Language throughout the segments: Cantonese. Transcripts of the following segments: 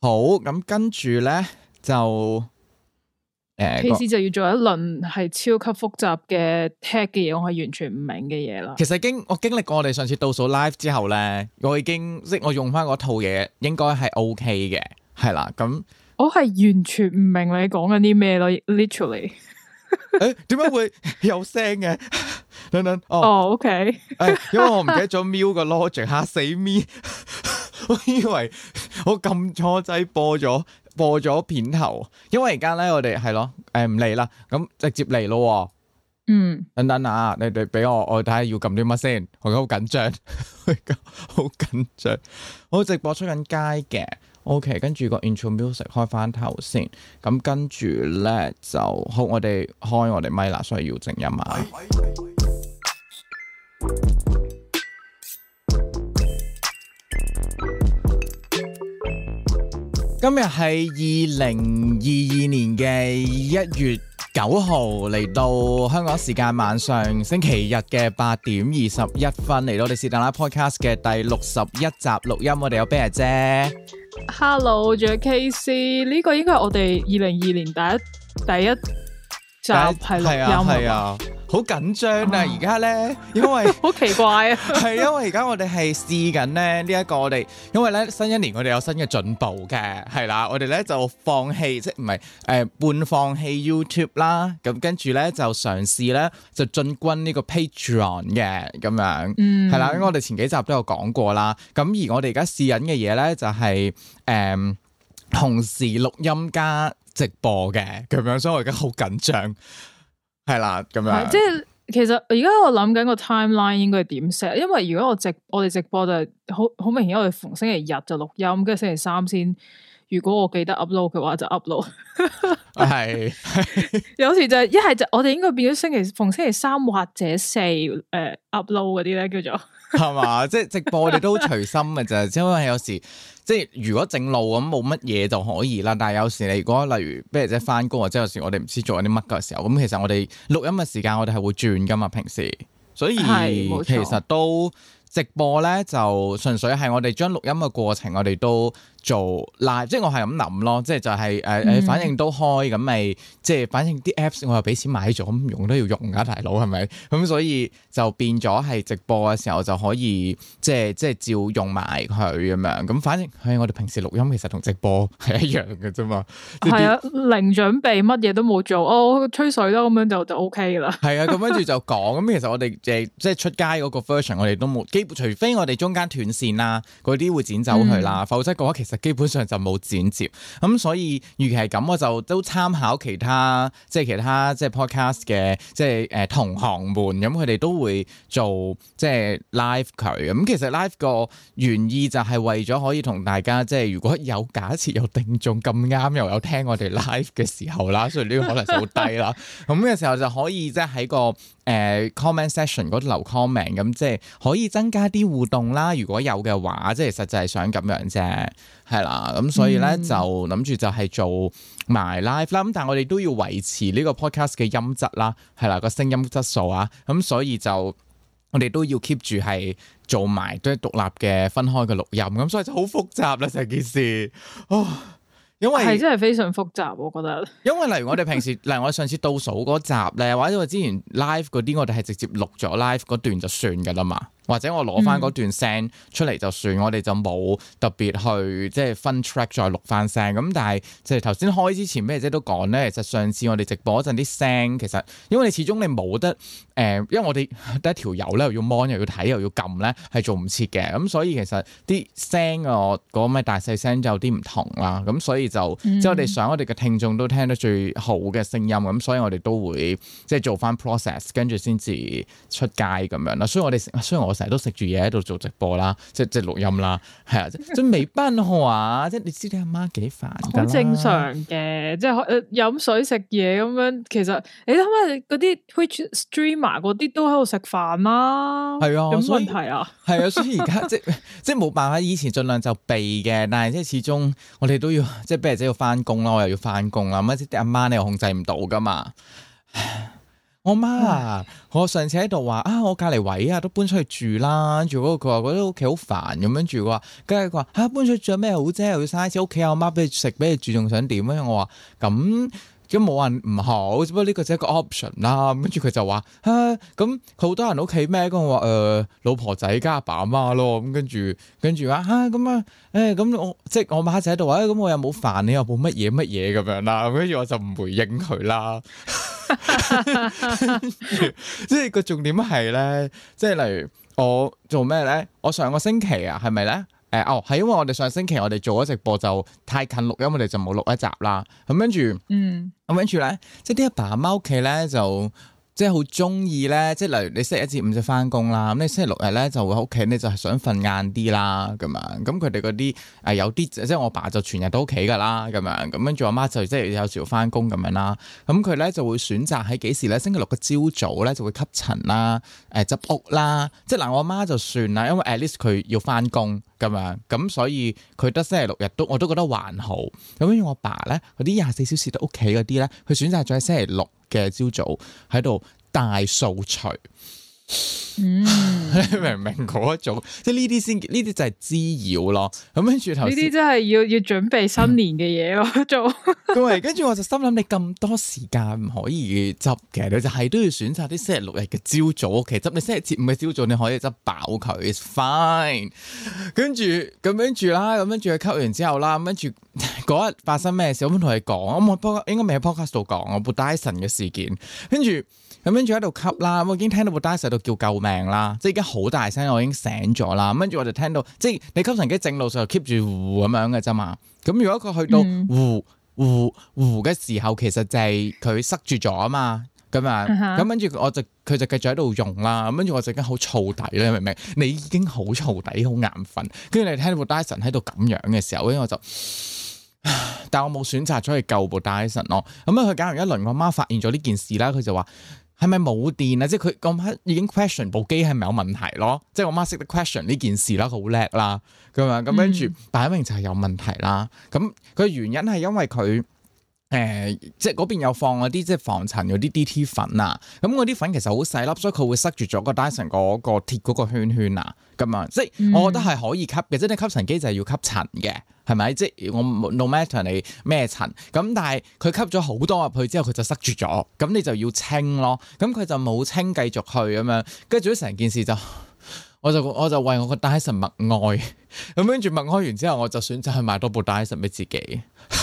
好，咁跟住咧就誒，開、呃、始 Casey 個就要做一輪係超級複雜嘅 tech 嘅嘢，我係完全唔明嘅嘢啦。其實經我經歷過我哋上次倒數 live 之後咧，我已經即我用翻嗰套嘢，應該係 OK 嘅，係啦。咁我係完全唔明你講緊啲咩咯，literally。誒、 欸，點解會有聲嘅？等 等哦，哦，OK。 誒、欸，因為我唔記得咗 Miu 個 logic，嚇死 Miu 我 以為我撳錯掣播咗播咗片頭，因為而家咧我哋係咯，誒唔嚟啦，咁直接嚟咯喎。嗯，等等啊，你哋俾我，我睇下要撳啲乜先，我而家好緊張，好 緊張，好直播出緊街嘅。OK，跟住個 intro music 開翻頭先，咁跟住咧就好，我哋開我哋咪啦，所以要靜音啊。今日係二零二二年嘅一月九號，嚟到香港時間晚上星期日嘅八點二十一分，嚟到我哋是但啦 podcast 嘅第六十一集錄音，我哋有邊個啫？Hello，仲有 KC，呢個應該係我哋二零二二年第一第一集係錄音。好緊張啊！而家呢？因為好 奇怪啊，係 因為而家我哋係試緊呢呢一個我哋，因為呢，新一年我哋有新嘅進步嘅，係啦，我哋呢就放棄，即係唔係誒半放棄 YouTube 啦，咁跟住呢，就嘗試呢，就進軍呢個 Patreon 嘅咁樣，嗯，係啦，因為我哋前幾集都有講過啦，咁而我哋而家試緊嘅嘢呢，就係、是、誒、呃、同時錄音加直播嘅咁樣，所以我而家好緊張。係啦，咁樣、 嗯、即係其實而家我諗緊個 timeline 應該係點 set？因為如果我直我哋直播就係好好明顯，我哋逢星期日就錄音，跟住星期三先。如果我記得 upload 嘅話就 upload，係有時就係一係就我哋應該變咗星期逢星期三或者四誒、呃、upload 嗰啲咧叫做。係嘛？即係直播，我哋都隨心嘅咋，因為有時即係如果正路咁冇乜嘢就可以啦。但係有時你如果例如，比如即係翻工或者有時我哋唔知做緊啲乜嘅時候，咁其實我哋錄音嘅時間我哋係會轉噶嘛。平時，所以其實都直播咧，就純粹係我哋將錄音嘅過程，我哋都。做嗱，即係我係咁諗咯，即係就係誒誒反正都開，咁咪，即係反正啲 Apps 我又俾錢買咗，咁用都要用噶、啊，大佬係咪？咁、嗯、所以就變咗係直播嘅時候就可以，即係即係照用埋佢咁樣，咁反正係、哎、我哋平時錄音其實同直播係一樣嘅啫嘛。係、就是、啊，零準備乜嘢都冇做，哦吹水啦，咁樣就 OK 樣就 OK 噶啦。係啊，咁跟住就講，咁其實我哋誒即係出街嗰個 version，我哋都冇基，除非我哋中間斷線啦、啊，嗰啲會剪走佢啦，嗯、否則嘅話，其實。就基本上就冇剪接，咁、嗯、所以，如其係咁，我就都參考其他即係其他即係 podcast 嘅即係誒、呃、同行們，咁佢哋都會做即係 live 佢。咁、嗯、其實 live 個原意就係為咗可以同大家即係如果有假設有定眾咁啱又有聽我哋 live 嘅時候啦，所以呢個可能就好低啦。咁嘅 時候就可以即係喺個誒、呃、comment section 嗰度留 comment，咁、嗯、即係可以增加啲互動啦。如果有嘅話，即係實際係想咁樣啫。係啦，咁所以咧、嗯、就諗住就係做埋 live 啦，咁但係我哋都要維持呢個 podcast 嘅音質啦，係啦，個聲音質素啊，咁所以就我哋都要 keep 住係做埋都係獨立嘅分開嘅錄音，咁所以就好複雜啦，成件事啊，因為係真係非常複雜，我覺得。因為例如我哋平時， 例如我哋上次倒數嗰集咧，或者我之前 live 嗰啲，我哋係直接錄咗 live 嗰段就算噶啦嘛。或者我攞翻嗰段聲出嚟就算，嗯、我哋就冇特別去即係、就是、分 track 再錄翻聲，咁，但係即係頭先開之前咩啫都講咧，其實上次我哋直播陣啲聲其實因為你始終你冇得誒、呃、因為我哋得一條友咧，又要 mon 又要睇又要撳咧，係做唔切嘅，咁所以其實啲聲啊嗰咩大細聲就有啲唔同啦，咁所以就、嗯、即係我哋想我哋嘅聽眾都聽得最好嘅聲音咁，所以我哋都會即係、就是、做翻 process 跟住先至出街咁樣啦，所以我哋雖然我。成日都食住嘢喺度做直播啦，即即錄音啦，係啊，即未班嘅啊。即你知你阿媽幾煩噶。好正常嘅，即飲水食嘢咁樣，其實你諗下嗰啲 Twitch streamer 嗰啲都喺度食飯啦，係啊，有問題啊，係啊，所以而家、啊、 即即冇辦法，以前儘量就避嘅，但係即始終我哋都要即比如即要翻工啦，我又要翻工啦，乜啲阿媽你媽又控制唔到噶嘛。唉我媽唉我啊，我上次喺度話啊，我隔籬位啊都搬出去住啦，跟住嗰個佢話覺得屋企好煩咁樣住，佢話跟住話嚇搬出去住有咩好啫？要嘥錢，屋企阿媽俾你食俾你住仲想點啊？我話咁即冇人唔好，只不過呢個只係一個 option 啦。跟住佢就話嚇咁好多人屋企咩？咁我話誒、呃、老婆仔加阿爸阿媽咯。咁跟住跟住話嚇咁啊誒咁、欸、我即我媽就喺度話咁我又冇煩你又冇乜嘢乜嘢咁樣啦。跟住我就唔回應佢啦。 即係個重點係咧，即係例如我做咩咧？我上個星期啊，係咪咧？誒、呃，哦，係因為我哋上星期我哋做咗直播就太近錄音，我哋就冇錄一集啦。咁跟住，嗯，咁跟住咧，即係啲阿爸阿媽屋企咧就。即係好中意咧，即係例如你星期一至五就翻工啦，咁你星期六日咧就會喺屋企，你就係想瞓晏啲啦，咁樣。咁佢哋嗰啲誒有啲，即係我爸就全日都屋企噶啦，咁樣。咁跟住我阿媽就即係有時要翻工咁樣啦。咁佢咧就會選擇喺幾時咧？星期六嘅朝早咧就會吸塵啦、誒、呃、執屋啦。即係嗱，我阿媽就算啦，因為 at least 佢要翻工咁樣，咁所以佢得星期六日都我都覺得還好。咁跟住我阿爸咧，佢啲廿四小時都屋企嗰啲咧，佢選擇咗喺星期六嘅朝早喺度大掃除。嗯，你 明唔明嗰種？即係呢啲先，呢啲就係滋擾咯。咁跟住頭，呢啲真係要要準備新年嘅嘢咯。嗯、做，咁啊，跟住我就心諗，你咁多時間唔可以執嘅，你就係都要選擇啲星期六日嘅朝早。其實執你星期五嘅朝早，你可以執爆佢。It's fine。跟住咁跟住啦，咁跟住，吸完之後啦，跟住嗰日發生咩事，我唔同你講，我唔應該未喺 podcast 度講我部 Dyson 嘅事件，跟住。咁跟住喺度吸啦，我已經聽到部 Dyson 喺度叫救命啦，即係已經好大聲，我已經醒咗啦。跟住我就聽到，即係你吸塵機正路時候 keep 住呼咁樣嘅啫嘛。咁如果佢去到呼、嗯、呼呼嘅時候，其實就係佢塞住咗啊嘛。咁啊，咁跟住我就佢就繼續喺度用啦。咁跟住我就已經好燥底咧，你明唔明？你已經好燥底，好眼瞓。跟住你聽到部 Dyson 喺度咁樣嘅時候，因為我就，但我冇選擇出去救部 Dyson 咯。咁啊，佢搞完一輪，我媽發現咗呢件事啦，佢就話。係咪冇電啊？即係佢咁已，已經 question 部機係咪有問題咯、啊？即係我媽識得 question 呢件事啦，佢好叻啦，咁啊，咁跟住，擺明就係有問題啦、啊。咁佢、嗯、原因係因為佢。誒、呃，即係嗰邊有放嗰啲即係防塵嗰啲 D T 粉啊，咁嗰啲粉其實好細粒，所以佢會塞住咗個 Dyson 嗰個鐵嗰個圈圈啊，咁啊，即係我覺得係可以吸嘅，即係你吸塵機就係要吸塵嘅，係咪？即係我 no matter 你咩塵，咁、嗯、但係佢吸咗好多入去之後，佢就塞住咗，咁你就要清咯，咁、嗯、佢就冇清繼續去咁樣，跟住做成件事就，我就我就為我個 Dyson 默哀。咁跟住默哀完之後，我就選擇去買多部 Dyson 俾自己。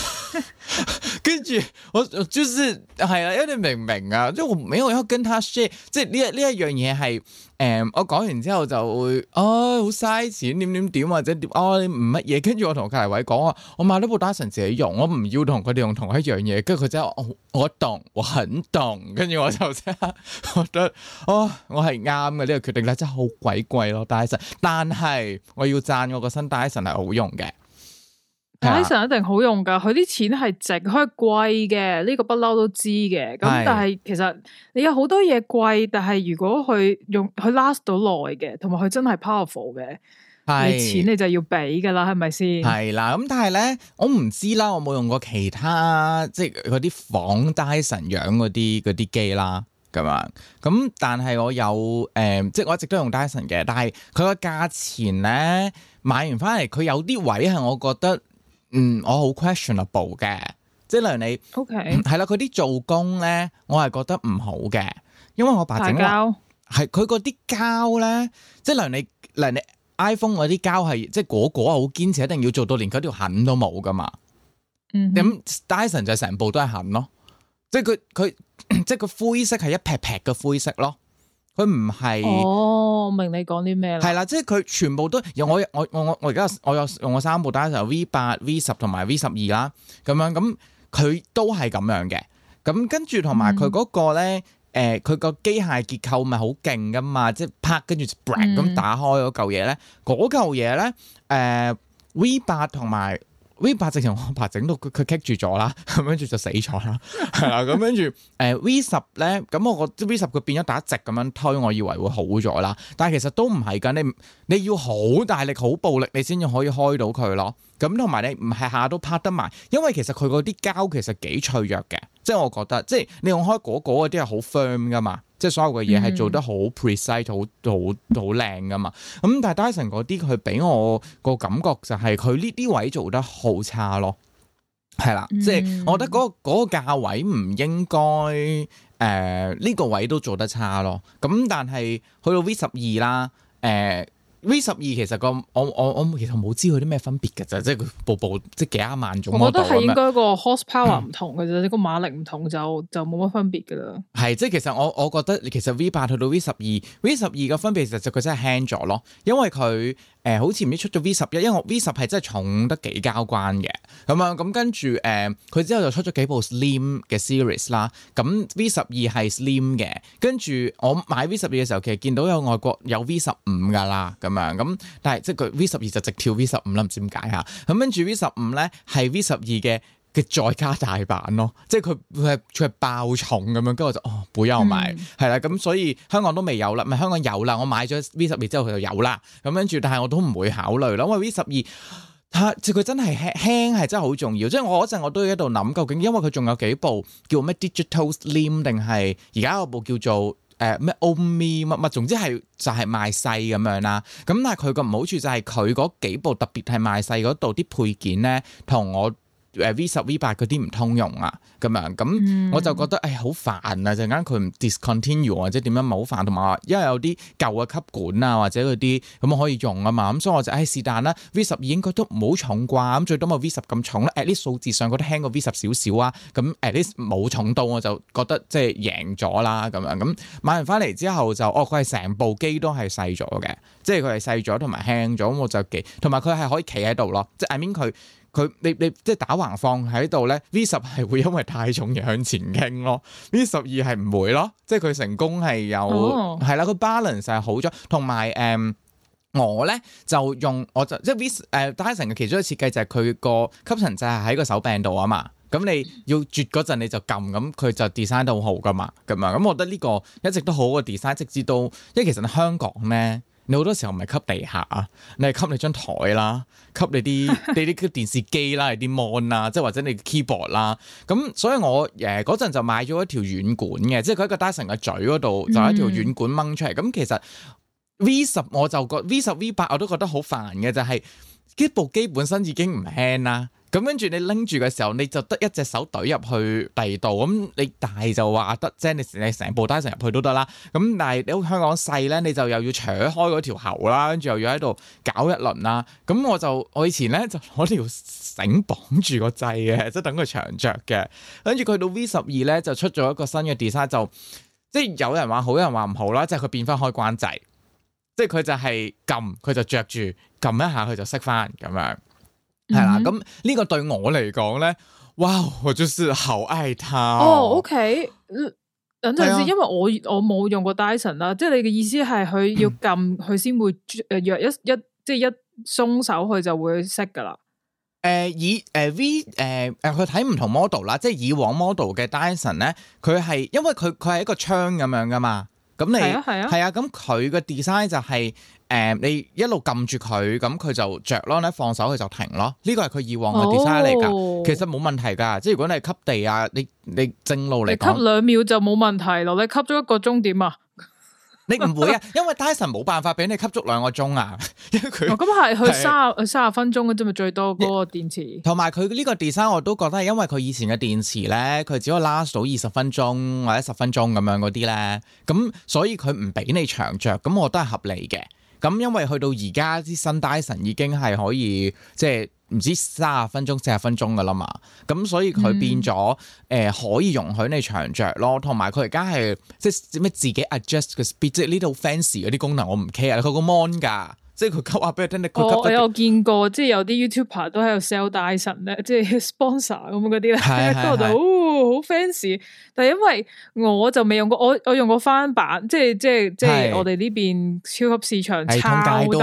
跟住我，我就是係啦、啊，因為你明唔明啊，即我我要跟他 share，即呢一呢一樣嘢係，誒、呃，我講完之後就會，啊、哦，好嘥錢，點點點或者點，啊、哦，你唔乜嘢，跟住我同隔籬位講啊，我買咗部 Dyson 自己用，我唔要同佢哋用同一樣嘢，跟住佢真係我，我懂，我很懂，跟住我就即刻覺得，啊，我係啱嘅呢個決定咧，真係好鬼貴咯，Dyson，但係我要讚我個新 Dyson 係好用嘅。Dyson 一定好用噶，佢啲錢係值，佢係貴嘅，呢、這個不嬲都知嘅。咁是但係其實你有好多嘢貴，但係如果佢用佢 last 到耐嘅，同埋佢真係 powerful 嘅，你是錢你就要俾噶啦，係咪先？係啦，咁但係咧，我唔知啦，我冇用過其他即係嗰啲仿 Dyson 樣嗰啲嗰啲機啦，咁啊，咁但係我有誒、呃，即係我一直都用 Dyson 嘅，但係佢個價錢咧，買完翻嚟佢有啲位係我覺得。嗯，我好 questionable 嘅，即係例如你，係 Okay.、嗯、啦，佢啲做工咧，我係覺得唔好嘅，因為我爸整膠，係佢嗰啲膠咧，即係例如你，例如 iPhone 嗰啲膠係，即係果果好堅持一定要做到連嗰條痕都冇噶嘛，咁、mm hmm. 嗯、Dyson 就成部都係痕咯，即係佢佢即係佢灰色係一撇撇嘅灰色咯。佢唔係哦，我明你講啲咩啦。係啦，即係佢全部都有，我我我我我而家我有用我有三部單，打一就 V 八、V 十同埋 V 十二啦，咁樣咁佢都係咁樣嘅，咁跟住同埋佢嗰個咧，誒、嗯，佢個機械結構咪好勁噶嘛，即係拍跟住就咁打開嗰嚿嘢咧，嗰嚿嘢咧，誒、呃，V 八同埋。V 八直情我阿爸整到佢佢棘住咗啦，咁跟住就死咗啦，係啦， 咁跟住，誒 V 十咧，咁我覺 V 十佢變咗打直咁樣推，我以為會好咗啦，但係其實都唔係噶，你你要好大力好暴力，你先至可以開到佢咯。咁同埋你唔係下都拍得埋，因為其實佢嗰啲膠其實幾脆弱嘅，即係我覺得，即係你用開嗰個嗰啲係好 firm 噶嘛，即係所有嘅嘢係做得好 precise、嗯、好好好靚噶嘛。咁但係 Dyson 嗰啲佢俾我個感覺就係佢呢啲位做得好差咯，係啦，嗯、即係我覺得嗰、嗰個嗰個價位唔應該誒呢、呃呢個位都做得差咯。咁但係去到 V 十二啦，誒、呃。V 十二其實個我我我其實冇知佢啲咩分別嘅咋，即係部部即幾廿萬種。我覺得係應該個 horsepower 唔同嘅啫，呢個馬力唔同就就冇乜分別嘅啦。係即係其實我我覺得其實 V 八去到 V 十二，V 十二個分別就就佢真係輕咗咯，因為佢。誒、呃、好似唔知出咗 V 十一，因為我 V 十係真係重得幾交關嘅，咁樣咁，跟住誒佢之後就出咗幾部 Slim 嘅 Series 啦，咁 V 十二係 Slim 嘅，跟住我買 V 十二嘅時候其實見到有外國有 V 十五噶啦，咁樣咁，但係即係佢 V 十二就直跳 V 十五啦，唔知點解吓？咁跟住 V 十五咧係 V 十二嘅。嘅再加大版咯，即係佢佢係佢係爆重咁樣，跟住我就哦，背又買，係啦，咁、嗯嗯、所以香港都未有啦，咪香港有啦，我買咗 V 十二之後佢就有啦，咁跟住但係我都唔會考慮咯，因為 V 十二、啊，佢真係輕輕係真係好重要，即係我嗰陣我都喺度諗究竟，因為佢仲有幾部叫咩 Digital Slim 定係而家有部叫做誒咩 Omi 乜乜，總之係就係賣細咁樣啦，咁但係佢個唔好處就係佢嗰幾部特別係賣細嗰度啲配件咧，同我。誒 V 十 V 八嗰啲唔通用啊，咁樣咁我就覺得誒好煩啊！陣間佢唔 discontinue 或者點樣，冇好煩。同埋因為有啲舊嘅吸管啊，或者嗰啲咁可以用啊嘛。咁所以我就誒是但啦，V 十二應該都唔好重啩。咁最多咪 V 十咁重啦 at least 數字上覺得輕過 V 十少少啊。咁 at least 冇重到，我就覺得即係贏咗啦。咁樣咁買完翻嚟之後就，哦佢係成部機都係細咗嘅，即係佢係細咗同埋輕咗，我就騎，同埋佢係可以企喺度咯。即係 I mean 佢。佢你你即係打橫放喺度咧，V 十係會因為太重而向前傾咯，V 十二係唔會咯，即係佢成功係有係啦，個 balance 係好咗，同埋誒我咧就用我就即係 V 誒、呃、Dyson 嘅其中一個設計就係佢個吸塵就係喺個手柄度啊嘛，咁你要絕嗰陣你就撳，咁佢就 design 得好好噶嘛，咁樣咁，我覺得呢個一直都好好嘅 design，直至到因為其實香港咧。你好多時候唔係吸地下啊，你係吸你張枱啦，吸你啲啲啲電視機啦，你啲 mon 啦，即係或者你 keyboard 啦。咁所以我誒嗰陣就買咗一條軟管嘅，即係佢喺一個 Dyson 嘅嘴嗰度就係一條軟管掹出嚟。咁、嗯、其實 V 十我就覺得 V 十 V 八我都覺得好煩嘅，就係呢部機本身已經唔輕啦。咁跟住你拎住嘅時候，你就得一隻手懟入去第二度。咁你大就話得啫，即你你成部戴成入去都得啦。咁但係你香港細咧，你就又要扯開嗰條喉啦，跟住又要喺度搞一輪啦。咁我就我以前咧就攞條繩綁住個掣嘅，即係等佢長着嘅。跟住佢到 V 十二咧就出咗一個新嘅 design，就即係有人話好，有人話唔好啦。即係佢變翻開關掣，即係佢就係撳，佢就着住撳一下，佢就熄翻咁樣。係啦，咁呢、mm hmm. 個對我嚟講咧，哇，我就是好愛他哦。哦、oh,，OK，等陣先，因為我我冇用過 Dyson 啦，即係你嘅意思係佢要撳佢先會誒約一一即係一鬆手佢就會熄噶啦。誒，以誒 V 誒誒，佢睇唔同 model 啦，即係以往 model 嘅 Dyson 咧，佢係因為佢佢係一個窗咁樣噶嘛，咁你係啊係啊，咁佢、啊、嘅、啊、design 就係、是。誒，你一路撳住佢，咁佢就着咯。一放手佢就停咯。呢個係佢以往嘅 design 嚟噶，oh. 其實冇問題噶。即係如果你係吸地啊，你你正路嚟吸兩秒就冇問題咯。你吸咗一個鐘點啊？你唔會啊, 你啊？因為 Dyson 冇辦法俾你吸足兩個鐘啊。哦是是，咁係佢三十分鐘嘅啫嘛，最多嗰個電池。同埋佢呢個 design，我都覺得係因為佢以前嘅電池咧，佢只可以 last 到二十分鐘或者十分鐘咁樣嗰啲咧。咁所以佢唔俾你長着，咁我都係合理嘅。咁因為去到而家啲新 Dyson 已經係可以，即係唔知三十分鐘、四十分鐘噶啦嘛，咁、嗯嗯、所以佢變咗誒、呃、可以容許你長着咯，同埋佢而家係即係咩自己 adjust 個 speed，即係呢度 fancy 嗰啲功能我唔 care，佢個 mon 噶，即係佢吸下俾佢聽你。我我見過，即係有啲 YouTuber 都喺度 sell Dyson 咧，即係 sponsor 咁嗰啲咧，到好、哦、fancy，但係因為我就未用過，我我用過翻版，即係即係是即係我哋呢邊超級市場好大成個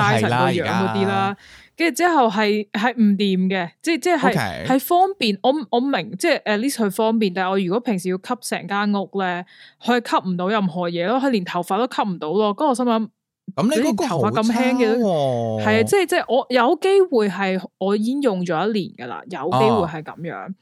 樣嗰啲啦。跟住在之後係係唔掂嘅，即係即係係 Okay. 方便。我我明即係誒，至少佢方便。但係我如果平時要吸成間屋咧，佢係吸唔到任何嘢咯，佢連頭髮都吸唔到咯。咁我心諗，咁、嗯、你嗰個頭髮咁輕嘅，係、哦、啊，即係即係我有機會係我已經用咗一年噶啦，有機會係咁樣。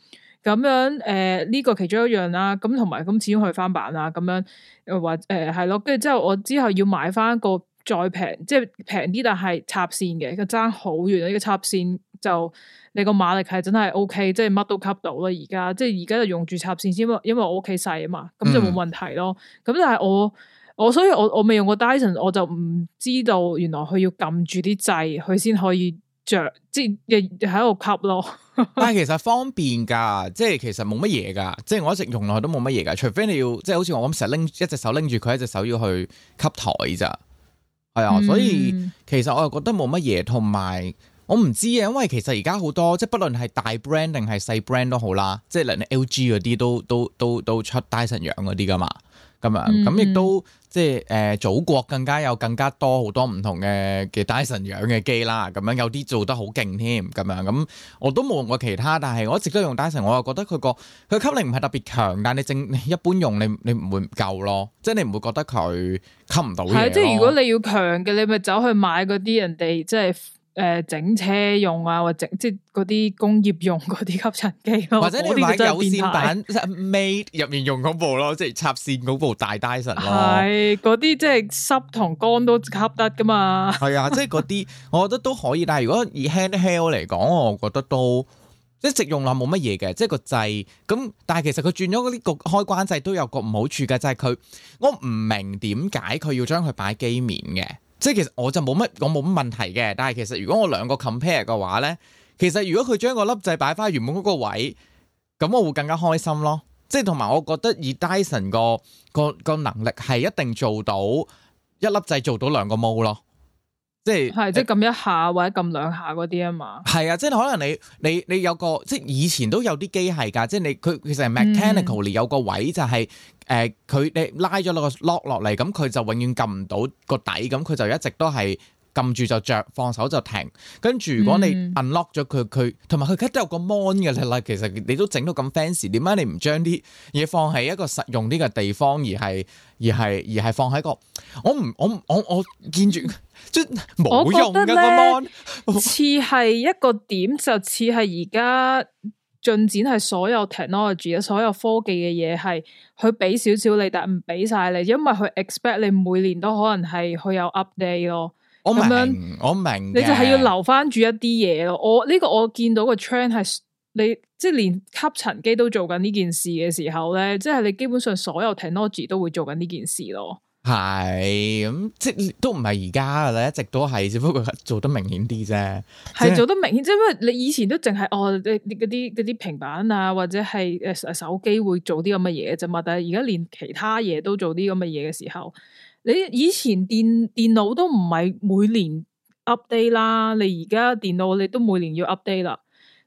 咁樣誒，呢個其中一樣啦，咁同埋咁始終可以翻版啦。咁樣或誒係咯，跟住之後我之後要買翻個再平，即係平啲，但係插線嘅，佢爭好遠。呢個插線就你個馬力係真係 OK，即係乜都吸到啦。而家即係而家就用住插線先，因為我屋企細啊嘛，咁就冇問題咯。咁、嗯、但係我我所以我我未用過 Dyson，我就唔知道原來佢要撳住啲掣，佢先可以。着，即係喺度吸咯，但係其實方便噶，即係其實冇乜嘢噶，即係我一直用落去都冇乜嘢噶，除非你要即係好似我咁成日拎一隻手拎住佢，一隻手，手要去吸台咋，係啊、嗯哎，所以其實我又覺得冇乜嘢，同埋我唔知啊，因為其實而家好多即係不論係大 brand 定係細 brand 都好啦，即係連 LG 嗰啲都都都都出 Dyson 樣嗰啲噶嘛，咁啊咁亦都。即係誒、呃，祖國更加有更加多好多唔同嘅嘅 Dyson 養嘅機啦，咁樣有啲做得好勁添，咁樣咁我都冇用過其他，但係我一直都用 Dyson。我又覺得佢個佢吸力唔係特別強，但係你正一般用你，你你唔會唔夠咯，即係你唔會覺得佢吸唔到嘢。係，即係如果你要強嘅，你咪走去買嗰啲人哋即係。誒、呃，整車用啊，或者即係嗰啲工業用嗰啲吸塵機、啊，或者你買有線板，made 入面用嗰部咯，即係插線嗰部大 Dyson。係嗰啲即係濕同乾都吸得噶嘛。係 啊，即係嗰啲我覺得都可以。但係如果以 handheld hand 嚟講，我覺得都一直用啦，冇乜嘢嘅。即係個掣咁，但係其實佢轉咗嗰啲個開關掣都有個唔好處嘅，就係、是、佢我唔明點解佢要將佢擺機面嘅。即係其實我就冇乜，我冇乜問題嘅。但係其實如果我兩個 compare 嘅話咧，其實如果佢將個粒掣擺翻去原本嗰個位，咁我會更加開心咯。即係同埋我覺得以 Dyson，個個個能力係一定做到一粒掣做到兩個 mode 咯。即係係，即係撳一下或者撳兩下嗰啲啊嘛，係啊，即係可能你你你有個即係以前都有啲機械噶，即係你佢其實係 mechanical 嚟，有個位就係誒佢你拉咗個 lock 落嚟，咁佢就永遠撳唔到個底，咁佢就一直都係。撳住就着，放手就停。跟住，如果你 unlock 咗佢，佢同埋佢而家都有個 mon 嘅你啦。其實你都整到咁 fancy，點解你唔將啲嘢放喺一個實用啲嘅地方而，而係而係而係放喺個我唔我我我，我見住即冇用㗎個 mon 似係一個點，就似係而家進展係所有 technology、所有科技嘅嘢係佢俾少少你點點，但唔俾晒你，因為佢 expect 你每年都可能係佢有 update 咯。我明，樣我明，你就係要留翻住一啲嘢咯。我呢、這個我見到個 trend，你即係連吸塵機都做緊呢件事嘅時候咧，即係你基本上所有 technology 都會做緊呢件事咯。係咁，即都唔係而家嘅咧，一直都係，只不過做得明顯啲啫。係做得明顯，即係、就是、因為你以前都淨係哦，嗰啲啲平板啊，或者係誒手機會做啲咁嘅嘢嘅啫嘛。但係而家連其他嘢都做啲咁嘅嘢嘅時候。你以前電電腦都唔係每年 update 啦，你而家電腦你都每年要 update 啦，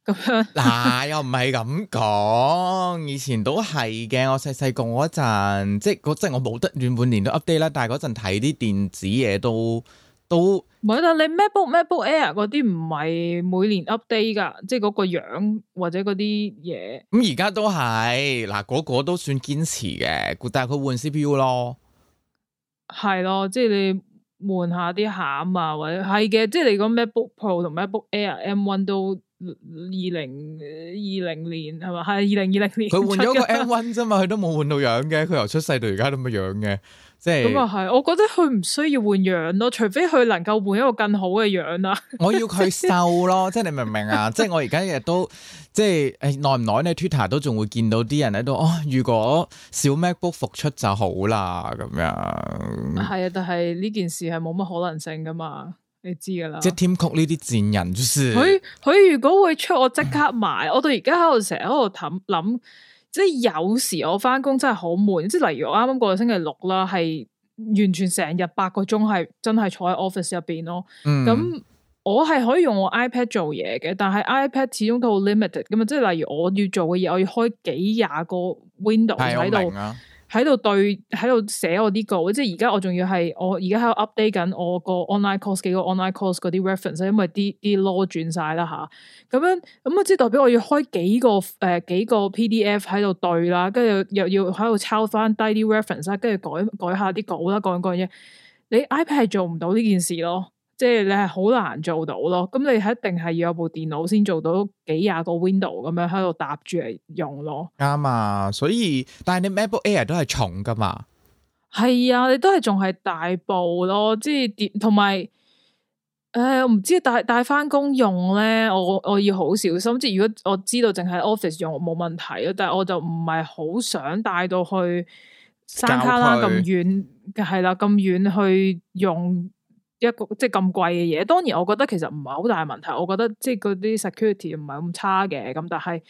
咁樣嗱、啊、 又唔係咁講，以前都係嘅，我細細個嗰陣即係即係我冇得亂半年都 update 啦，但係嗰陣睇啲電子嘢都都唔係啦，你 MacBook MacBook Air 嗰啲唔係每年 update 噶，即係嗰個樣或者嗰啲嘢咁而家都係嗱，嗰、嗰個都算堅持嘅，但係佢換 CPU 咯。係咯，即係你換下啲餡啊，或者係嘅，即係你講 MacBook Pro 同 MacBook Air M1 都二零二零年係咪？係二零二零年。佢換咗個 M1 啫嘛，佢 都冇換到樣嘅，佢由出世到而家都咁樣嘅。即係咁啊！係、嗯，我覺得佢唔需要換樣咯，除非佢能夠換一個更好嘅樣啦、啊。我要佢瘦咯， 即係你明唔明啊？ 即係我而家日都，即係誒，耐唔耐咧？Twitter 都仲會見到啲人喺度哦。如果小 MacBook 復出就好啦，咁樣。係啊，但係呢件事係冇乜可能性噶嘛，你知噶啦。即係添曲呢啲賤人，就是佢佢如果會出我，我即刻買。我到而家喺度成日喺度諗諗。即係有時我翻工真係好悶，即係例如我啱啱過個星期六啦，係完全成日八個鐘係真係坐喺 office 入邊咯。咁、嗯、我係可以用我 iPad 做嘢嘅，但係 iPad 始終都好 limited 咁啊！即係例如我要做嘅嘢，我要開幾廿個 window 喺度。喺度對，喺度寫我啲稿，即係而家我仲要係我而家喺度 update 緊我個 online course 幾個 online course 嗰啲 reference 因為啲啲 law 轉晒啦吓，咁樣咁啊即係代表我要開幾個誒、呃、幾個 PDF 喺度對啦，跟住又,又要喺度抄翻低啲 reference 啊，跟住改改下啲稿啦，講講嘢，你 iPad 係做唔到呢件事咯。即係你係好難做到咯，咁你一定係要有部電腦先做到幾廿個 window 咁樣喺度搭住嚟用咯。啱、嗯、啊，所以但係你 MacBook Air 都係重噶嘛？係啊，你都係仲係大部咯，即係同埋誒，我唔知，但係帶翻工用咧，我我要好小心。即係如果我知道淨係 office 用我冇問題啊。但係我就唔係好想帶到去山卡拉咁遠，係啦咁遠去用。一個即係咁貴嘅嘢，當然我覺得其實唔係好大問題，我覺得即係嗰啲 security 唔係咁差嘅，咁但係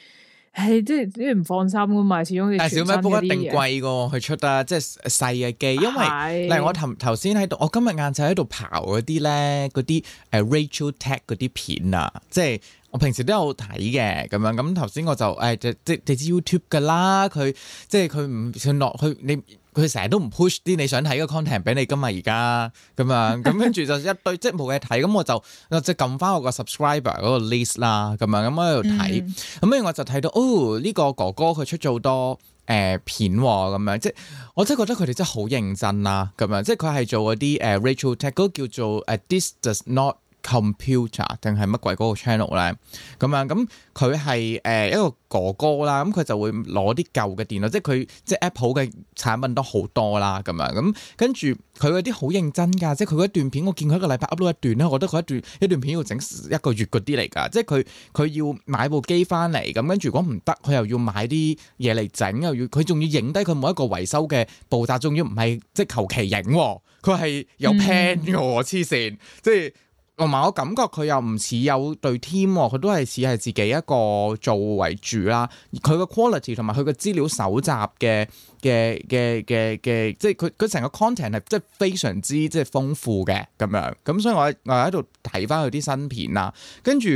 係即係啲唔放心咯，咪始終。但小米 Book 一定貴噶，佢出得即係細嘅機，因為是例如我頭頭先喺度，我今日晏晝喺度刨嗰啲咧，嗰啲誒 Rachel Tech 嗰啲片啊，即係我平時都有睇嘅，咁樣咁頭先我就誒即係你知 YouTube 噶啦，佢即係佢唔算落去。你。佢成日都唔 push 啲你想睇嘅 content 俾你噶嘛，而家咁樣咁跟住就一堆 即係冇嘢睇，咁我就即係撳翻我個 subscriber 嗰個 list 啦，咁樣咁我喺度睇，咁跟住我就睇到哦呢、呢個哥哥佢出咗好多誒、呃、片喎、哦，咁樣，樣即係我真係覺得佢哋真係好認真啦，咁樣，樣即係佢係做嗰啲誒 Rachel Tago 叫做誒 This Does Not computer 定係乜鬼嗰個 channel 咧？咁樣，咁佢係誒一個哥哥啦，咁佢就會攞啲舊嘅電腦，即係佢即係 Apple 嘅產品都好多啦，咁樣咁跟住佢嗰啲好認真噶，即係佢一段片，我見佢一個禮拜 upload 一段咧，我覺得佢一段一段片要整一個月嗰啲嚟噶，即係佢佢要買部機翻嚟，咁跟住如果唔得，佢又要買啲嘢嚟整，又要佢仲要影低佢每一個維修嘅步驟，仲要唔係即係求其影，佢係有 pen 嘅，黐線，即係、哦。同埋我感覺佢又唔似有對 team，佢都係似係自己一個做為主啦。佢個 quality 同埋佢個資料搜集嘅嘅嘅嘅嘅，即係佢佢成個 content 係即係非常之即係豐富嘅咁樣。咁所以我我喺度睇翻佢啲新片啦，跟住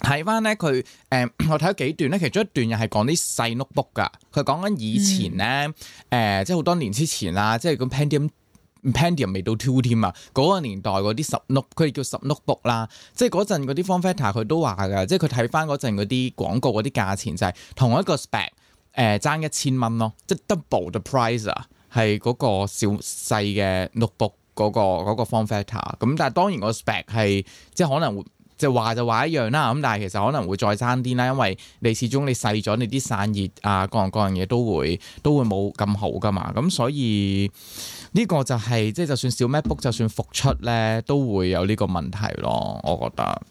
睇翻咧，佢誒，我睇咗幾段咧，其中一段又係講啲細 notebook 噶，佢講緊以前咧誒、嗯呃，即係好多年之前啦，即係咁 pandem Pentium 未到 two 添啊！嗰、那個年代嗰啲 sub-note，佢哋叫 sub-notebook 啦，即係嗰陣嗰啲 form factor 佢都話噶，即係佢睇翻嗰陣嗰啲廣告嗰啲價錢就係、是、同一個 spec 誒、呃、爭一千蚊咯，即係 double the price 啊！係嗰個小細嘅 notebook 嗰、那個 form、那個、factor 咁，但係當然個 spec 係即係可能會即係話就話一樣啦，咁但係其實可能會再爭啲啦，因為你始終你細咗，你啲散熱啊各樣各樣嘢都會都會冇咁好噶嘛，咁所以。呢個就係即係，就算小 MacBook 就算復出咧，都會有呢個問題咯。我覺得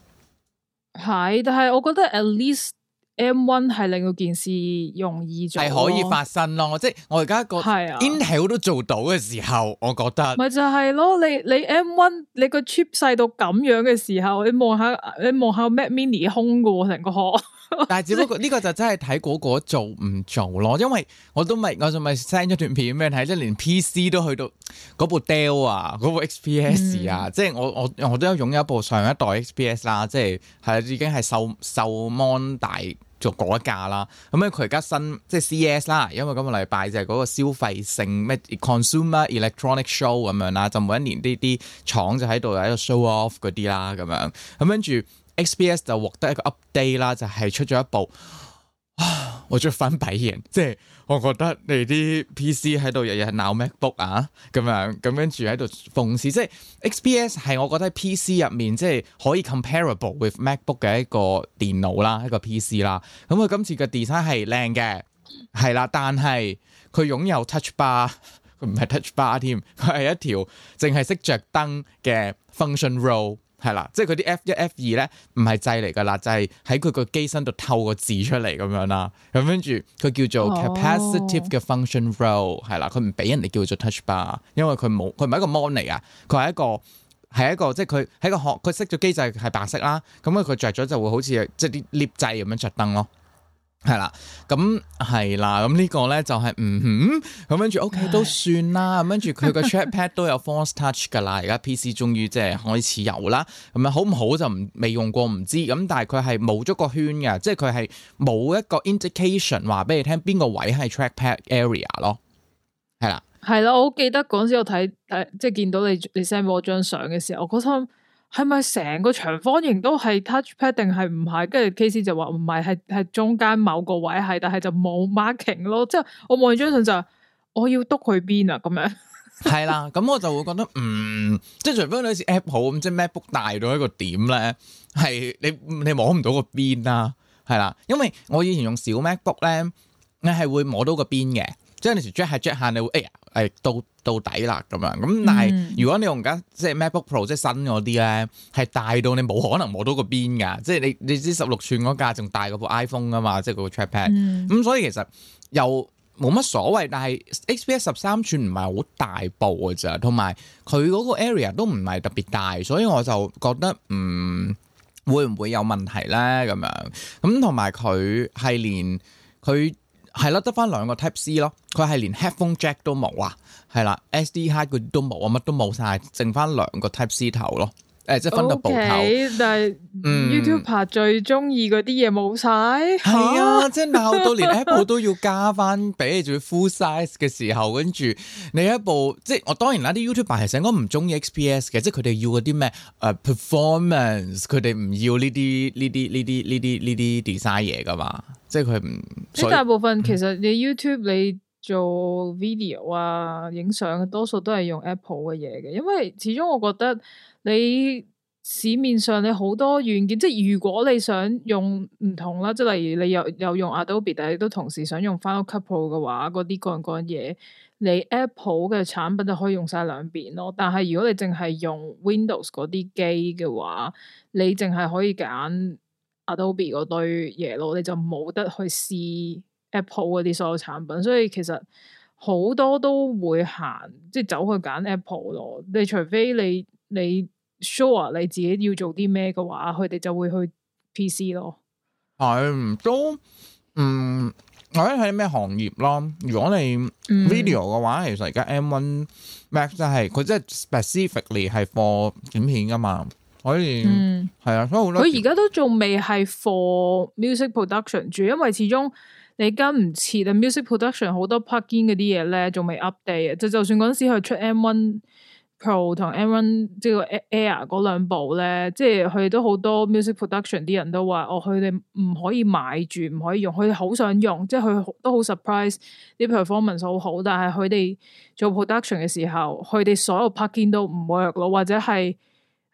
係，但係我覺得 at least M One 係令到件事容易係可以發生咯。即係我而家覺 Intel 都做到嘅時候，啊、我覺得咪就係咯。你你 M One 你個 chip 細到咁樣嘅時候，你望下你望下 Mac Mini 空嘅成個殼。 但係只不過呢 個就真係睇嗰個做唔做咯，因為我都咪，我就咪 send 咗段片俾你睇，即係連 PC 都去到嗰部 Dell 啊，嗰部 XPS 啊，嗯、即係我我我都擁有一部上一代 XPS 啦，即係係已經係售瘦 mon 大做嗰一價啦。咁啊佢而家新即係 CES 啦，因為今個禮拜就係嗰個消費性咩 consumer electronic show 咁樣啦，就每一年呢啲廠就喺度喺度 show off 嗰啲啦，咁樣咁跟住。XPS 就獲得一個 update 啦，就係、是、出咗一部，我再反比嘅，即係我覺得你啲 PC 喺度日日鬧 MacBook 啊，咁樣咁樣住喺度諷刺，即、就、係、是、XPS 係我覺得 PC 入面即係、就是、可以 comparable with MacBook 嘅一個電腦啦，一個 PC 啦。咁佢今次嘅 design 係靚嘅，係啦，但係佢擁有 Touch Bar，佢唔係 Touch Bar 添，佢係一條淨係識着燈嘅 function row。係啦，即係佢啲 F 一 F 二咧，唔係掣嚟㗎啦，就係喺佢個機身度透個字出嚟咁樣 role,、哦、啦。咁跟住佢叫做 capacitive 嘅 function row 係啦，佢唔俾人哋叫做 touch bar，因為佢冇，佢唔係一個 m o n 嚟啊，佢係一個係一個即係佢喺個殼，佢熄咗機制係白色啦。咁佢着咗就會好似即係啲 lift 掣咁樣着燈咯。係啦，咁係啦，咁呢個咧就係、是，嗯哼，咁跟住 O K 都算啦，跟住佢 個 trackpad 都有 Force Touch 噶啦，而家 P C 終於即係開始有啦，咁、嗯、啊好唔好就唔未用過唔知，咁但係佢係冇咗個圈嘅，即係佢係冇一個 indication 話俾你聽邊個位係 trackpad area 咯。係啦，係啦，我好記得嗰時我睇，即係見到你你 send 俾我張相嘅時候，我嗰心。係咪成個長方形都係 touchpad 定係唔係？跟住 KC 就話唔係，係係中間某個位係，但係就冇 marking 咯。即係我望張相，就我要篤佢邊啊，咁樣係啦。咁 我就會覺得唔、嗯，即係除非你好似 Apple 好咁，即係 MacBook 大到一個點咧，係你你摸唔到個邊啦、啊，係啦。因為我以前用小 MacBook 咧，你係會摸到個邊嘅。即係你時 Jack 下 Jack 下你會誒誒、哎哎、到到底啦咁樣，咁但係、嗯、如果你用緊即係 MacBook Pro 即係新嗰啲咧，係大到你冇可能摸到個邊噶，即係你你知十六寸嗰架仲大過部 iPhone 噶嘛，即係嗰個 Trackpad。咁、嗯嗯、所以其實又冇乜所謂，但係 XPS 十三寸唔係好大部嘅咋，同埋佢嗰個 area 都唔係特別大，所以我就覺得唔、嗯、會唔會有問題咧咁樣？咁同埋佢係連佢。係啦，得翻兩個 Type C 咯，佢係連 headphone jack 都冇啊，係啦，SD 卡嗰啲都冇啊，乜都冇晒，剩翻兩個 Type C 頭咯。誒即係分到部頭，okay，但係 YouTuber、嗯、最中意嗰啲嘢冇晒？係啊！ 即係鬧到連 Apple 都要加翻，俾仲要 full size 嘅時候，跟住你一部即係我當然啦，啲 YouTuber 其實應該唔中意 XPS 嘅，即係佢哋要嗰啲咩誒 performance，佢哋唔要呢啲呢啲呢啲呢啲呢啲 design 嘢噶嘛，即係佢唔。即大部分其實你 YouTube 你做 video 啊、影相嘅多數都係用 Apple 嘅嘢嘅，因為始終我覺得。你市面上你好多軟件，即係如果你想用唔同啦，即係例如你又又用 Adobe，但係都同時想用翻 Final Cut Pro 嘅話，嗰啲各樣各樣嘢，你 Apple 嘅產品就可以用晒兩邊咯。但係如果你淨係用 Windows 嗰啲機嘅話，你淨係可以揀 Adobe 嗰堆嘢咯，你就冇得去試 Apple 嗰啲所有產品。所以其實好多都會行，即係走去揀 Apple 咯。你除非你你。Sure 你自己要做啲咩嘅話，佢哋就會去 PC 咯。係，都，嗯，我咧喺咩行業咯？如果你、嗯、video 嘅話，其實而家 M1 Max 就係、是、佢即係 specifically 係 for 影片噶嘛。可以，係、嗯、啊，所以好咯。佢而家都仲未係 for music production 住，因為始終你跟唔切啊 music production 好多 plugin 嗰啲嘢咧，仲未 update。就就算嗰陣時佢出 M1。Pro 同 Aaron 即個 Air 嗰兩部咧，即係佢哋都好多 music production 啲人都話，哦，佢哋唔可以買住，唔可以用，佢哋好想用，即係佢都好 surprise 啲 performance 好好，但係佢哋做 production 嘅時候，佢哋所有 patching 都唔 work 咯，或者係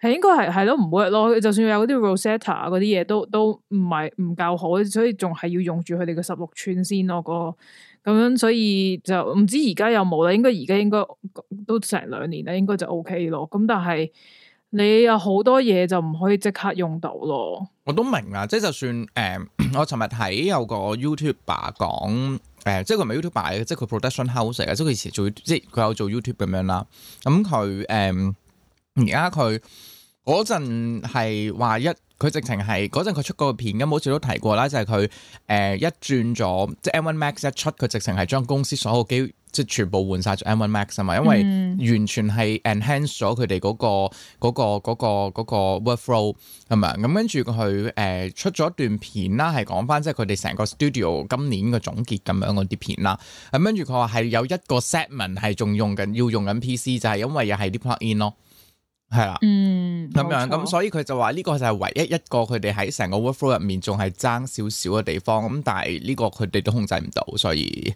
係應該係係咯唔 work 咯，就算有嗰啲 Rosetta 嗰啲嘢都都唔係唔夠好，所以仲係要用住佢哋嘅十六寸先咯，個咁樣、嗯，所以就唔知而家有冇啦。應該而家應該都成兩年啦，應該就 OK 咯。咁、嗯、但係你有好多嘢就唔可以即刻用到咯。我都明啊，即係就算誒、嗯，我尋日睇有個 YouTuber 講誒、嗯，即係佢咪 YouTuber 嘅，即係佢 production house 啊，即係佢以前做，即係佢有做 YouTube 咁樣啦。咁佢誒而家佢嗰陣係話一。佢直情係嗰陣佢出嗰個片，咁好似都提過啦，就係佢誒一轉咗，即係 M1 Max 一出，佢直情係將公司所有機即係全部換晒咗 M1 Max 啊嘛，因為完全係 enhance 咗佢哋嗰個嗰個嗰個嗰個 workflow 係嘛，咁跟住佢誒出咗段片啦，係講翻即係佢哋成個 studio 今年嘅總結咁樣嗰啲片啦，咁跟住佢話係有一個 segment 係仲用緊要用緊 PC 就係因為又係啲 plug in 咯。係啦，嗯，咁樣，咁冇錯，所以佢就話呢個就係唯一一個佢哋喺成個 workflow 入面仲係爭少少嘅地方，咁但係呢個佢哋都控制唔到，所以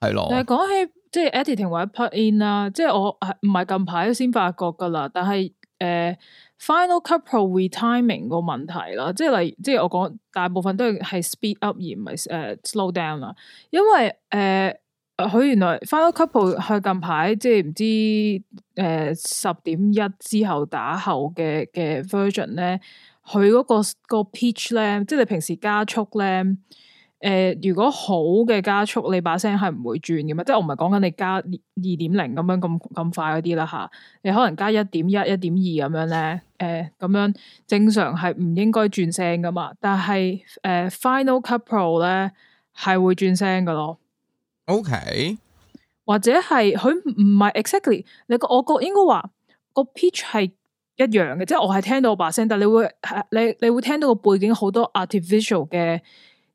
係咯。但係講起即係 editing 或者 put in 啦，即係我係唔係近排先發覺噶啦，但係誒 Final Cut Pro retiming 個問題啦，即係例即係我講大部分都係係 speed up 而唔係誒 slow down 啦，因為誒。呃佢、呃、原來 Final Cut Pro 佢近排即係唔知誒十點一之後打後嘅嘅 version 咧，佢嗰、嗰個、嗰個 pitch 咧，即係你平時加速咧，誒、呃、如果好嘅加速，你把聲係唔會轉嘅嘛？即係我唔係講緊你加二點零咁樣咁咁快嗰啲啦吓，你可能加一點一、一點二咁樣咧，誒咁樣正常係唔應該轉聲噶嘛？但係誒、呃、Final Cut Pro 咧係會轉聲噶咯。OK，或者係佢唔係 exactly，你個我覺應該話個 pitch 係一樣嘅，即係我係聽到我把聲，但係你會你你會聽到個背景好多 artificial 嘅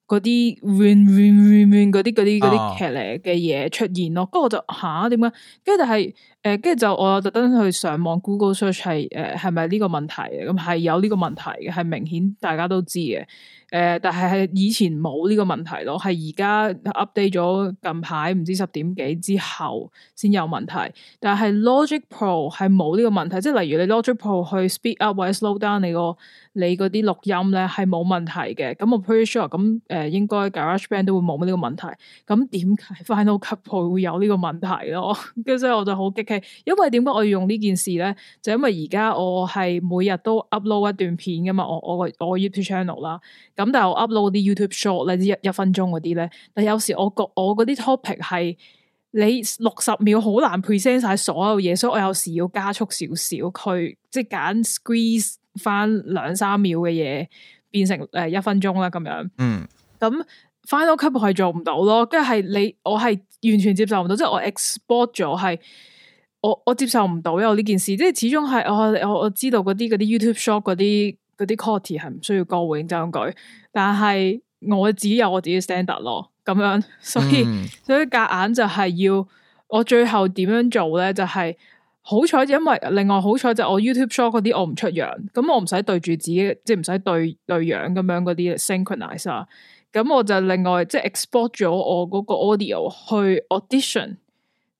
嗰啲 ring ring ring ring 嗰啲嗰啲嗰啲劇嚟嘅嘢出現咯，咁、oh. 我就吓點解？跟、啊、住就係、是。誒，跟住、呃、就我特登去上網 Google search 係，誒係咪呢個問題？咁、嗯、係有呢個問題嘅，係明顯大家都知嘅。誒、呃，但係係以前冇呢個問題咯，係而家 update 咗近排唔知十點幾之後先有問題。但係 Logic Pro 係冇呢個問題，即係例如你 Logic Pro 去 speed up 或者 slow down 你個你嗰啲錄音咧係冇問題嘅。咁我 pretty sure 咁，誒、呃、應該 GarageBand 都會冇呢個問題。咁點解 Final Cut Pro 會有呢個問題咯？跟 住我就好激。因為點解我要用呢件事咧？就因為而家我係每日都 upload 一段片噶嘛，我我我 YouTube channel 啦。咁但係我 upload 啲 YouTube short 咧，一一分鐘嗰啲咧。但有時我覺我嗰啲 topic 係你六十秒好難 present 晒所有嘢，所以我有時要加速少少佢，即係揀 squeeze 翻兩三秒嘅嘢變成誒、呃、一分鐘啦，咁樣。嗯，咁 Final Cut 係做唔到咯，跟住係你我係完全接受唔到，即、就、係、是、我 export 咗係。我我接受唔到，有呢件事，即係始終係、哦、我我我知道嗰啲啲 YouTube shop 嗰啲嗰啲 quality 係唔需要過永影真，但係我自己有我自己 standard 咯，咁樣所以、嗯、所以夾硬，硬就係要我最後點樣做咧？就係好彩，因為另外好彩就我 YouTube shop 嗰啲我唔出樣，咁我唔使對住自己，即係唔使對對樣咁樣嗰啲 synchronize 啊，咁我就另外即係、就是、export 咗我嗰個 audio 去 audition。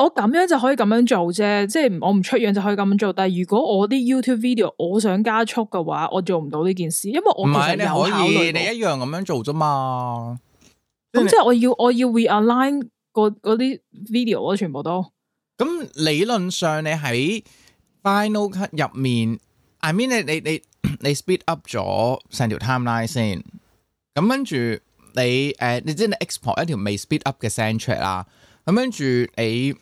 我咁樣就可以咁樣做啫，即係我唔出樣就可以咁樣做。但係如果我啲 YouTube video 我想加速嘅話，我做唔到呢件事，因為我其實有考慮。你，過你一樣咁樣做啫嘛？咁即係我要我要 realign 嗰啲 video，我全部都。咁理論上你喺 Final Cut 入面，I mean 你你你你 speed up 咗成條 timeline 先。咁跟住你誒，uh, 你即係你 export 一條未 speed up 嘅 soundtrack 啦。咁跟住你。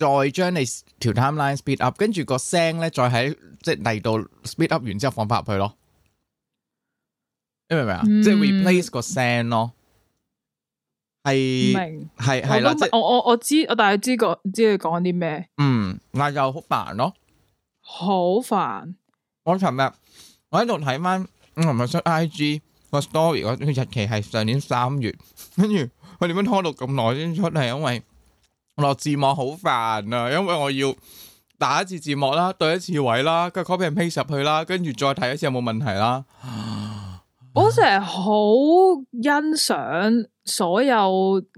再將你條 timeline speed up，跟住個聲咧，再喺即係嚟到 speed up 完之後放翻入去咯，你明唔明啊？即係 replace 個聲咯。係係係咯，即係我我我知，我大概知個知佢講啲咩。嗯，嗱就好煩咯，好煩！我尋日我喺度睇翻，我唔係出 IG 個 story，我嗰日期係上年三月，跟住我哋點樣拖到咁耐先出嚟，因為。落字幕好煩啊，因為我要打一次字幕啦，對一次位啦，跟住 copy 人批入去啦，跟住再睇一次有冇問題啦。啊、我成日好欣賞所有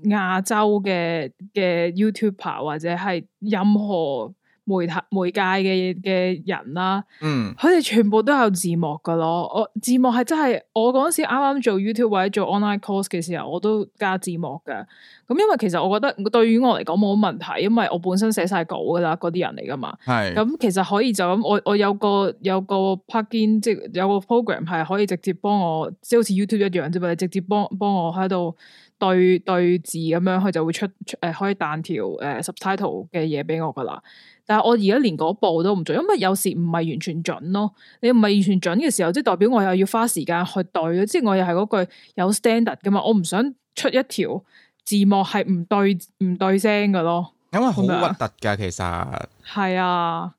亞洲嘅嘅 YouTuber 或者係任何。媒體媒介嘅嘅人啦，嗯，佢哋全部都有字幕噶咯。我字幕係真係我嗰時啱啱做 YouTube 或者做 online course 嘅時候，我都加字幕噶。咁、嗯、因為其實我覺得對於我嚟講冇問題，因為我本身寫晒稿噶啦，嗰啲人嚟噶嘛。係咁是、嗯，其實可以就咁，我我有個有個 plug-in 即係有個 program 係可以直接幫我，即係好似 YouTube 一樣啫嘛，直接幫幫我喺度對對字咁樣，佢就會出誒、呃、可以彈條誒、呃、subtitle 嘅嘢俾我噶啦。但係我而家連嗰步都唔做，因為有時唔係完全準咯。你唔係完全準嘅時候，即係代表我又要花時間去對。即係我又係嗰句有 standard 噶嘛，我唔想出一條字幕係唔對唔對聲噶咯。咁嗎啊，好核突噶其實。係啊。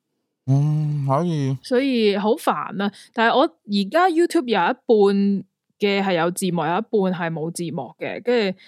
嗯，可以。所以好煩啊！但係我而家 YouTube 有一半嘅係有字幕，有一半係冇字幕嘅，跟住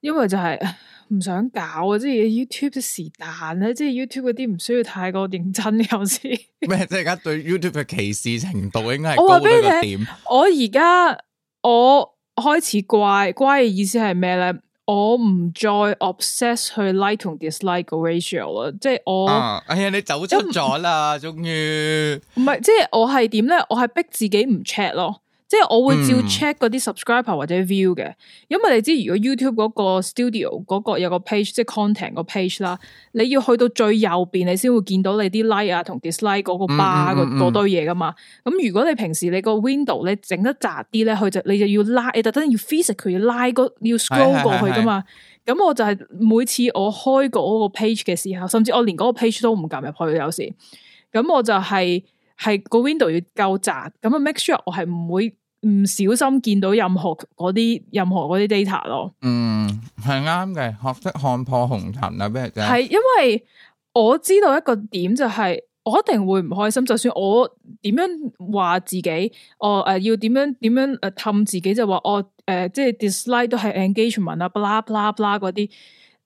因為就係、是。 唔想搞啊！即係 YouTube 嘅時彈咧，即係 YouTube 嗰啲唔需要太過認真有時。咩？即係而家對 YouTube 嘅歧視程度應該係高咗個點？我話俾你聽，我而家我，我開始乖，乖嘅意思係咩咧？我唔再 obsess 去 like 同 dislike 個 ratio 啊！即係我、啊，哎呀，你走出咗啦，終於不。唔係於，即係我係點咧？我係逼自己唔 check 咯。即係我會照 check 嗰啲 subscriber 或者 view 嘅。因為你知如果 YouTube 嗰個 studio 嗰個有個 page，即係 content 個 page 啦，你要去到最右邊，你先會見到你啲 like 啊同 dislike 嗰個 bar 嗰堆嘢噶嘛。咁如果你平時你個 window 咧整得窄啲咧，佢就你就要拉，你特登要 physically 佢拉嗰要 scroll 過去噶嘛。咁我就係每次我開個個 page 嘅時候，甚至我連嗰個 page 都唔撳入去有時，咁我就係、是、係個 window 要夠窄，咁啊 make sure 我係唔會。唔小心見到任何嗰啲任何嗰啲 data 咯，嗯，係啱嘅，學識看破紅塵啊，咩啫？係因為我知道一個點就係，我一定會唔開心，就算我點樣話自己，我誒要點樣點樣誒氹自己，就話我誒、呃、即係 dislike 都係 engagement 啊，blah blah blah 嗰啲，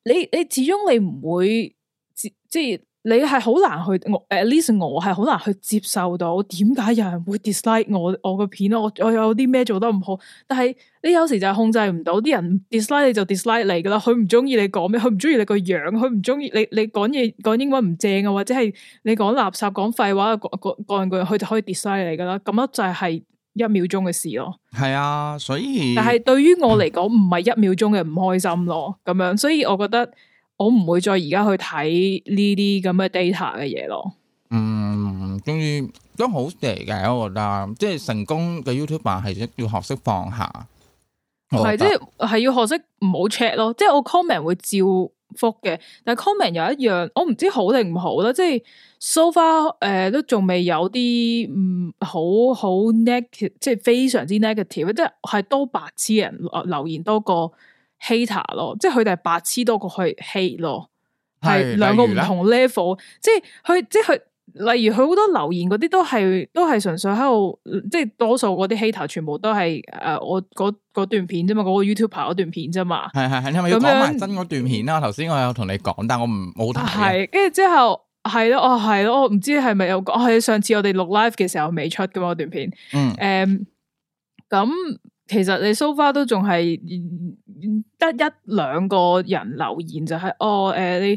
你你始終你唔會即即。即你係好難去，我 at least 我係好難去接受到，點解有人會 dislike 我我個片咯？我我，我有啲咩做得唔好？但係你有時就係控制唔到，啲人 dislike 你就 dislike 嚟噶啦，佢唔中意你講咩，佢唔中意你個樣，佢唔中意你你講嘢講英文唔正啊，或者係你講垃圾講廢話講講句佢就可以 dislike 你噶啦，咁樣就係一秒鐘嘅事咯。係啊，所以但係對於我嚟講唔係一秒鐘嘅唔開心咯，咁樣所以我覺得。我唔會再而家去睇呢啲咁嘅 data 嘅嘢咯。嗯，終於都好正嘅，我覺得，即係成功嘅 YouTuber 係要學識放下，係即係係要學識唔好 check 咯。即係我 comment 會照覆嘅，但係 comment 有一樣我唔知好定唔好啦。即係 so far 誒都仲未有啲唔好好 negative，即係非常之 negative，即係係多白痴人留言多過。hater 咯，ater, 即係佢哋係白痴多過去 hate 咯，係兩個唔同 level，即係佢即係佢例如佢好多留言嗰啲都係都係純粹喺度，即係多數嗰啲 hater 全部都係誒、呃、我嗰段片啫嘛，嗰、嗰個 YouTuber 嗰段片啫嘛，係係係你係咪要講真嗰段片啦，頭先樣我有同你講，但我唔冇睇，係跟住之後係咯，哦係咯，我唔知係咪有講係、哦、上次我哋錄 live 嘅時候未出噶嘛，嗰段片，嗯，誒、嗯、咁、嗯、其實你 s o so far 都仲係。得一兩個人留言就係哦誒你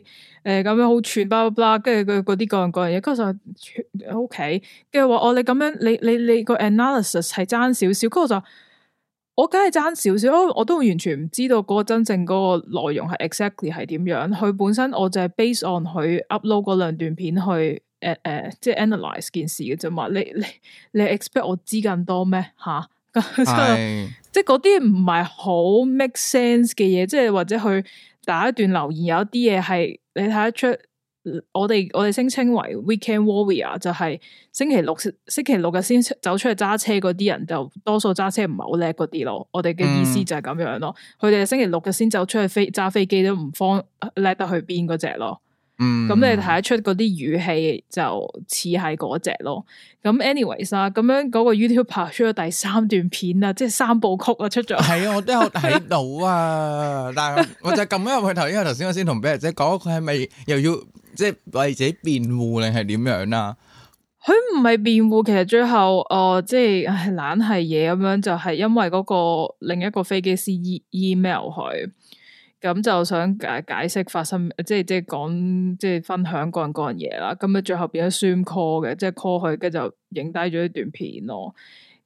誒咁樣好串，巴拉巴拉跟住佢嗰啲各樣各樣嘢，跟住就 OK，跟住話哦，你、oh, 咁樣，你你你個 analysis 係爭少少，跟住我就我梗係爭少少，我都完全唔知道嗰個真正嗰個內容係 exactly 係點樣。佢本身我就係 based on 佢 upload 嗰兩段片去誒誒、呃呃，即係 analyze 件事嘅啫嘛。你你你 expect 我知更多咩吓？ 說是即係嗰啲唔係好 make sense 嘅嘢，即係或者佢打一段留言，有一啲嘢係你睇得出。我哋我哋聲稱為 weekend warrior，就係星期六星期六日先走出去揸車嗰啲人，就多數揸車唔係好叻嗰啲咯。我哋嘅意思就係咁樣咯。佢哋、嗯、星期六日先走出去飛揸飛機都唔方叻得去邊嗰只咯。駛駛咁、嗯、你睇得出嗰啲語氣就似係嗰隻咯。咁 anyway 啊，咁樣嗰個 YouTuber 拍出咗第三段片啊，即係三部曲啊，出咗。係啊，我都有睇到啊，但係我就撳咗入去頭，因為頭先我先同 Bella 姐講，佢係咪又要即係為自己辯護定係點樣啊？佢唔係辯護，其實最後誒、呃，即係係懶係嘢咁樣，就係、是、因為嗰個另一個飛機師、e、email 佢。咁就想解解釋發生，即係即係講，即係分享個人個人嘢啦。咁咧最後變咗宣 call 嘅，即係 call 佢，跟住就影低咗一段片咯。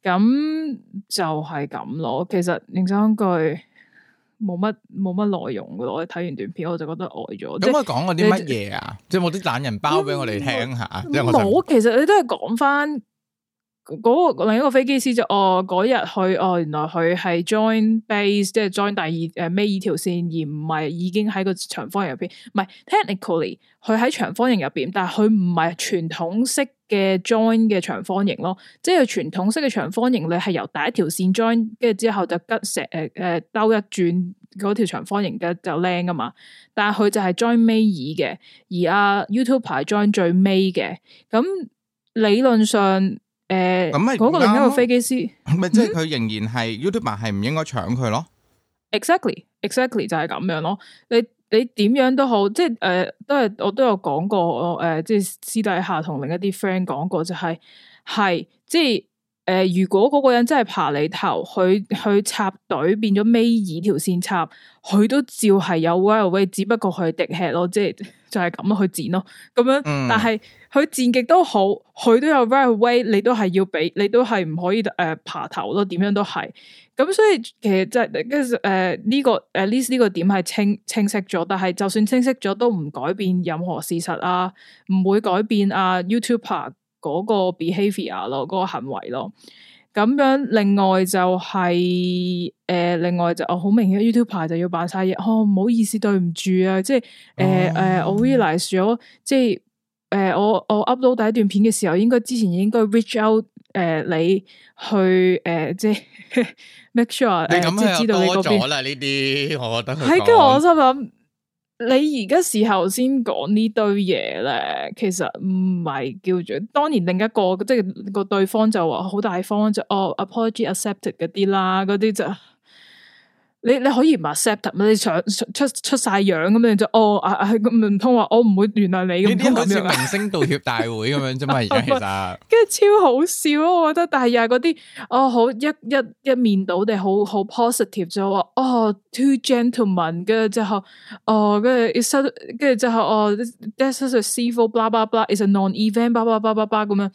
咁就係咁咯。其實認真句冇乜冇乜內容噶。我睇完段片，我就覺得呆咗。咁佢講過啲乜嘢啊？就即係冇啲懶人包俾我哋聽下。冇、嗯，其實你都係講翻。嗰個另一個飛機師就哦，嗰日佢哦，原來佢係 join base，即係 join 第二誒尾二條線，而唔係已經喺個長方形入邊。唔係 technically，佢喺長方形入邊，但係佢唔係傳統式嘅 join 嘅長方形咯。即係傳統式嘅長方形咧，係由第一條線 join，跟住之後就吉石誒誒兜一轉嗰條長方形嘅就靚啊嘛。但係佢就係 join 尾二嘅，而阿 YouTuber join 最尾嘅。咁理論上。誒，咁係嗰個另一個飛機師，咪即係佢仍然係 YouTuber，係唔、嗯、應該搶佢咯？Exactly，exactly exactly 就係咁樣咯。你你點樣都好，即係誒、呃，都係我都有講過，誒即係私底下同另一啲 friend 講過、就是，就係係即係誒、呃，如果嗰個人真係爬你頭，去佢插隊變咗尾二條線插，佢都照係有 value，只不過佢滴血咯，即係就係咁咯，去剪咯，咁樣，嗯、但係。佢戰極都好，佢都有 very、right、way，你都係要俾，你都係唔可以誒、呃、爬頭咯，點樣都係。咁所以其實即係跟住誒呢個誒呢呢個點係清清晰咗，但係就算清晰咗都唔改變任何事實啊，唔會改變啊 YouTuber 嗰個 behavior 咯，嗰個行為咯。咁樣另外就係、是、誒、呃、另外就我、是、好、呃就是哦、明顯 YouTuber 就就要扮晒嘢，哦唔好意思，對唔住啊，即係誒誒我 realize 咗即係。誒、呃，我我 up 到第一段片嘅時候，應該之前應該 reach out，誒、呃，你去誒、呃，即係 make sure，即係接到你嗰邊。你咁嘅多咗啦呢啲，我覺得。係，跟住我心諗，你而家時候先講呢堆嘢咧，其實唔係叫做，當然另一個即係、就是、個對方就話好大方就哦，apology accepted 嗰啲啦，嗰啲就。你你可以 accept 咩？哦啊，你想出出晒樣咁樣就哦啊啊，唔通話我唔會原諒你咁？呢啲好似明星道歉大會咁樣啫嘛，而家其實跟住、啊，超好笑咯，啊，我覺得。但係又係嗰啲哦好一一一面倒地好好 positive 就話哦，oh, two gentlemen，跟住之後哦跟住一收，跟住之後哦，oh,，that's a civil blah blah blah，it's a non-event blah blah blah blah blah 咁樣。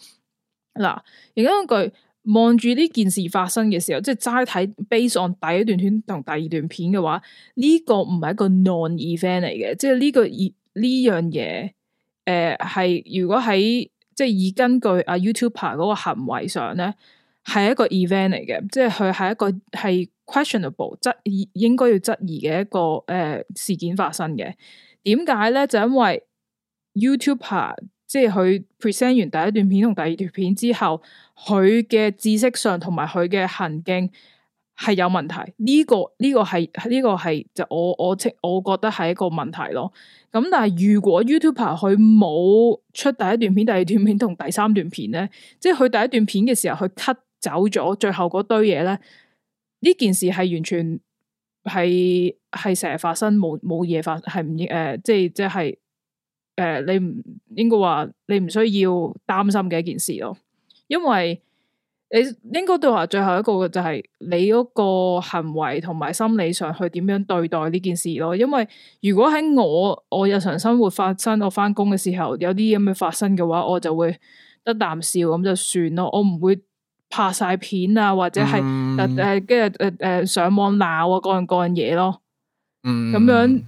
嗱，而家嗰句。望住呢件事發生嘅時候，即係齋睇 base on 第一段片同第二段片嘅話，呢、這個唔係一個 non event 嚟嘅，即係呢、這個呢樣嘢，誒係、呃、如果喺即係以根據啊 YouTuber 嗰個行為上咧，係一個 event 嚟嘅，即係佢係一個係 questionable，質疑應該要質疑嘅一個誒、呃、事件發生嘅。點解咧？就因為 YouTuber 即係佢 present 完第一段片同第二段片之後。佢嘅知識上同埋佢嘅行徑係有問題，呢個呢個係呢個係就我我即我覺得係一個問題咯。咁但係如果 YouTuber 佢冇出第一段片、第二段片同第三段片咧，即係佢第一段片嘅時候佢 cut 走咗最後嗰堆嘢咧，呢件事係完全係係成日發生冇冇嘢發生係唔誒即係即係誒、呃、你唔應該話你唔需要擔心嘅一件事咯。因為你應該對話最後一個嘅就係你嗰個行為同埋心理上去點樣對待呢件事咯。因為如果喺我我日常生活發生，我翻工嘅時候有啲咁嘅發生嘅話，我就會得啖笑咁就算咯。我唔會拍晒片啊，或者係誒跟住誒誒上網鬧啊各樣各樣嘢咯。樣嗯，咁樣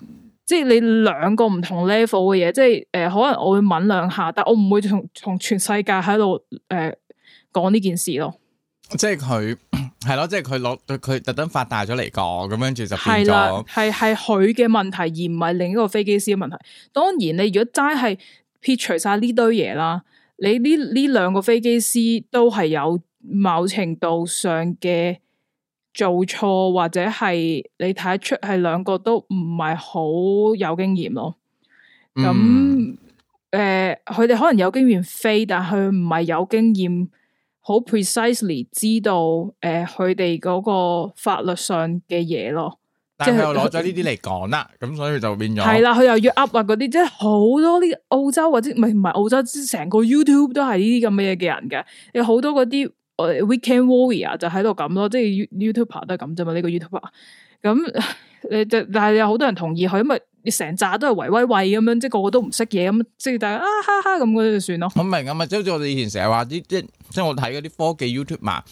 即係你兩個唔同 level 嘅嘢，即係誒、呃、可能我會搵兩下，但我唔會從從全世界喺度誒。呃講呢件事咯，即係佢係咯，即係佢攞佢特登發大咗嚟講咁，跟住就變咗係係佢嘅問題，而唔係另一個飛機師嘅問題。當然你如果齋係撇除晒呢堆嘢啦，你呢呢兩個飛機師都係有某程度上嘅做錯，或者係你睇得出係兩個都唔係好有經驗咯。咁誒、嗯，佢哋、呃、可能有經驗飛，但係佢唔係有經驗。好 precisely 知道誒佢哋嗰個法律上嘅嘢咯，但係佢又攞咗呢啲嚟講啦，咁它所以就變咗係啦，佢又約 Up 啊嗰啲，即係好多啲澳洲或者唔係唔係澳洲，成個 YouTube 都係呢啲咁嘅嘢嘅人嘅，有好多嗰啲、呃、Weekend Warrior 就喺度咁咯，即係 YouTuber 都係咁啫嘛，呢、這個 YouTuber 咁。嗯 你但係有好多人同意佢，因為成扎都係維威衛咁樣，即係個個都唔識嘢，咁即係大家啊哈哈咁嗰就算咯。我明啊，咪即好似我哋以前成日話啲即係我睇嗰啲科技 YouTube 嘛，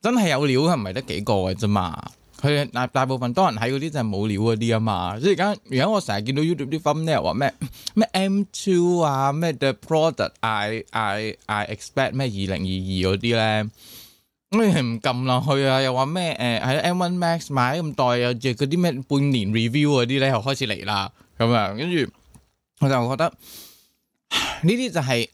真係有料係唔係得幾個嘅啫嘛。佢大部分多人睇嗰啲就係冇料嗰啲啊嘛。即係而家而家我成日見到 YouTube 啲 thumbnail 話咩咩 M2 啊，咩 The Product I I I Expect 咩二零二二嗰啲咧。咁係唔撳落去啊！又話咩？誒，喺 M1 Max 買咁代啊，即係嗰啲咩半年 review 嗰啲咧，又開始嚟啦咁樣！跟住我就覺得呢啲就係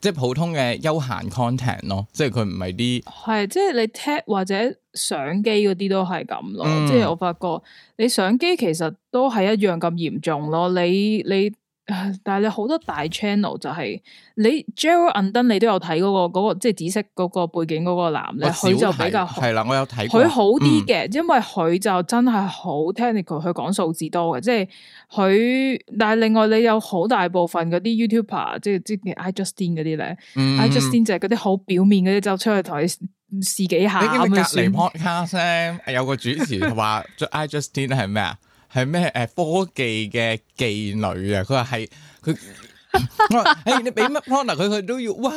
即係普通嘅休閒 content 咯，即係佢唔係啲係即係你 tap 或者相機嗰啲都係咁咯。即係我發覺你相機其實都係一樣咁嚴重咯。你你。但係你好多大 channel 就係、是、你 Gerald Unden 你都有睇嗰、那個、那個即係紫色嗰個背景嗰個男，咧，佢就比較係啦，我有睇佢好啲嘅，嗯、因為佢就真係好 technical，佢講數字多嘅，即係佢。但係另外你有好大部分嗰啲 YouTuber，即係即 I Just、嗯嗯、ine 嗰啲咧，I Justine 就係嗰啲好表面嗰啲，就出去同你試幾下。你見隔籬 podcast 有個主持話 I Justine 係咩啊？ 係咩？誒、呃、科技嘅妓女啊！佢話係佢。 你俾乜 partner 佢佢都要哇，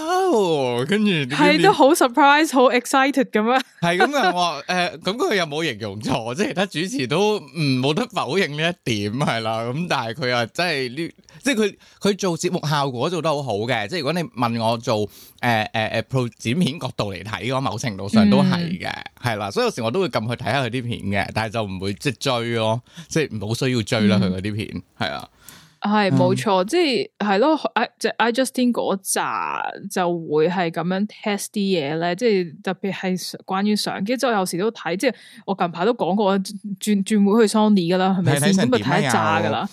跟住係都好 surprise，好 excited 咁啊！係咁啊，我 誒樂，咁佢又冇形容錯，即係其他主持都唔冇得否認呢一點係啦。咁但係佢又真係呢，即係佢佢做節目效果做得好好嘅。即係如果你問我做誒誒誒 pro 剪片角度嚟睇嘅，某程度上都係嘅，係啦。所以有時我都會撳去睇下佢啲片嘅，但係就唔會即追咯、哦，即係唔好需要追啦。佢嗰啲片係啊。 係冇錯，即係係咯，即 I justin 嗰扎就會係咁樣 test 啲嘢咧，即係特別係關於相機，即我有時都睇，即係我近排都講過轉轉會去 Sony 噶啦，係咪先？咁咪睇一扎噶啦。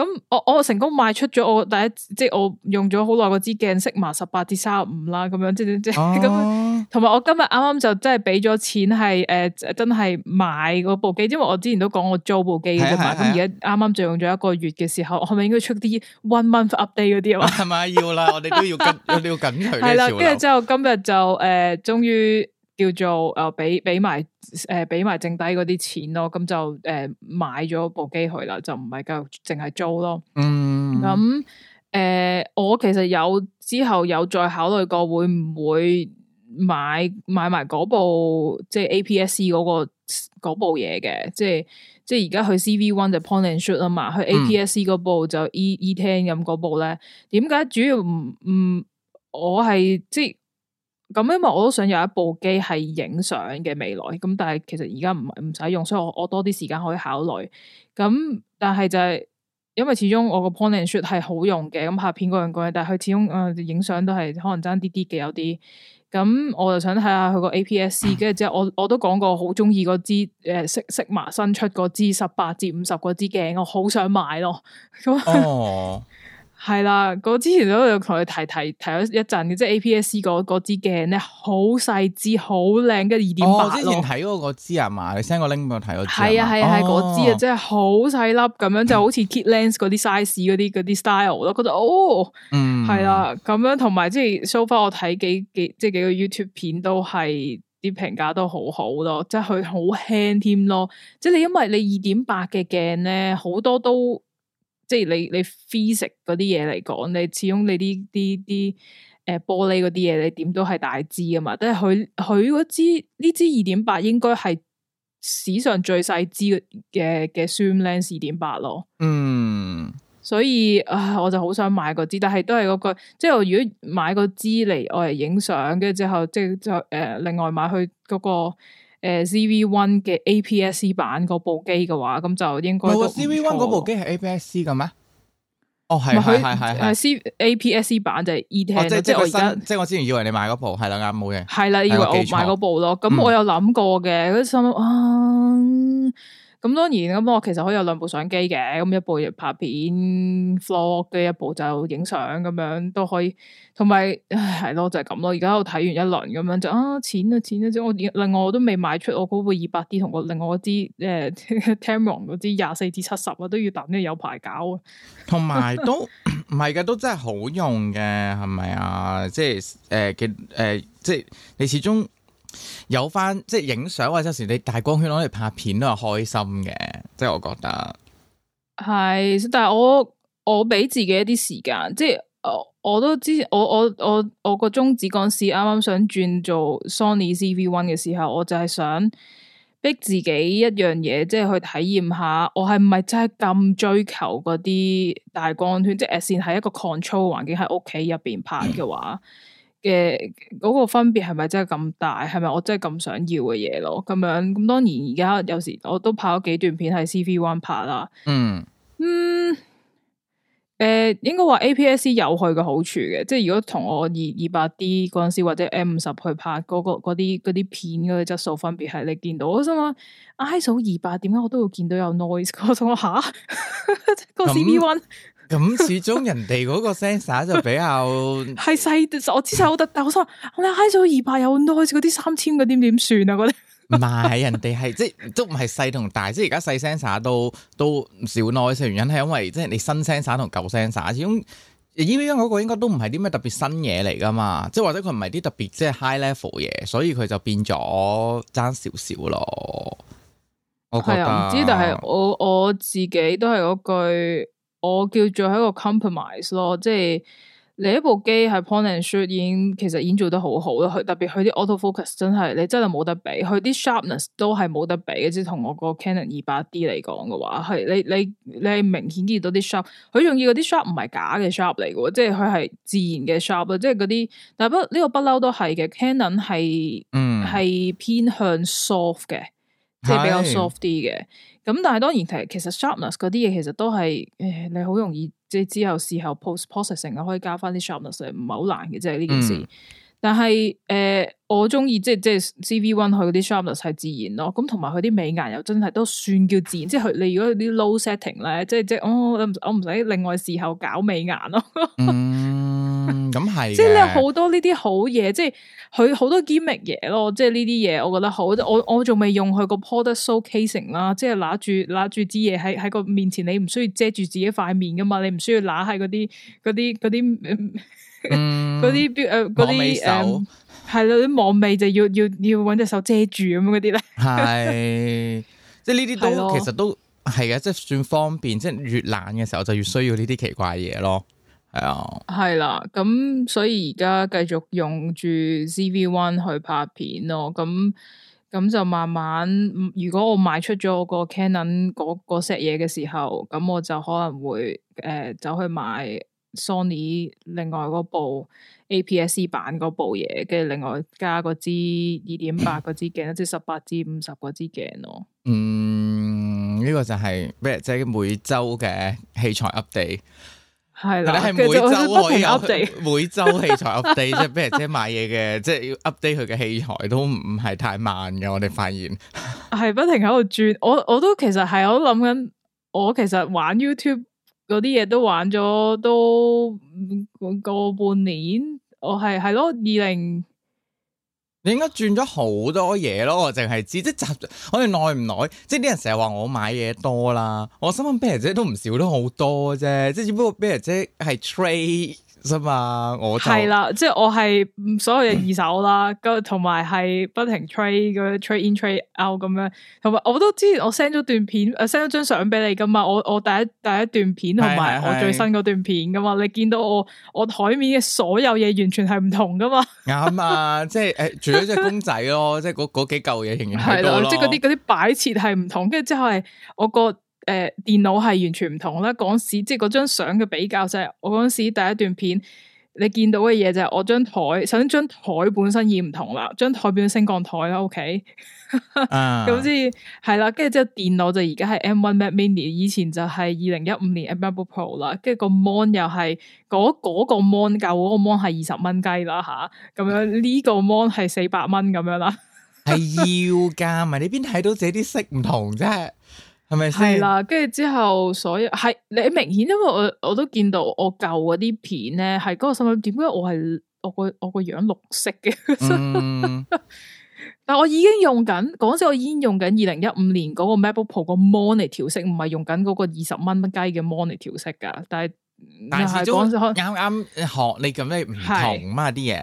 咁我我成功賣出咗我第一，即係我用咗好耐嗰支鏡，Sigma 十八至三十五啦，咁樣即係即係咁。同埋、啊、 我今日啱啱就真係俾咗錢，係、呃、誒真係買嗰部機，因為我之前都講我租部機嘅啫嘛。咁而家啱啱就用咗一個月嘅時候，我係咪應該出啲 one month update 嗰啲啊？係咪要啦？我哋都要跟，要跟佢。係啦，跟住之後今日就誒、呃，終於。叫做誒，俾俾埋誒，俾埋、呃、剩低嗰啲錢咯，咁就誒、呃、買咗部機去啦，就唔係夠淨係租咯。嗯，咁誒、呃，我其實有之後有再考慮過會唔會買買埋嗰部即係 A P S C 嗰個部嘢嘅，即係、那個、即係而家去 C V One 就 Point and Shoot 啊嘛，去 A P S C 嗰部就 E、嗯、E Ten 咁嗰部咧，點解主要唔唔、嗯、我係即係？咁因為我都想有一部機係影相嘅未來，咁但係其實而家唔唔使用，所以我我多啲時間可以考慮。咁但係就係、是、因為始終我個 point and shoot 係好用嘅，咁拍片嗰樣嘅，但係佢始終誒影相都係可能爭啲啲嘅有啲。咁我就想睇下佢個 APS-C，跟住之後我我都講過好中意嗰支誒 Sigma 新出嗰支十八至五十嗰支鏡，我好想買咯。 係啦、那個那個哦，我之前都有同佢提提提咗一陣嘅，即係 APS 嗰支鏡咧，好細致、好靚嘅二點八。我之前睇嗰支啊嘛，你 send 個 link 俾我睇嗰支啊。係啊係啊係嗰支啊，即係好細粒咁樣，就好似 Kit Lens 嗰啲 size 嗰啲啲 style 咯。覺得哦，嗯，係啦，咁樣同埋即係 so far 我睇幾幾即係幾個 YouTube 片都係啲評價都好好咯，即係佢好輕添咯。即係你因為你二點八嘅鏡咧，好多都。.即係你你 physics 嗰啲嘢嚟講，你始終你啲啲啲誒玻璃嗰啲嘢，你點都係大支啊嘛！但係佢佢支呢支二點八應該係史上最細支嘅嘅 zoom lens 二點八咯。嗯，所以啊，我就好想買嗰支，但係都係嗰、那個即係如果買個支嚟我嚟影相，跟住之後即係再誒另外買佢嗰、那個。誒，ZV One 嘅 APS c 版嗰部機嘅話，咁就應該唔係喎，ZV One 嗰部機係 APS c 嘅咩？就係 E10，哦，係係係係，唔係 C APS c 版就係 E10，即係即係，即係我之前以為你買嗰部，係啦啱，冇嘢。係啦，以為我買嗰部咯，咁、嗯、我有諗過嘅，咁心啊。咁當然咁，我其實可以有兩部相機嘅，咁一部拍片、Vlog 嘅，一部就影相咁樣都可以。同埋係咯，就係咁咯。而家我睇完一輪咁樣就啊，錢啊錢啊！我、啊、另外我都未賣出我嗰部二百 D 同我另外嗰支誒 Tamron 嗰支廿四至七十啊，呃、70，都要等有排搞啊。同埋都唔係嘅，都真係好用嘅，係咪啊？即係誒其誒，即係你始終。有翻即係影相，或者有時你大光圈攞嚟拍片都係開心嘅，即係我覺得係。但係我我俾自己一啲時間，即係我，我都知，我我我我個中指講試啱啱想轉做 Sony CV One 嘅時候，我就係想逼自己一樣嘢，即係去體驗下我係咪真係咁追求嗰啲大光圈，即係先喺一個 control 環境喺屋企入邊拍嘅話。嗯嘅嗰個分別係咪真係咁大？係咪我真係咁想要嘅嘢咯？咁樣咁當然而家有時我都拍咗幾段片喺 C V one 拍啦。嗯嗯，誒、嗯呃，應該話 A P S、C、有佢嘅好處嘅，即係如果同我二二百 D 嗰陣時或者 M 五十去拍嗰、嗰個啲啲片嘅個質素分別係你見到，我心諗 ISO 二百，點解我都會見到有 noise？我心諗吓個 C V one。咁始終人哋嗰個 sensor 就比較係細， 我之前好得。但我想話你 high 咗二百有咁多，好似嗰啲三千嗰啲點算啊？嗰啲唔係人哋係即係都唔係細同大，即係而家細 sensor 都都少耐嘅原因係因為即係你新 sensor 同舊 sensor 始終依邊嗰個應該都唔係啲咩特別新嘢，嚟噶嘛，即係或者佢唔係啲特別即係 high level 嘢，所以佢就變咗爭少少咯。我係啊，唔知，但係我我，我自己都係嗰句。我叫做一個 compromise 咯，即係你一部機係 point and shoot 已經其實已經做得好好啦，特別佢啲 auto focus 真係你真係冇得比，佢啲 sharpness 都係冇得比嘅。即係同我個 Canon 二百 D 嚟講嘅話，係你你你係明顯見到啲 sharp，佢仲要嗰啲 sharp 唔係假嘅 sharp 嚟嘅，即係佢係自然嘅 sharp 啦，即係嗰啲，但係不過呢、這個不嬲都係嘅，Canon 係係偏向 soft 嘅，是即係比較 soft 啲嘅。咁但係當然，其實 sharpness 嗰啲嘢其實都係，誒你好容易即係之後事後 post processing 可以加翻啲 sharpness，唔係好難嘅即係呢件事。嗯但係，誒、呃，我中意即係即係 C V one 佢嗰啲 sharpness 係自然咯，咁同埋佢啲美顏又真係都算叫自然，即係你如果有啲 low setting 咧，即係即係我唔使另外事後搞美顏咯。咁係、嗯嗯。 即係咧，好多呢啲好嘢，即係佢好多 gimmick 嘢咯，即係呢啲嘢我覺得好。我我仲未用佢個 product showcasing 啦，即係拿住拿住啲嘢喺喺個面前，你唔需要遮住自己塊面噶嘛，你唔需要拿喺啲啲嗰啲。嗯，嗰啲手誒，嗰啲誒，係咯些，啲網美、嗯、就要要要揾隻手遮住咁嗰啲咧。係， 即係呢啲都其實都係嘅，即係算方便，即係越懶嘅時候就越需要呢啲奇怪嘢咯。係啊，係啦，咁所以而家繼續用住 C V one 去拍片咯。咁咁就慢慢，如果我賣出咗我 Can、嗰個 Canon 嗰個 set 嘢嘅時候，咁我就可能會誒、呃、走去買。Sony 另外嗰部 APS-C 版嗰部嘢，跟住另外加嗰支二點八支鏡，即係十八至五十嗰支鏡咯。嗯，呢、嗯這個就係、是，比如即係每周嘅器材 update，係啦的，你係每周可以 update，每周器材 update，即係比如即係買嘢嘅，即、就、係、是、要 update 佢嘅器材都唔係太慢嘅。我哋發現係 不停喺度轉，我我都其實係我諗緊，我其實玩 YouTube。嗰啲嘢都玩咗都個半年，我係係咯二零，你應該轉咗好多嘢咯，我淨係知即係集，我哋耐唔耐？即係啲人成日話我買嘢多啦，我心想問啤梨姐都唔少，都好多啫，即係只不過啤梨姐係 trade。啫嘛，我係啦，即係、就是、我係所有嘅二手啦，咁同埋係不停 trade 嗰個 trade in trade out 咁樣，同埋我都之前我 send 咗段片，誒 send 咗張相俾你噶嘛，我我第一第一段片同埋我最新嗰段片噶嘛， 你見到我我台面嘅所有嘢完全係唔同噶嘛，啱 嘛，即係誒、欸、除咗隻公仔咯，即係嗰嗰幾嚿嘢仍然係咯，即係嗰啲嗰啲擺設係唔同，跟住之後係我個。誒、呃，電腦係完全唔同啦。嗰時即係嗰張相嘅比較就係我嗰時第一段片你見到嘅嘢就係我張台，首先張台本身已唔同啦，張台變咗升降台啦。O K，咁即係啦，跟住之後電腦就而家係 M One Mac Mini，以前就係二零一五年 Mac Pro 啦，跟住個 Mon 又係嗰嗰個 Mon 舊嗰個 Mon 係二十蚊雞啦吓，咁、啊、樣呢個 Mon 係四百蚊咁樣啦，係要噶咪？你邊睇到自己啲色唔同啫？係咪先？係啦，跟住之後所，所以係你明顯，因為我我都見到我舊嗰啲片咧，係嗰個心諗，點解我係我個我個樣綠色嘅？ 嗯、但我已經用緊，嗰時我已經用緊二零一五年嗰個 MacBook Pro 個 Mon 嚟調色，唔係用緊嗰個二十蚊雞嘅 Mon 嚟調色噶。但係但係嗰時啱啱學你咁樣唔同啊啲嘢，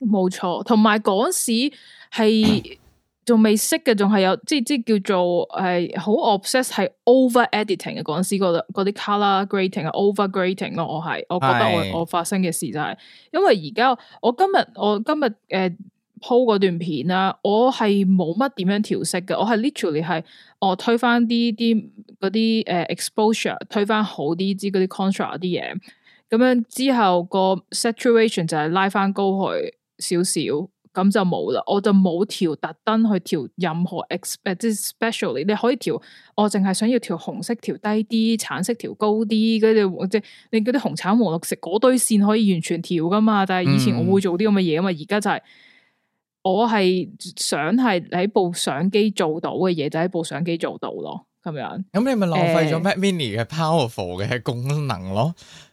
冇是錯。同埋嗰時係。 仲未識嘅，仲係有即即叫做係好 obsess，係 over editing 嘅嗰陣時，嗰嗰啲 color grading 啊，over grading 咯，grad 我係我覺得我是我發生嘅事就係、是，因為而家我今日我今日誒 po 嗰段片啦，我係冇乜點樣調色嘅，我係 literally 係我、呃、推翻啲啲嗰啲誒 exposure，推翻好啲，即嗰啲 contrast 啲嘢，咁樣之後個 saturation 就係拉翻高去少少。咁就冇啦，我就冇調，特登去調任何 ex 誒，即係 especially，你可以調，我淨係想要調紅色調低啲，橙色調高啲，跟住即係你嗰啲紅橙黃綠色嗰堆線可以完全調噶嘛？但係以前我會做啲咁嘅嘢啊嘛，而家、嗯、就係、是、我係想係喺部相機做到嘅嘢，就喺、是、部相機做到咯，咁樣。咁你咪浪費咗 Mac Mini 嘅 powerful 嘅功能咯。嗯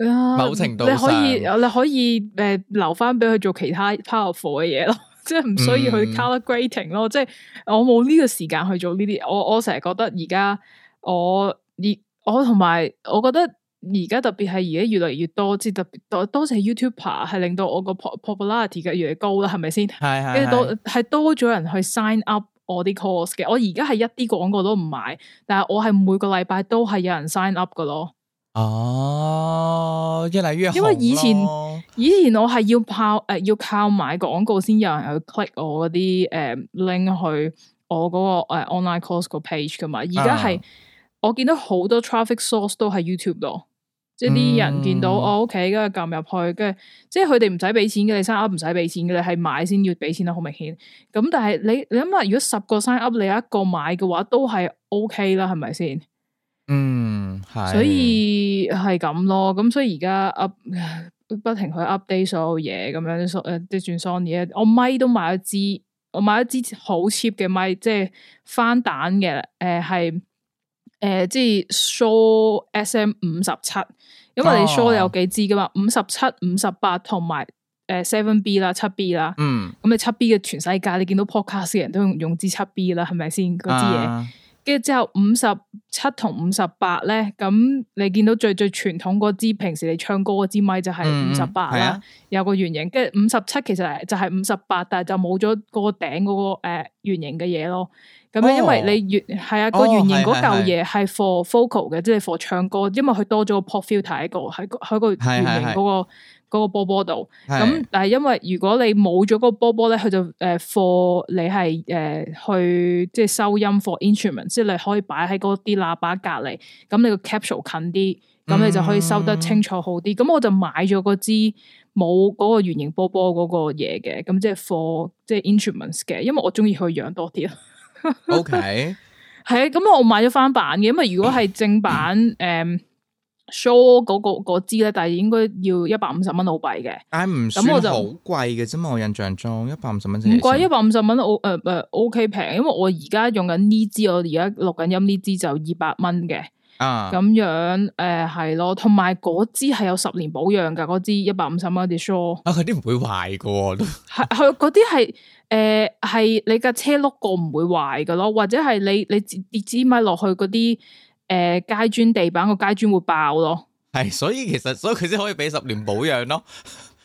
Uh, 某程度你 你，你可以你可以誒留翻俾佢做其他 powerful 嘅嘢咯， 即係唔需要去 color grading 咯，嗯、即係我冇呢個時間去做呢啲。我我成日覺得而家我而我同埋，我覺得而家特別係而家越嚟越多，即係特別多多謝 YouTuber 係令到我個 popularity 嘅越嚟越高啦，係咪先？係係跟住多係多咗人去 sign up 我啲 course 嘅。我而家係一啲廣告都唔買，但係我係每個禮拜都係有人 sign up 㗎咯。哦，越嚟越好。因為以前以前我係要靠誒、呃、要靠買廣告先有人去 click 我嗰啲誒 link 去我嗰，那個誒、呃、online course 個 page 噶嘛。而家係我見到好多 traffic source 都係 YouTube 度，即係啲人見到我屋企跟住撳入去，跟住即係佢哋唔使俾錢嘅，你 sign up 唔使俾錢嘅，你係買先要俾錢咯，好明顯。咁但係你你諗下，如果十個 sign up 你一個買嘅話，都係 OK 啦，係咪先？嗯，所以係咁咯，咁所以而家 up 不停去 update 所有嘢，咁樣啲，誒，啲轉 Sony 我咪都買一支，我買一支好 cheap 嘅咪，即係翻彈嘅，誒、呃，係誒、呃，即係 Shure SM 五十七，因為你 Shure 有幾支噶嘛，五十七、五十八同埋誒 Seven B 啦、七 B 啦，嗯，咁你七 B 嘅全世界，你見到 Podcast 嘅人都用用支七 B 啦，係咪先嗰支嘢？跟住之後，五十七同五十八咧，咁你見到最最傳統嗰支，平時你唱歌嗰支咪就係五十八啦，啊、有個圓形。跟住五十七其實就係五十八，但係就冇咗個頂嗰個誒圓形嘅嘢咯。咁樣因為你圓係啊個圓、哦、形嗰嚿嘢係 for vocal 嘅，即係、哦、for 唱歌，因為佢多咗個 pop filter 一個，喺個喺個圓形嗰、嗰個。是是是嗰個波波度，咁是但係因為如果你冇咗嗰波波咧，佢就誒、uh, for 你係誒、uh, 去即係、就是、收音 for instrument，即係你可以擺喺嗰啲喇叭隔離，咁你個 capsule 近啲，咁你就可以收得清楚好啲。咁、嗯、我就買咗嗰支冇嗰個圓形波波嗰個嘢嘅，咁即係 for 即係 instruments 嘅，因為我中意佢樣多啲啊。 OK，係啊， 咁我買咗翻版嘅，因為如果係正版誒。嗯嗯 show 嗰、嗰個支咧，但係應該要一百五十蚊澳幣嘅，但係唔算好貴嘅啫嘛。我印象中一百五十蚊，唔貴一百五十蚊澳誒誒，OK 平。因為我而家用緊呢支，我而家錄緊音呢支就二百蚊嘅啊，咁樣誒係、呃、咯，同埋嗰支係有十年保養噶，嗰支一百五十蚊啲 show 啊，啲唔會壞噶、哦，係佢嗰啲係誒係你架車碌過唔會壞噶咯，或者係你你跌支咪落去嗰啲。誒，階磚、呃、地板個階磚會爆咯，係所以其實所以佢先可以俾十年保養咯，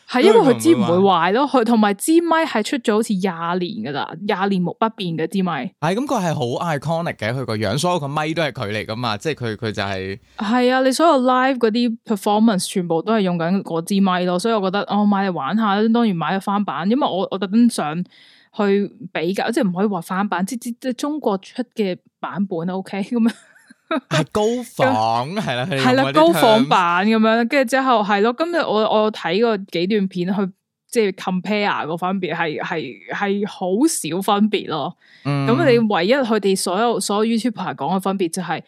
係因為佢支唔會壞咯，佢同埋支咪係出咗好似廿年噶啦，廿年木不變嘅支咪，係咁佢係好 iconic 嘅，佢個樣，ic 樣，所有個咪都係佢嚟噶嘛。即係佢佢就係、是、係啊，你所有 live 嗰啲 performance 全部都係用緊嗰支咪咯，所以我覺得我、哦、買嚟玩下啦，當然買咗翻版，因為我我特登想去比較，即係唔可以話翻版，即即即中國出嘅版本啊，OK 咁樣。係高仿係啦，係啦 的的高仿版咁樣，跟住之後係咯。 今日我我睇過幾段片去即係 compare 個分別，係係係好少分別咯。咁、嗯、你唯一佢哋所有所有 YouTuber 講嘅分別就係、是。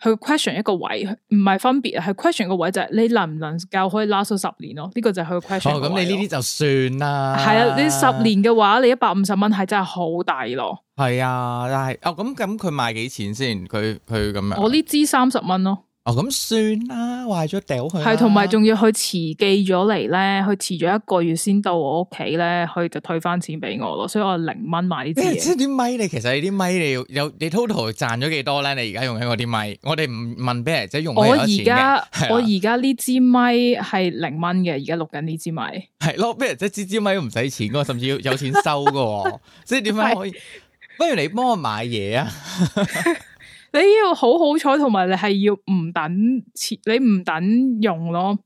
去 question 一個位，唔係分別啊，係 question 個位就係你能唔能夠可以 last 十年咯？呢個就係佢嘅 question。哦，咁你呢啲就算啦。係啊，你十年嘅話，你一百五十蚊係真係好大咯。係啊，但係哦咁咁佢賣幾錢先？佢佢咁樣。我呢支三十蚊咯。咁、哦、算啦，壞咗掉佢。係同埋仲要佢遲寄咗嚟咧，佢遲咗一個月先到我屋企咧，佢就退翻錢俾我咯。所以我零蚊買啲嘢、欸。即係啲米，你其實啲米，你要有，你 total 賺咗幾多咧？你而家用緊我啲米，我哋唔問俾人即係用咩我而家、啊、我而家呢支米係零蚊嘅，而家錄緊呢支米。係咯，俾人即係支支米都唔使錢噶， 甚至要有錢收噶， 所以點解可以？ 不如你幫我買嘢啊！ 你，你要好好彩，同埋你係要唔等錢，你唔等用咯。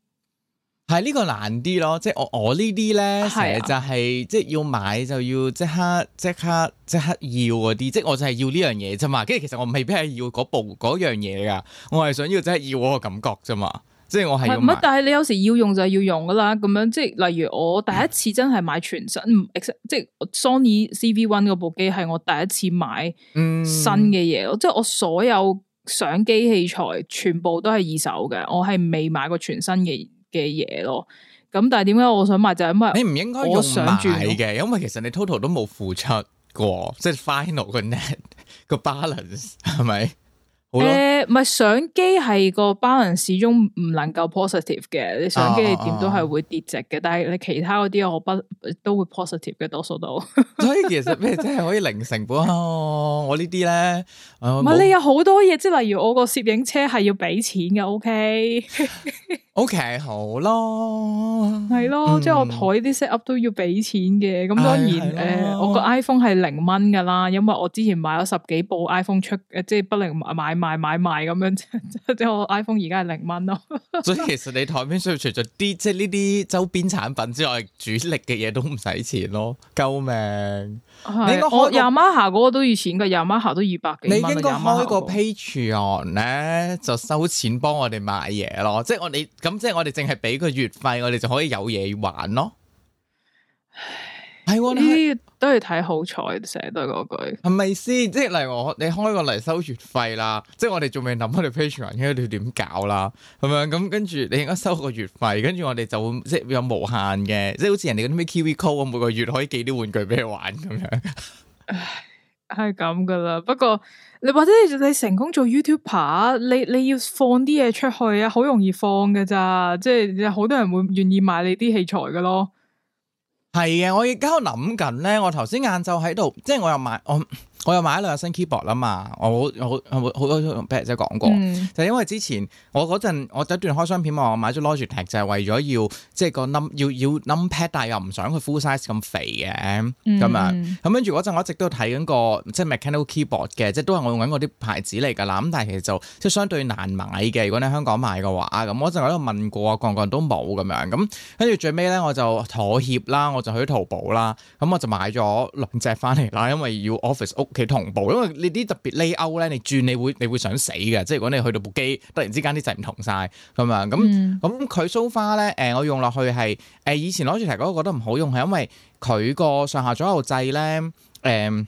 係呢個難啲咯，即係我我呢啲咧，成日就係、是啊、即係要買就要即刻即刻即刻要嗰啲，即係我就係要呢樣嘢啫嘛。跟住其實我未必係要嗰部嗰樣嘢噶，我係想要即刻要嗰個感覺啫嘛。即係我係乜，但係你有時要用就係要用噶啦。咁樣即係例如我第一次真係買全新，嗯、即係 Sony CV One 嗰部機係我第一次買新嘅嘢咯。嗯、即係我所有相機器材全部都係二手嘅，我係未買過全新嘅嘅嘢咯。咁但係點解我想買就係、是、因為你唔應該住你嘅，因為其實你 total 都冇付出過， 即係 final 個 net 個 the balance 係咪？ 誒，唔係、 嗯、相機係個 balance 始終唔能夠 positive 嘅，你相機你點都係會跌值嘅。但係你其他啲我不都會 positive 嘅，多數都。 所以其實咩真係可以零成本？哦、我呢啲咧，唔係你有好多嘢，即係例如我個攝影車係要俾錢嘅。O K，O K，好咯，係 咯，即係我台啲 set up 都要俾錢嘅。咁當然誒、哎哎，我個 iPhone 係零蚊噶啦，因為我之前買咗十幾部 iPhone 出，誒即係不能買。買賣賣賣咁樣，即係 我 iPhone 而家係零蚊咯。所以其實你台需要除咗啲即係呢啲周邊產品之外，主力嘅嘢都唔使錢咯。救命！是你應該我亞麻下 Yamaha 嗰個都要錢噶，Yamaha 都二百幾蚊。你應該開個 Patreon 咧，就收錢幫我哋買嘢咯。即係我哋，咁，即係我哋淨係俾佢月費，我哋就可以有嘢玩咯。呢啲、啊、都係睇好彩，成日都係嗰句。係咪先？即係例如我你開個嚟收月費啦，即係我哋仲未諗開條 Patreon 因為佢點搞啦？係咪咁？跟住你應該收個月費，跟住我哋就會即係有無限嘅，即係好似人哋嗰啲咩 QV code，我每個月可以寄啲玩具俾你玩咁樣。唉，係咁噶啦。不過你或者你成功做 YouTuber，你你要放啲嘢出去啊，好容易放噶咋。即係好多人會願意買你啲器材噶咯。係啊，我而家諗緊咧，我頭先晏晝喺度，即係我又買我。我又買咗兩新 keyboard 啦嘛，我好好多同 Pat 姐講過，就、嗯、因為之前我嗰陣我第一段開箱片嘛，我買咗 Logitech 就係為咗要即係、就是、個 num 要要 num pad，但又唔想佢 full size 咁肥嘅咁樣，咁跟住嗰陣我一直都睇緊個即係 Mechanical keyboard 嘅，即係都係我用緊嗰啲牌子嚟㗎啦，咁但係其實就即係相對難買嘅，如果你香港買嘅話，咁我嗰陣我喺度問過，個個人都冇咁樣，咁跟住最尾咧我就妥協啦，我就去淘寶啦，咁我就買咗兩隻翻嚟啦，因為要 office 屋。其同步，因為你啲特別 layout 咧，你轉你會你會想死嘅。即係如果你去到部機，突然之間啲掣唔同晒，咁樣，咁咁佢 so far 咧，誒、嗯、我用落去係誒以前 Logitech 嗰個覺得唔好用，係因為佢個上下左右掣咧，誒、嗯、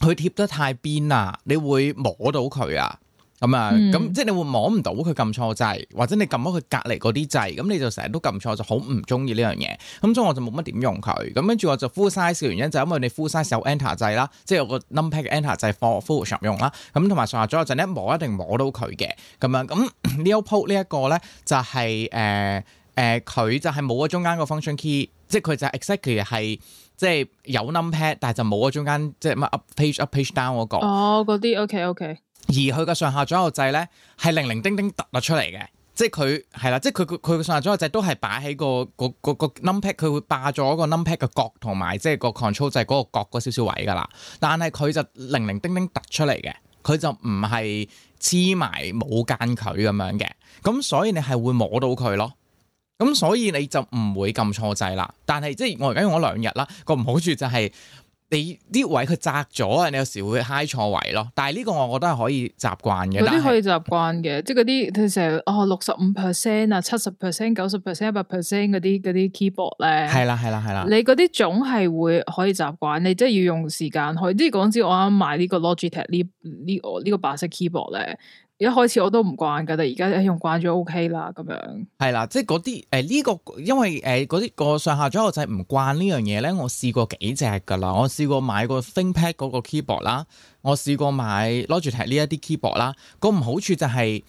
佢貼得太邊啦，你會摸到佢啊。咁啊，咁、嗯、即係你會摸唔到佢撳錯掣，或者你撳開佢隔離嗰啲掣，咁你就成日都撳錯，就好唔中意呢樣嘢。咁所以我就冇乜點用佢。咁跟住我就 full size 嘅原因就是、因為你 full size 有 enter 掣啦，即係有個 num pad 嘅 enter 掣 for Photoshop 用啦。咁同埋上下左右陣咧摸一定摸到佢嘅。咁樣咁 Leopold 呢一個咧就係誒誒佢就係冇咗中間個 function key，即係佢就 exactly 係，即係有 num pad，但係就冇咗中間即係乜 up page up page down 嗰、那個。哦，嗰啲 OK OK。而佢嘅上下左右掣咧，係零零丁丁凸咗出嚟嘅，即係佢係啦，即係佢佢佢嘅上下左右掣都係擺喺個個個 number 佢會霸咗個 number 嘅角同埋即係個 control 掣嗰個角嗰少少位㗎啦。但係佢就零零丁丁凸出嚟嘅，佢就唔係黐埋冇間距咁樣嘅，咁所以你係會摸到佢咯，咁所以你就唔會撳錯掣啦。但係即係我而家用咗兩日啦，個唔好處就係、是。你啲位佢窄咗啊！你有時會嗨錯位咯。但係呢個我覺得係可以習慣嘅。嗰啲是可以習慣嘅，即係嗰啲佢成日哦六十五 percent 啊、七十 percent、九十 percent、一百 percent 嗰啲嗰啲 keyboard 咧。係啦，係啦，係啦。你嗰啲總係會可以習慣，你即係要用時間去。即係講之，我啱買呢個 Logitech 呢呢個呢個白色 keyboard 咧。一開始我都唔慣噶，但而家用慣咗，O K 啦咁樣。係啦，即係嗰啲誒呢個，因為誒嗰啲個上下左右掣唔慣呢樣嘢咧。我試過幾隻噶啦，我試過買個 ThinkPad 嗰個 keyboard 啦，我試過買 Logitech 呢一啲 keyboard 啦。個唔好處就係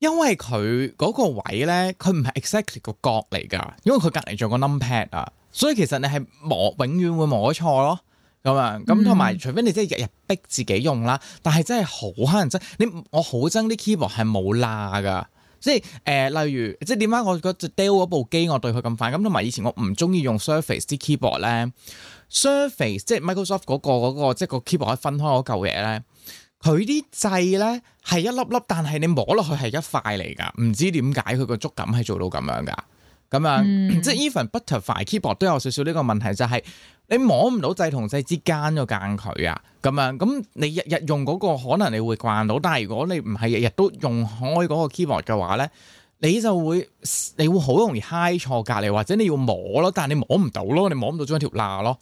因為佢嗰個位咧，佢唔係 exactly 個角嚟噶，因為佢隔籬仲個 number pad 啊，所以其實你係磨永遠會磨錯咯。咁啊！咁同埋，除非你真係日日逼自己用啦，但係真係好乞人憎。你我好憎啲 keyboard 係冇罅噶，即係誒、呃，例如即係點解我覺得 Dell 嗰部機我對佢咁快？咁同埋以前我唔中意用 Surface 啲 keyboard 咧，Surface、嗯、即係 Microsoft 嗰、嗰個即係、個 keyboard 可以分開嗰嚿嘢咧，佢啲掣咧係一粒粒，但係你摸落去係一塊嚟噶，唔知點解佢個觸感係做到咁樣噶。咁啊、嗯， 即係 Even Butterfly keyboard 都有少少呢個問題就係、是。你摸唔到掣同掣之間個間距啊，咁啊，咁你日日用嗰個可能你會慣到，但係如果你唔係日日都用開嗰個 keyboard 嘅話咧，你就會，你會好容易嗨錯隔離，或者你要摸咯，但係你摸唔到咯，你摸唔到中一條罅咯，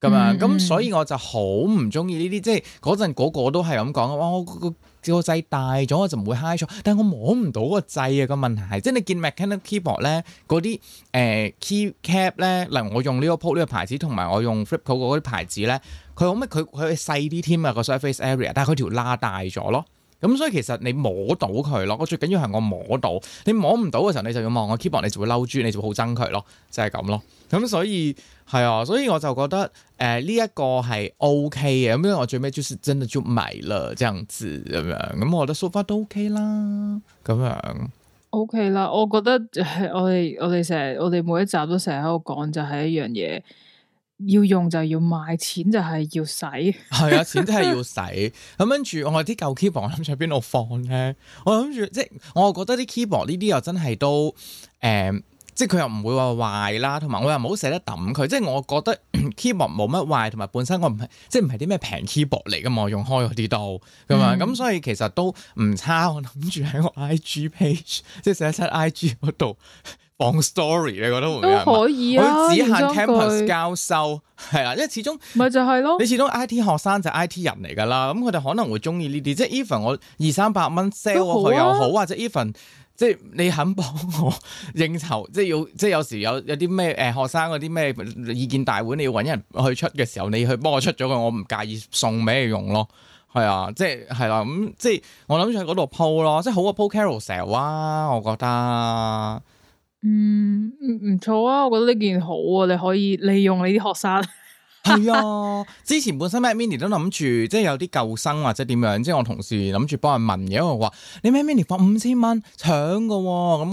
咁啊，咁所以我就好唔中意呢啲，嗯、即係嗰陣嗰個都係咁講，哇、哦！個掣大咗我就唔會嗨錯，但係我摸唔到個掣啊，個問題係，即係你見 Mechanic Keyboard 咧嗰啲誒、呃、key cap 咧，例如我用呢個 Leopold 呢個牌子同埋我用 Filco 嗰啲牌子咧，佢好咩？佢佢細啲添啊，個 surface area，但係佢條拉大咗咯。咁所以其實你摸到佢咯，我最緊要係我摸到。你摸唔到嘅時候，你就要望我 keyboard，你就會嬲豬，你就會好憎佢咯，就係、是、咁咯。咁所以係啊，所以我就覺得誒呢一個係 O K 嘅咁樣，因為我最尾就是真嘅就買啦，這樣子咁樣。咁我覺得 so far 都 O K 啦，咁樣 O K 啦。我覺得係我哋我哋成日我哋每一集都成日喺度講就係一樣嘢，要用就要買，錢就係要使。係 啊，錢真係要使。咁跟住我啲舊 keyboard 我諗住邊度放咧？我諗住即係我，覺得啲 keyboard 呢啲又真係都誒。呃即係佢又唔會話壞啦，同埋我又冇捨得揼佢。即係我覺得 keyboard 冇乜壞，同埋本身我唔係即係唔係啲咩平 keyboard 嚟㗎嘛，用開嗰啲多嘅嘛。咁、嗯、所以其實都唔差。我諗住喺我 IG page 即係寫出 IG 嗰度放 story，你覺得會唔會可以啊？只限 campus 交收係啦，因為始終咪就係咯。你始終 IT 學生就係 IT 人嚟㗎啦，咁佢哋可能會中意呢啲。即係 even 我二三百蚊 sell 佢又好、啊，或者 even。即係你肯幫我應酬，即係要即係有時有有啲咩誒學生嗰啲咩意見大會，你要揾人去出嘅時候，你去幫我出咗佢，我唔介意送俾你用咯。係啊，即係係啦，咁即係我諗住喺嗰度鋪咯，即係好過鋪 carousel 啊，我覺得。嗯，唔錯啊，我覺得呢件好啊，你可以利用你啲學生。 係啊， 之前本身 Mac Mini 都諗住即係有啲舊生或者點樣，即係我同事諗住幫佢問嘢，因為我話你 Mac Mini 放五千蚊搶嘅，咁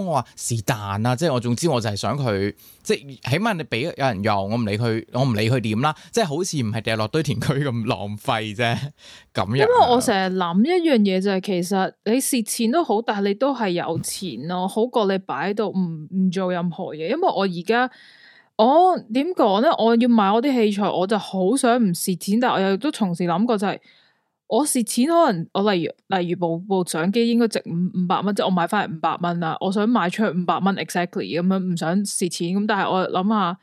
我話是但啊，即係我總之我就係想佢，即係起碼你俾有人用，我唔理佢，我唔理佢點啦，即係好似唔係掉落堆填區咁浪費啫，咁樣。因為我成日諗一樣嘢就係，其實你蝕錢都好，但係你都係有錢咯，好過你擺喺度唔唔做任何嘢。因為我而家。我點講咧？我要買我啲器材，我就好想唔蝕錢。但係我又都從事諗過、就係，就係我蝕錢可能，我例如例如部部相機應該值五五百蚊，即係我買翻嚟五百蚊啦。我想賣出去五百蚊，exactly 咁樣，唔想蝕錢。咁但係我諗下，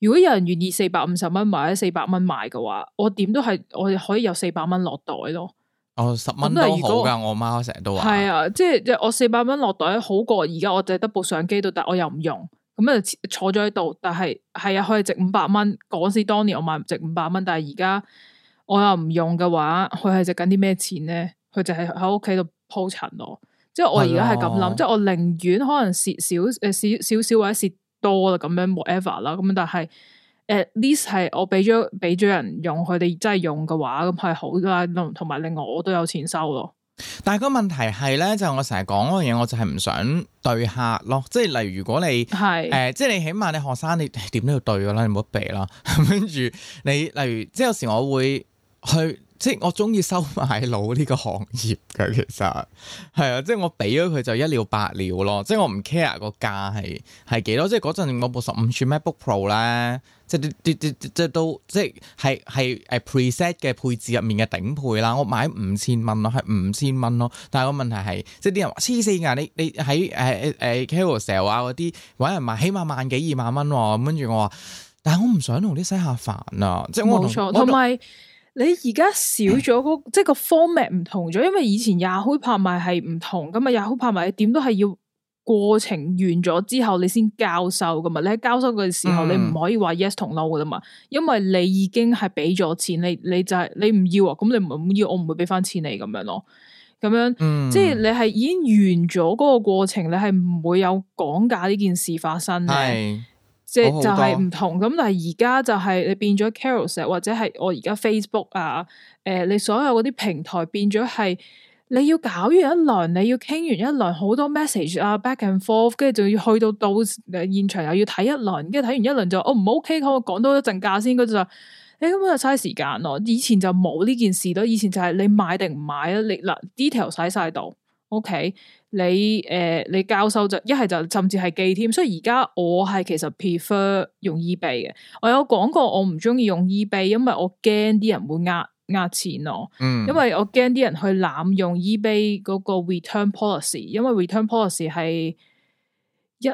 如果有人願意四百五十蚊買，四百蚊買嘅話，我點都係我可以有四百蚊落袋咯。哦、oh，十蚊都好噶，我媽成日都話係啊，即係即我四百蚊落袋好過而家我淨係得部相機都得，我又唔用。咁啊，坐咗喺度，但係係啊，佢係值五百蚊。嗰時當年我買唔值五百蚊，但係而家我又唔用嘅話，佢係值緊啲咩錢咧？佢就係喺屋企度鋪塵咯。即係我而家係咁諗，即係的我寧願可能蝕少誒，少少少或者蝕多啦咁樣，whatever 啦。咁但係誒，呢啲係我俾咗俾咗人用，佢哋真係用嘅話，咁係好啦。同同埋，另外我都有錢收咯。但係個問題係咧，就係，我成日講嗰樣嘢，我就係唔想對客咯。即係例如，如果你係誒是、呃，即係你起碼你學生你點都要對㗎啦，你唔好避啦。跟 住你，例如即係有時我會去。即係我中意收賣佬呢個行業噶，其實係啊，即係我俾咗佢就一料料了百了咯。即係我唔 care 個價係係幾多。即係嗰陣我部十五寸 MacBook Pro 咧,即係即係都即係係係誒 preset 嘅配置入面嘅頂配啦。我買五千蚊咯，係五千蚊咯。但係個問題係，即係啲人黐線噶，你你喺誒誒 Kalo Cell 啊嗰啲搵人賣，起碼萬幾二萬蚊喎。跟住我話，但係我唔想同啲西下煩啊。即係我同我你而家少咗嗰即係個 format 唔同咗，因為以前 Yahoo、ah、拍賣係唔同噶嘛，Yahoo、嗯、拍賣點都係要過程完咗之後你先交收噶嘛，你喺交收嘅時候你唔可以話 yes 同 no 噶啦嘛，因為你已經係俾咗錢，你、就係、你就係你唔要啊，咁你唔要我唔會俾翻錢你咁樣咯，咁樣、嗯、即係你係已經完咗嗰個過程，你係唔會有講價呢件事發生。即就係唔同咁，但係而家就係你變咗 Carousell 或者係我而家 Facebook 啊，誒、呃，你所有嗰啲平台變咗係你要搞完一輪，你要傾完一輪，好多 message 啊，back and forth，跟住就要去到到現場又要睇一輪，跟住睇完一輪就哦唔 OK，可我講多一陣價先，跟住就誒咁啊，嘥、欸、時間咯。以前就冇呢件事咯，以前就係你買定唔買啊，你嗱 detail 洗晒度 OK 你誒、呃、你教授就一係就甚至係寄添，所以而家我係其實 prefer 用 eBay 嘅。我有講過我唔中意用 eBay，因為我驚啲人會呃呃錢我。嗯，因為我驚啲人去濫用 eBay 嗰個 return policy，因為 return policy 係一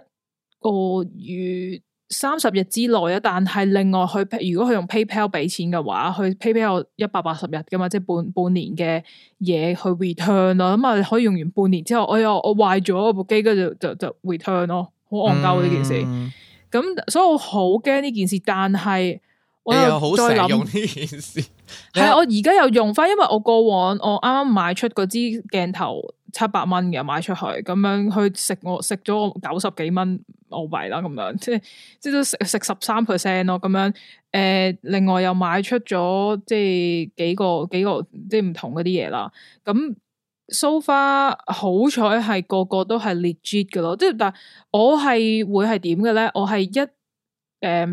個月。三十日之內啊，但係另外佢如果佢用 PayPal 俾錢嘅話，去 PayPal 一百八十日噶嘛，即係半半年嘅嘢去 return 咯，咁、嗯、啊可以用完半年之後，哎、我又我壞咗部機，跟住就就 return 咯，好戇鳩呢件事，咁、嗯、所以我好驚呢件事，但係我又好成、哎、用呢件事，係 我而家又用翻，因為我過往我啱啱買出嗰支鏡頭。七百蚊嘅買出去，咁樣去食我食咗九十幾蚊澳幣啦，咁樣即係即係都食食十三 percent 咯，咁樣誒、呃，另外又買出咗即係幾個幾個即係唔同嗰啲嘢啦，咁 so far 好彩係個個都係 legit 嘅咯。即係但係我係會係點嘅咧？我係一誒、呃，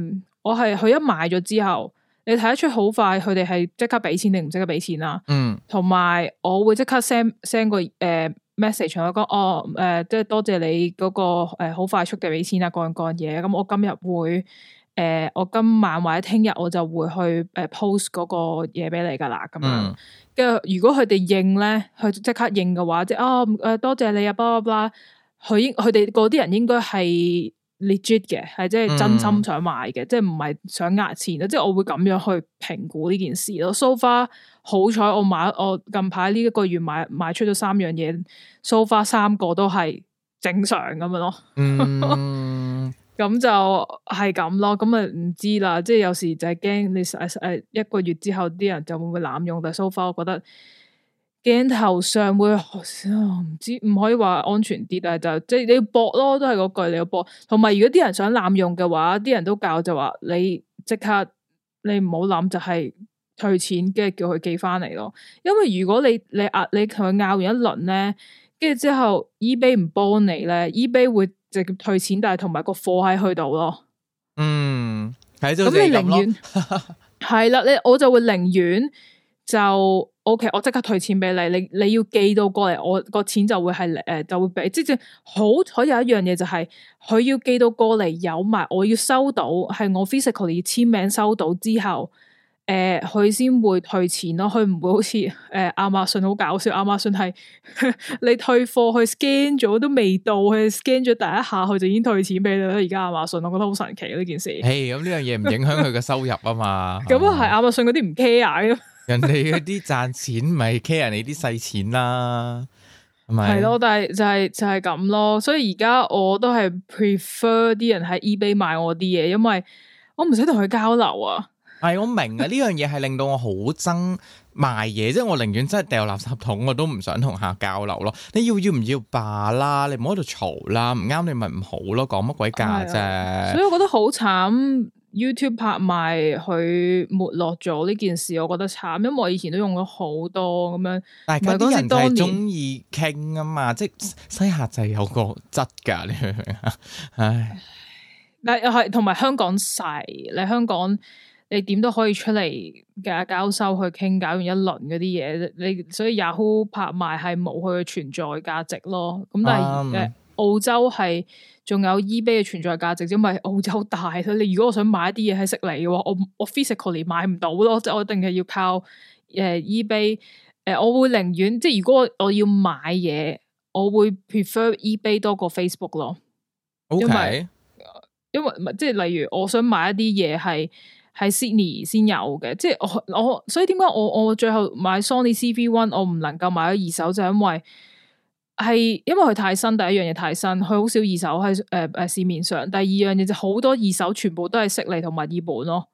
我係佢一買咗之後。你睇得出好快佢哋係即刻俾錢定唔即刻俾錢啦，啊？嗯，同埋我會即刻 send send 個誒 message 我講哦誒，即、呃、係多謝你嗰個誒好快速嘅俾錢啊，乾乾嘢咁我今日會誒、呃、我今晚或者聽日我就會去誒 post 嗰個嘢俾你噶啦咁樣。跟住、嗯、如果佢哋應咧，佢即刻應嘅話，即係啊誒多謝你啊，blah blah blah 佢佢哋嗰啲人應該係。Legit 嘅，係即係真心想買嘅、嗯，即係唔係想呃錢咯，即係我會咁樣去評估呢件事咯。so far 好彩我買我近排呢一個月買賣出咗三樣嘢，so far 三個都係正常咁樣咯。嗯，咁 就係咁咯，咁啊唔知啦，即係有時就係驚你誒誒一個月之後啲人就會唔會濫用，但 so far 我覺得。鏡頭上會，唔知唔可以話安全啲，但係就即係你要搏咯，都係嗰句你要搏。同埋如果啲人想濫用嘅話，啲人都教就話你即刻你唔好諗，就係退錢，跟住叫佢寄翻嚟咯。因為如果你你壓你同佢拗完一輪咧，跟住之後 eBay 唔幫你咧，eBay 會直接退錢，但係同埋個貨喺去到咯。嗯，咁你寧願係啦，你我就會寧願就。O.K. 我即刻退錢俾你，你你要寄到過嚟，我個錢就會係誒、嗯、就會俾。即係好彩有一樣嘢就係、是，佢要寄到過嚟有埋，我要收到係我 physically 簽名收到之後，誒佢先會退錢咯。佢唔會好似誒亞馬遜好搞笑，亞、嗯、馬遜係、mm. 你退貨去 scan 咗都未到，去 scan 咗第一,一下佢就已經退錢俾你啦。而家亞馬遜我覺得好神奇呢件事。咁呢樣嘢唔影響佢嘅收入啊嘛。咁啊係亞馬遜嗰啲唔 care 嘅。人哋嗰啲賺錢，咪 care 人哋啲細錢啦，係咯。但係就係、是、就係、是、咁咯。所以而家我都係 prefer 啲人喺 eBay 買我啲嘢，因為我唔使同佢交流啊。係、 哎、我明啊，呢樣嘢係令到我好憎賣嘢，即係 我寧願真係掉垃圾桶，我都唔想同客交流咯。你要要唔要罷啦？你唔好喺度嘈啦，唔啱你咪唔好咯，講乜鬼價啫？所以我覺得好慘。YouTube 拍賣佢沒落咗呢件事，我覺得慘，因為我以前都用咗好多咁樣。但係咁多人都係中意傾啊嘛，即係西夏就係有個質噶，你明唔明啊？ 唉，但係同埋香港細，你香港你點都可以出嚟搞交收去傾，搞完一輪嗰啲嘢，你所以 Yahoo 拍賣係冇佢嘅存在價值咯。咁但係澳洲係。Um, 仲有 eBay 嘅存在價值，因為澳洲大，你如果我想買一啲嘢喺悉尼嘅話，我我 physically 買唔到咯，即係我一定係要靠誒、呃、eBay、呃。誒，我會寧願即係如果我要買嘢，我會 prefer eBay 多過 Facebook 咯。因為 Okay. 因為即係例如我想買一啲嘢係喺 Sydney 先有嘅，即係我我所以點解我我最後買 Sony CV One，我唔能夠買咗二手就因為。係，因為佢太新，第一樣嘢太新，佢好少二手喺誒誒市面上。第二樣嘢就好多二手全部都係悉尼同埋墨爾本咯。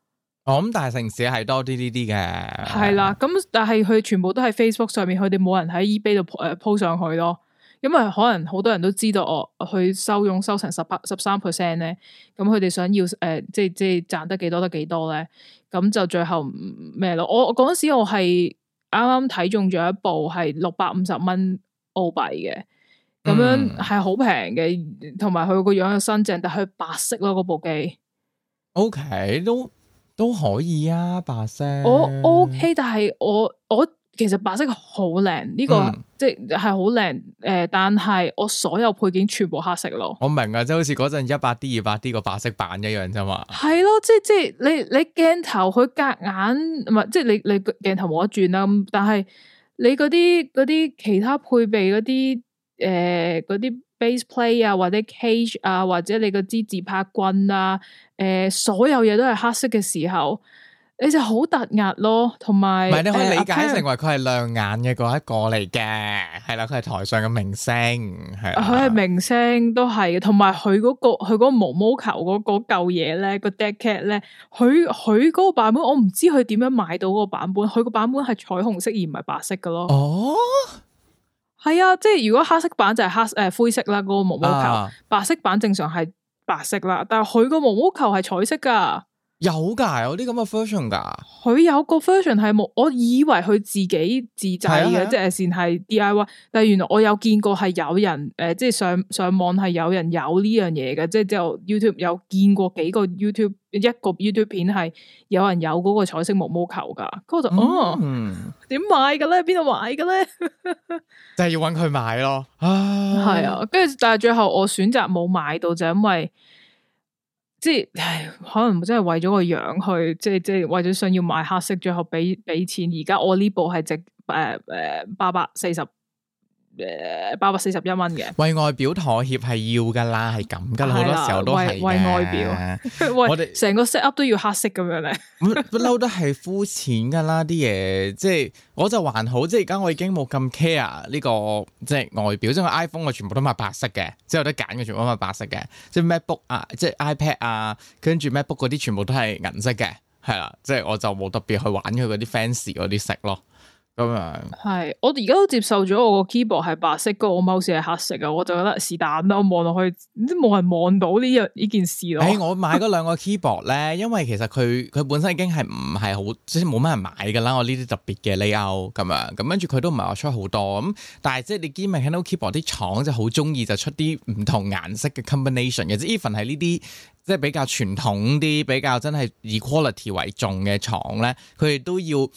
哦，咁大城市係多啲呢啲嘅。係啦的，咁、啊嗯、但係佢全部都喺 Facebook 上面，佢哋冇人喺 eBay 度誒、呃、鋪上去咯。因啊，可能好多人都知道我去、哦、收佣收成十八十三 percent 咧。咁佢哋想要誒、呃，即係即係賺得幾多得幾多咧？咁就最後咩咯？我我嗰時我係啱啱睇中咗一部係六百五十蚊。澳幣嘅咁樣係好平嘅，同埋佢個樣又新淨，但係佢白色咯，嗰部機。OK，都都可以啊，白色。我 OK，但係我我其實白色好靚，呢、這個、嗯、即係好靚誒，但係我所有配件全部黑色咯。我明啊，即係好似嗰陣一百 D、二百 D 個白色版一樣啫嘛。係咯，即係即係你你鏡頭佢隔硬，唔係，即係你你鏡頭冇得轉啦，咁但係。你嗰啲啲其他配備嗰啲，誒嗰啲 base play 啊，或者 cage 啊，或者你嗰支自拍棍啊，誒、呃、所有嘢都係黑色嘅時候。你就好突兀咯，同埋唔係你可以理解 A Cam，成為佢係亮眼嘅嗰一個嚟嘅，係啦，佢係台上嘅明星，係啦，佢係明星都係，同埋佢嗰個佢個毛毛球嗰嗰嚿嘢咧，個 dead cat 咧，佢佢嗰個版本我唔知佢點樣買到嗰個版本，佢個版本係彩虹色而唔係白色嘅咯。哦，係啊，即係如果黑色版就係黑誒、呃、灰色啦，嗰、嗰個毛毛球白色版正常係白色啦，但係佢個毛毛球係彩色噶。有噶、啊，有啲咁嘅 version 噶。佢有個 version 係冇，我以為佢自己自製嘅，啊啊、即係先係 DIY。但係原來我有見過係有人，誒、呃，即係上上網係有人有呢樣嘢嘅，即係之後 YouTube 有見過幾個 YouTube 一個 YouTube 片係有人有嗰個彩色毛毛球噶。咁我就，嗯，點、哦、買嘅咧？邊度買嘅咧？ 就係要搵佢買咯。係啊，跟住、啊、但係最後我選擇冇買到，就係、因為。即係唉，可能真係為咗個樣去，即係即係為咗想要買黑色，最後畀俾錢。而家我呢部係值誒誒、呃呃、八百四十。誒，八百四十一蚊嘅，為外表妥協係要噶啦，係咁噶啦，好多時候都係為外表，我哋成個 set up 都要黑色咁樣咧，不 嬲都係膚淺噶啦，啲嘢，即係我就還好，即係而家我已經冇咁 care 呢，這個即係、就是、外表，即、就、係、是、iPhone 我全部都買白色嘅，即係有得揀嘅全部都買白色嘅，即、就、係、是、MacBook 啊，即、就、係、是、iPad 啊，跟住 MacBook 嗰啲全部都係銀色嘅，係啦，即、就、係、是、我就冇特別去玩佢嗰啲 fancy 嗰啲色咯。咁啊，係這我而家都接受咗我個 keyboard 係白色，嗰我貌似係黑色啊，我就覺得是但啦。我望落去都冇人望到呢樣呢件事咯。誒，我買嗰兩個 keyboard 咧，因為其實佢佢本身已經係唔係好即係冇乜人買噶啦。我呢啲特別嘅 layout 咁樣，咁跟住佢都唔係話出好多咁。但係即係你見唔見到 keyboard 啲廠就好中意就出啲唔同顏色嘅 combination 嘅，即係 even 係呢啲。即係比較傳統啲，比較真係以 quality 為重嘅廠咧，佢哋都要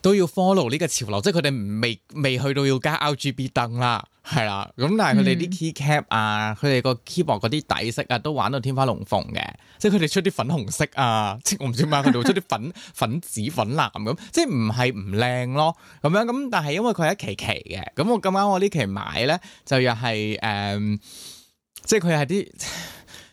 都要 follow 呢個潮流，即係佢哋未未去到要加 RGB 燈啦，係啦。咁但係佢哋啲 keycap 啊，佢哋個 keyboard 嗰啲底色啊，都玩到天花龍鳳嘅。即係佢哋出啲粉紅色啊，即我唔知點解佢哋會出啲粉 粉紫粉藍咁，即係唔係唔靚咯咁樣咁。但係因為佢係一期期嘅，咁我咁啱我呢期買咧就又係誒，um, 即係佢係啲。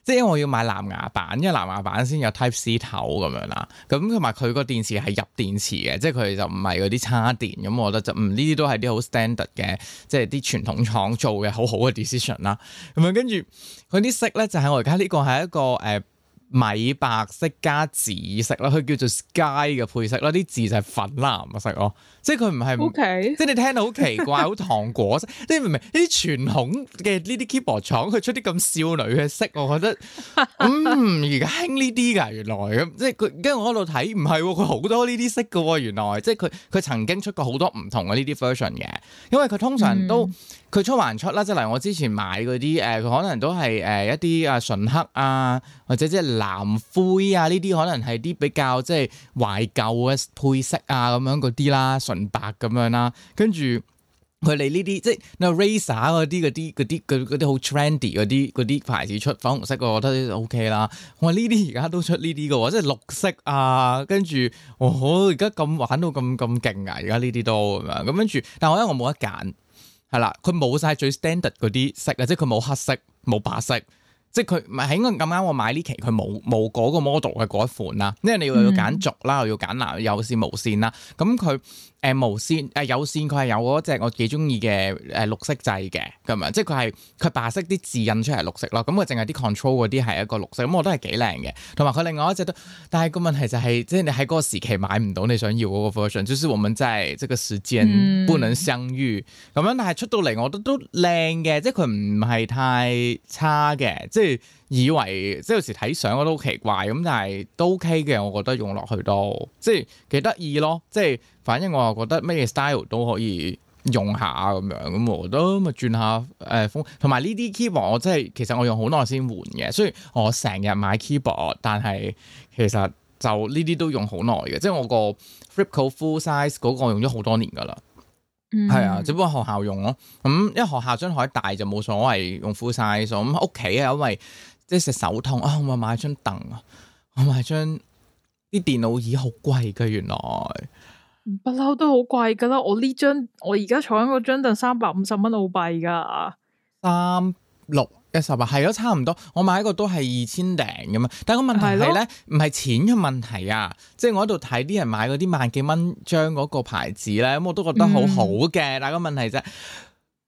即係我要買藍牙版，因為藍牙版先有 Type C 頭咁樣啦。咁同埋佢個電池係入電池嘅，即係佢就唔係嗰啲叉電。咁我覺得就嗯呢啲都係啲好 standard 嘅，即係啲傳統廠做嘅好好嘅 decision 啦。咁樣，跟住佢啲色咧，就係、係、我而家呢個係一個誒。呃米白色加紫色啦，佢叫做 sky 嘅配色啦，啲字就係粉藍嘅色咯，即係佢唔係，Okay. 即係你聽到好奇怪，好糖果色，即係唔係呢啲傳統嘅呢啲 keyboard 廠佢出啲咁少女嘅色，我覺得，嗯，而家興呢啲噶原來咁，即係佢，跟住我喺度睇，唔係，佢好多呢啲色噶，原來，即係佢，佢、哦、曾經出過好多唔同嘅呢啲 version 嘅，因為佢通常都，佢、嗯、出還出啦，即係例如我之前買嗰啲，誒、呃，佢可能都係，誒，一啲啊純黑啊。或者即係藍灰啊，呢啲可能係啲比較即係懷舊嘅配色啊，咁樣嗰啲啦，純白咁樣啦，跟住佢哋呢啲即係、er、那 Razer 嗰啲嗰啲啲啲好 trendy 嗰啲啲牌子出粉紅色，我覺得 OK 啦。我呢啲而家都出呢啲嘅喎，即係綠色啊，跟住我而家咁玩到咁咁勁啊！而家呢啲都咁樣咁跟住，但係我因為我冇得揀，係啦，佢冇晒最 standard 嗰啲色啊，即係佢冇黑色，冇白色。即係佢，唔係喺我咁啱我買呢期，佢冇冇嗰個 model 嘅嗰一款啦，因為你要、嗯、要揀軸啦，又要揀啦有線無線啦，咁佢。誒、呃、無線誒、呃、有線，佢係有嗰隻我幾中意嘅誒綠色掣嘅咁樣，即係佢係佢白色啲字印出嚟綠色咯，咁佢淨係啲 control 嗰啲係一個綠色，咁我覺得係幾靚嘅。同埋佢另外一隻都，但係個問題就係、是，即係你喺嗰個時期買唔到你想要嗰個 version，即使我們真係即係個時間不能相遇咁、嗯、樣。但係出到嚟，我覺得都靚嘅，即係佢唔係太差嘅，即係。以為即係有時睇相我都好奇怪咁，但係都 OK 嘅，我覺得用落去都即係幾得意咯。即係反正我又覺得咩 style 都可以用下咁樣，咁我都咪轉下誒、呃、風。同埋呢啲 keyboard 我真係其實我用好耐先換嘅，雖然我成日買 keyboard，但係其實就呢啲都用好耐嘅。即係我個 Filco full size 嗰個我用咗好多年噶啦，係、嗯、啊，只不過學校用咯、啊。咁因為學校張台大就冇所謂用 full size，咁屋企啊因為即係食手痛啊！我咪買張凳，我買張啲電腦椅好貴嘅，原來不嬲都好貴噶啦！我呢張我而家坐緊嗰張凳三百五十蚊澳幣噶，三六一十八係咯，差唔多。我買一個都係二千零咁啊！但係個問題係咧，唔係的錢嘅問題啊！即係我喺度睇啲人買嗰啲萬幾蚊張嗰個牌子咧，咁我都覺得好好嘅。嗯、但係個問題就，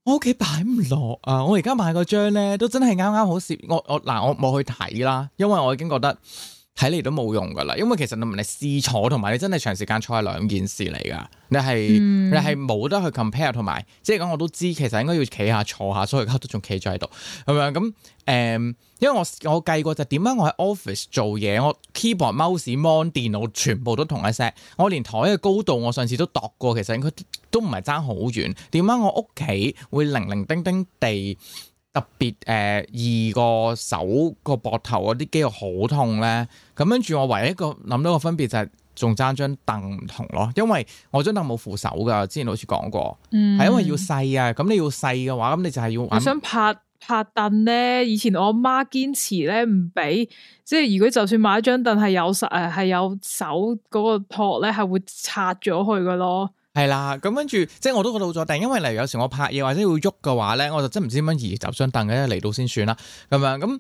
我屋企擺唔落啊！我而家買嗰張咧，都真係啱啱好攝。我我嗱，我冇去睇啦，因為我已經覺得。睇嚟都冇用噶啦，因為其實你唔係試坐同埋你真係長時間坐係兩件事嚟噶，你係、嗯、你係冇得去 compare 同埋，即係講我都知其實應該要企下坐下，所以而家都仲企咗喺度，咁咪咁誒，因為我我計過就點解我喺 office 做嘢，我 keyboard、mouse, mouse、mon 電腦全部都同一 set，我連枱嘅高度我上次都度過，其實應該都唔係爭好遠。點解我屋企會零零丁丁地？特別誒，二、呃、個手個膊頭嗰啲肌肉好痛咧，咁跟住我唯一一個諗到個分別就係仲爭張凳唔同咯，因為我張凳冇扶手噶，之前好似講過，係、嗯、因為要細啊，咁你要細嘅話，咁你就係要。我想拍拍凳咧，以前我阿媽堅持咧唔俾，即係如果就算買一張凳係有實誒，係有手嗰個托咧，係會拆咗去噶咯。係啦，咁跟住，即係我都覺得好阻埞，因為例如有時我拍嘢或者要喐嘅話咧，我就真唔知點樣移走張凳嘅，嚟到先算啦，咁樣咁。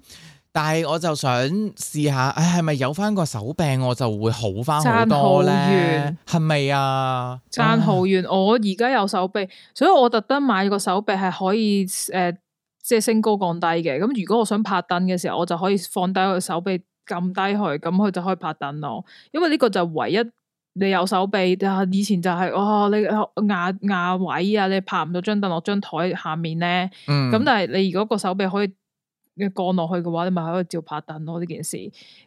但係我就想試下，誒、哎，係咪有翻個手柄我就會好翻好多咧？係咪啊？站好遠，我而家有手臂，所以我特登買個手臂係可以誒、呃，即係升高降低嘅。咁如果我想拍凳嘅時候，我就可以放低個手臂撳低去，咁佢就可以拍凳咯。因為呢個就唯一。你有手臂，但係以前就係、是、哦，你壓壓位啊，你拍唔到張凳落張台下面咧。咁、嗯、但係你如果個手臂可以降落去嘅話，你咪可以照拍凳咯。呢件事，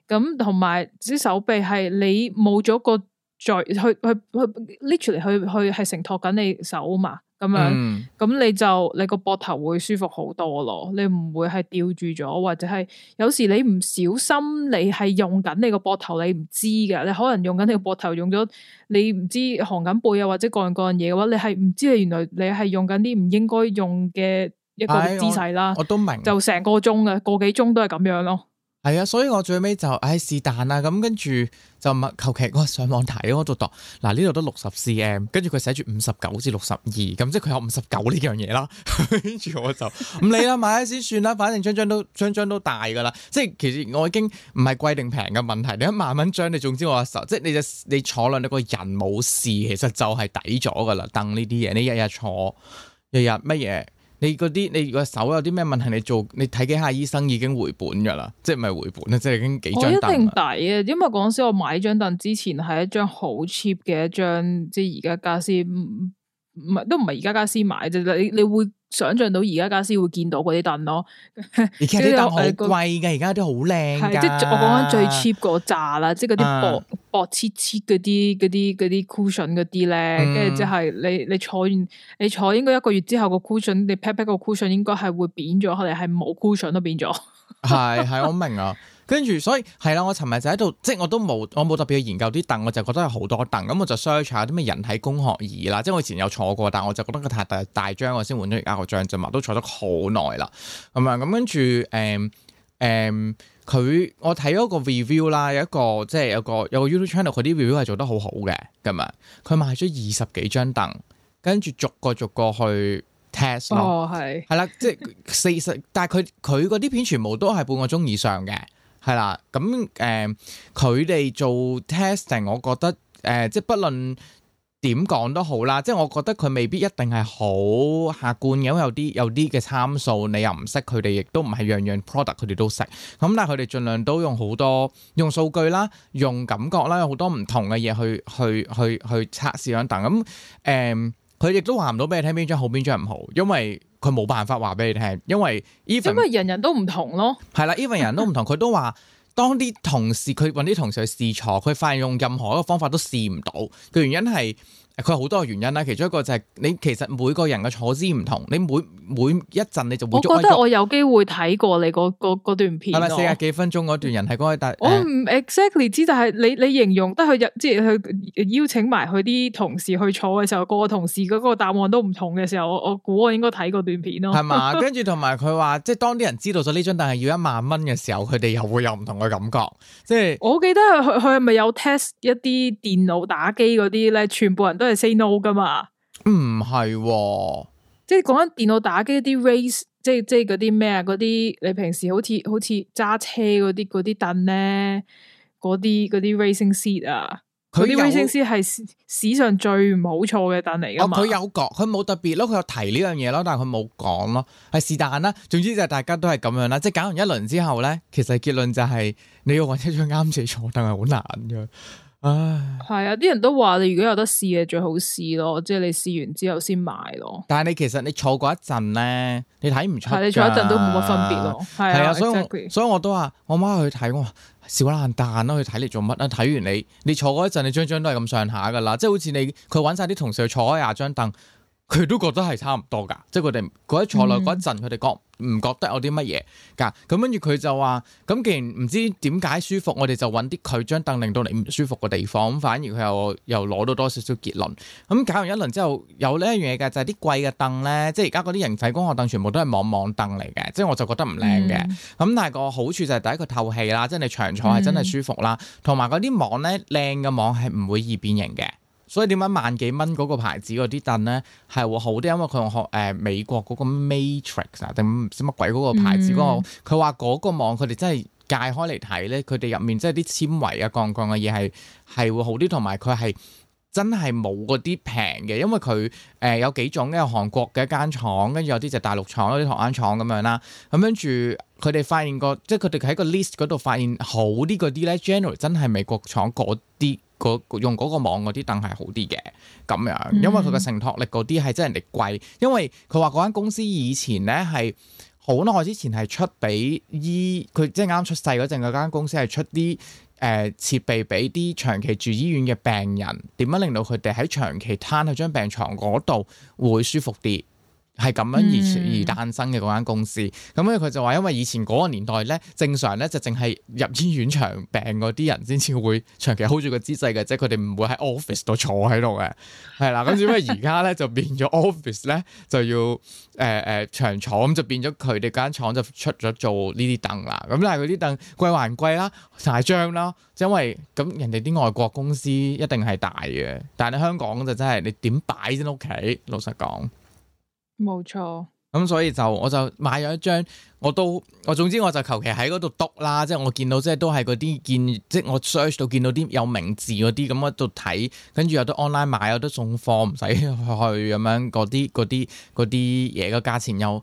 咁同埋啲手臂係你冇咗個在去去去 literally 去去係承托緊你手嘛。咁樣，咁、嗯、你就你個膊頭會舒服好多咯，你唔會係吊住咗，或者係有時你唔小心你係用緊你個膊頭你唔知噶，你可能用緊你個膊頭用咗，你唔知寒緊背啊或者各樣各樣嘢嘅話，你係唔知你原來你係用緊啲唔應該用嘅一個姿勢啦，哎。我都明就，就成個鐘啊，個幾鐘都係咁樣咯。係啊，所以我最尾就唉是但啦，咁跟住就默求其我上網睇，我度度嗱呢度都六十 cm，跟住佢寫住五十九至六十二，咁即係佢有五十九呢樣嘢啦。跟住我就唔理啦，買咗先算啦，反正張張都張張都，都大噶啦。即係其實我已經唔係貴定平嘅問題，你一萬蚊張，你總之我受，即係你就你坐量你個人冇事，其實就係抵咗噶啦。凳呢啲嘢，你日日坐，日日乜嘢？你嗰啲，你如果手有啲咩問題，你做你睇幾下醫生已經回本㗎喇，即係唔係回本啊？即係已經幾張凳，哦。一定抵啊！因為嗰時我買張凳之前係一張好 cheap 嘅一張，即係而家家私。唔係，都唔係而家家私買啫。你你會想象到，家到而家家私會見到嗰啲凳咯。而家啲凳好貴嘅，而家啲好靚噶。即、就、係、是、我講緊最 cheap 嗰扎啦，即係嗰啲薄、嗯、薄切黐嗰啲嗰啲啲 cushion 嗰啲咧。跟住即係你你坐完你坐應該一個月之後個 cushion，你 pick pick 個 cushion 應該係會扁咗，可能係冇 cushion 都變咗。係 係我明啊。跟住，所以係啦。我尋日就喺度，即係我都冇，我冇特別去研究啲凳，我就覺得有好多凳咁，我就 search 下啲咩人體工學椅啦。即係我以前有坐過，但係我就覺得佢太大大張，我先換咗而家個張啫嘛。都坐得好耐啦，係咪？咁、嗯、跟住誒誒，佢、嗯嗯、我睇咗個 review 啦，有一個即係有個有個 YouTube channel，佢啲 review 係做得好好嘅，係咪？佢買咗二十幾張凳，跟住逐個逐個去 test。哦，係。係啦，即係四十，但係佢佢嗰啲片全部都係半個鐘以上嘅。係啦，咁誒、嗯，佢哋做 testing，我覺得誒、呃，即係不論點講都好啦，即係我覺得佢未必一定係好客觀嘅，因為有啲有啲嘅參數你又唔識，識，佢哋亦都唔係樣樣 product 佢哋都識，咁但係佢哋盡量都用好多用數據啦，用感覺啦，好多唔同嘅嘢去去去去測試等等咁誒。嗯嗯佢亦都話唔到俾你聽邊張好邊張唔好，因為佢冇辦法話俾你聽，因為 even 咁啊，因為人人都唔同咯。係啦，even 人都唔同，佢都話當啲同事佢揾啲同事去試錯，佢發現用任何一個方法都試唔到嘅原因係。佢好多原因啦，其中一個就係你其實每個人嘅坐姿唔同，你每每一陣你就會捉捉捉捉覺得我有機會睇過你嗰嗰段片，係咪四十幾分鐘嗰段人係講緊大？我唔 exactly 知，但、就、係、是、你你形容得佢日即係佢邀請埋佢啲同事去坐嘅時候，個個同事嗰個答案都唔同嘅時候，我我估我應該睇過段片咯。係嘛吧？ 跟住同埋佢話，即係當啲人知道咗呢張凳係要一萬蚊嘅時候，佢哋又會有唔同嘅感覺，即係我記得佢佢係咪有 test 一啲電腦打機嗰啲咧？全部人都。 都係 say no 噶嘛？唔係、嗯哦，即係講緊電腦打機啲 race，即係即係嗰啲咩啊？嗰啲你平時好似好似揸車嗰啲啲凳咧，嗰啲啲 racing seat 啊，佢啲有 racing seat 係史上最唔好坐嘅凳嚟噶嘛？佢、哦、有講，佢冇特別咯，佢有提呢樣嘢咯，但係佢冇講咯，係是但啦。總之就係大家都係咁樣啦，即係搞完一輪之後咧，其實結論就係你要揾一張啱自己坐凳係好難嘅。係啊，啲唉人都話你如果有得試嘅最好試咯，即係你試完之後先買咯。但係你其實你坐過一陣咧，你睇唔出。你坐一陣都冇乜分別咯。係啊，對所以 Exactly. 所以我都話，我媽去睇我話小爛蛋咯、啊，去睇你做乜啊？睇完你，你坐過一陣，你張張都係咁上下噶啦，即係好似你佢揾晒啲同事去坐開廿張凳。佢都覺得係差唔多㗎，即係佢哋嗰一坐落嗰一陣，佢哋覺唔覺得有啲乜嘢㗎？咁跟住佢就話：咁既然唔知點解舒服，我哋就揾啲佢張凳令到你唔舒服嘅地方。咁反而佢又又攞到多少少結論。咁、嗯、搞完一輪之後，有呢一樣嘢㗎，就係、是、啲貴嘅凳咧，即係而家嗰啲人體工學凳全部都係網網凳嚟嘅，即係我就覺得唔靚嘅。咁、嗯、但係個好處就係第一個透氣啦，即係你長坐係真係舒服啦，同埋嗰啲網咧靚嘅網係唔會易變形嘅。所以點解萬幾蚊嗰個牌子嗰啲凳咧係會好啲？因為佢用學誒美國嗰個 Matrix 啊，定唔知乜鬼嗰個牌子嗰個，佢話嗰個網佢哋真係解開嚟睇咧，佢哋入面真係啲纖維啊、鋼鋼嘅嘢係係會好啲，同埋佢係真係冇嗰啲平嘅，因為佢誒、呃、有幾種，有韓國嘅一間廠，跟住有啲就大陸廠、啲台灣廠咁樣啦。咁跟住佢哋發現過，即係佢哋喺個 list 嗰度發現好啲嗰啲咧，generally 真係美國廠嗰啲。用嗰個網嗰啲凳係好啲嘅咁樣，因為佢嘅承托力嗰啲係真係人哋貴，因為佢話嗰間公司以前呢係好耐之前係出俾醫，佢即係啱出世嗰陣，嗰間公司係出啲誒設備俾啲長期住醫院嘅病人，點樣令到佢哋喺長期攤喺張病床嗰度會舒服啲。係咁樣而而誕生嘅嗰間公司，咁咧佢就話，因為以前嗰個年代咧，正常咧就淨係入醫院長病嗰啲人先至會長期 hold 住個姿勢嘅，即係佢哋唔會喺 office 度坐喺度嘅。係啦，咁點解而家咧就變咗 office 咧就要誒誒長坐，咁就變咗佢哋間廠就出咗做呢啲凳啦。咁但係，嗰啲凳貴還貴啦，大張啦，因為咁、呃呃啊、人哋啲外國公司一定係大嘅，但係你香港就真係你點擺先屋企，老實講。冇錯，咁、嗯、所以就我就買咗一張，我都我總之我就求其喺嗰度篤啦，即係我見到即係都係嗰啲見，即係我 search 到見到啲有名字嗰啲咁喺度睇，跟住有得 online 買，有得送貨，唔使去咁樣，嗰啲嗰啲啲嘢嘅價錢又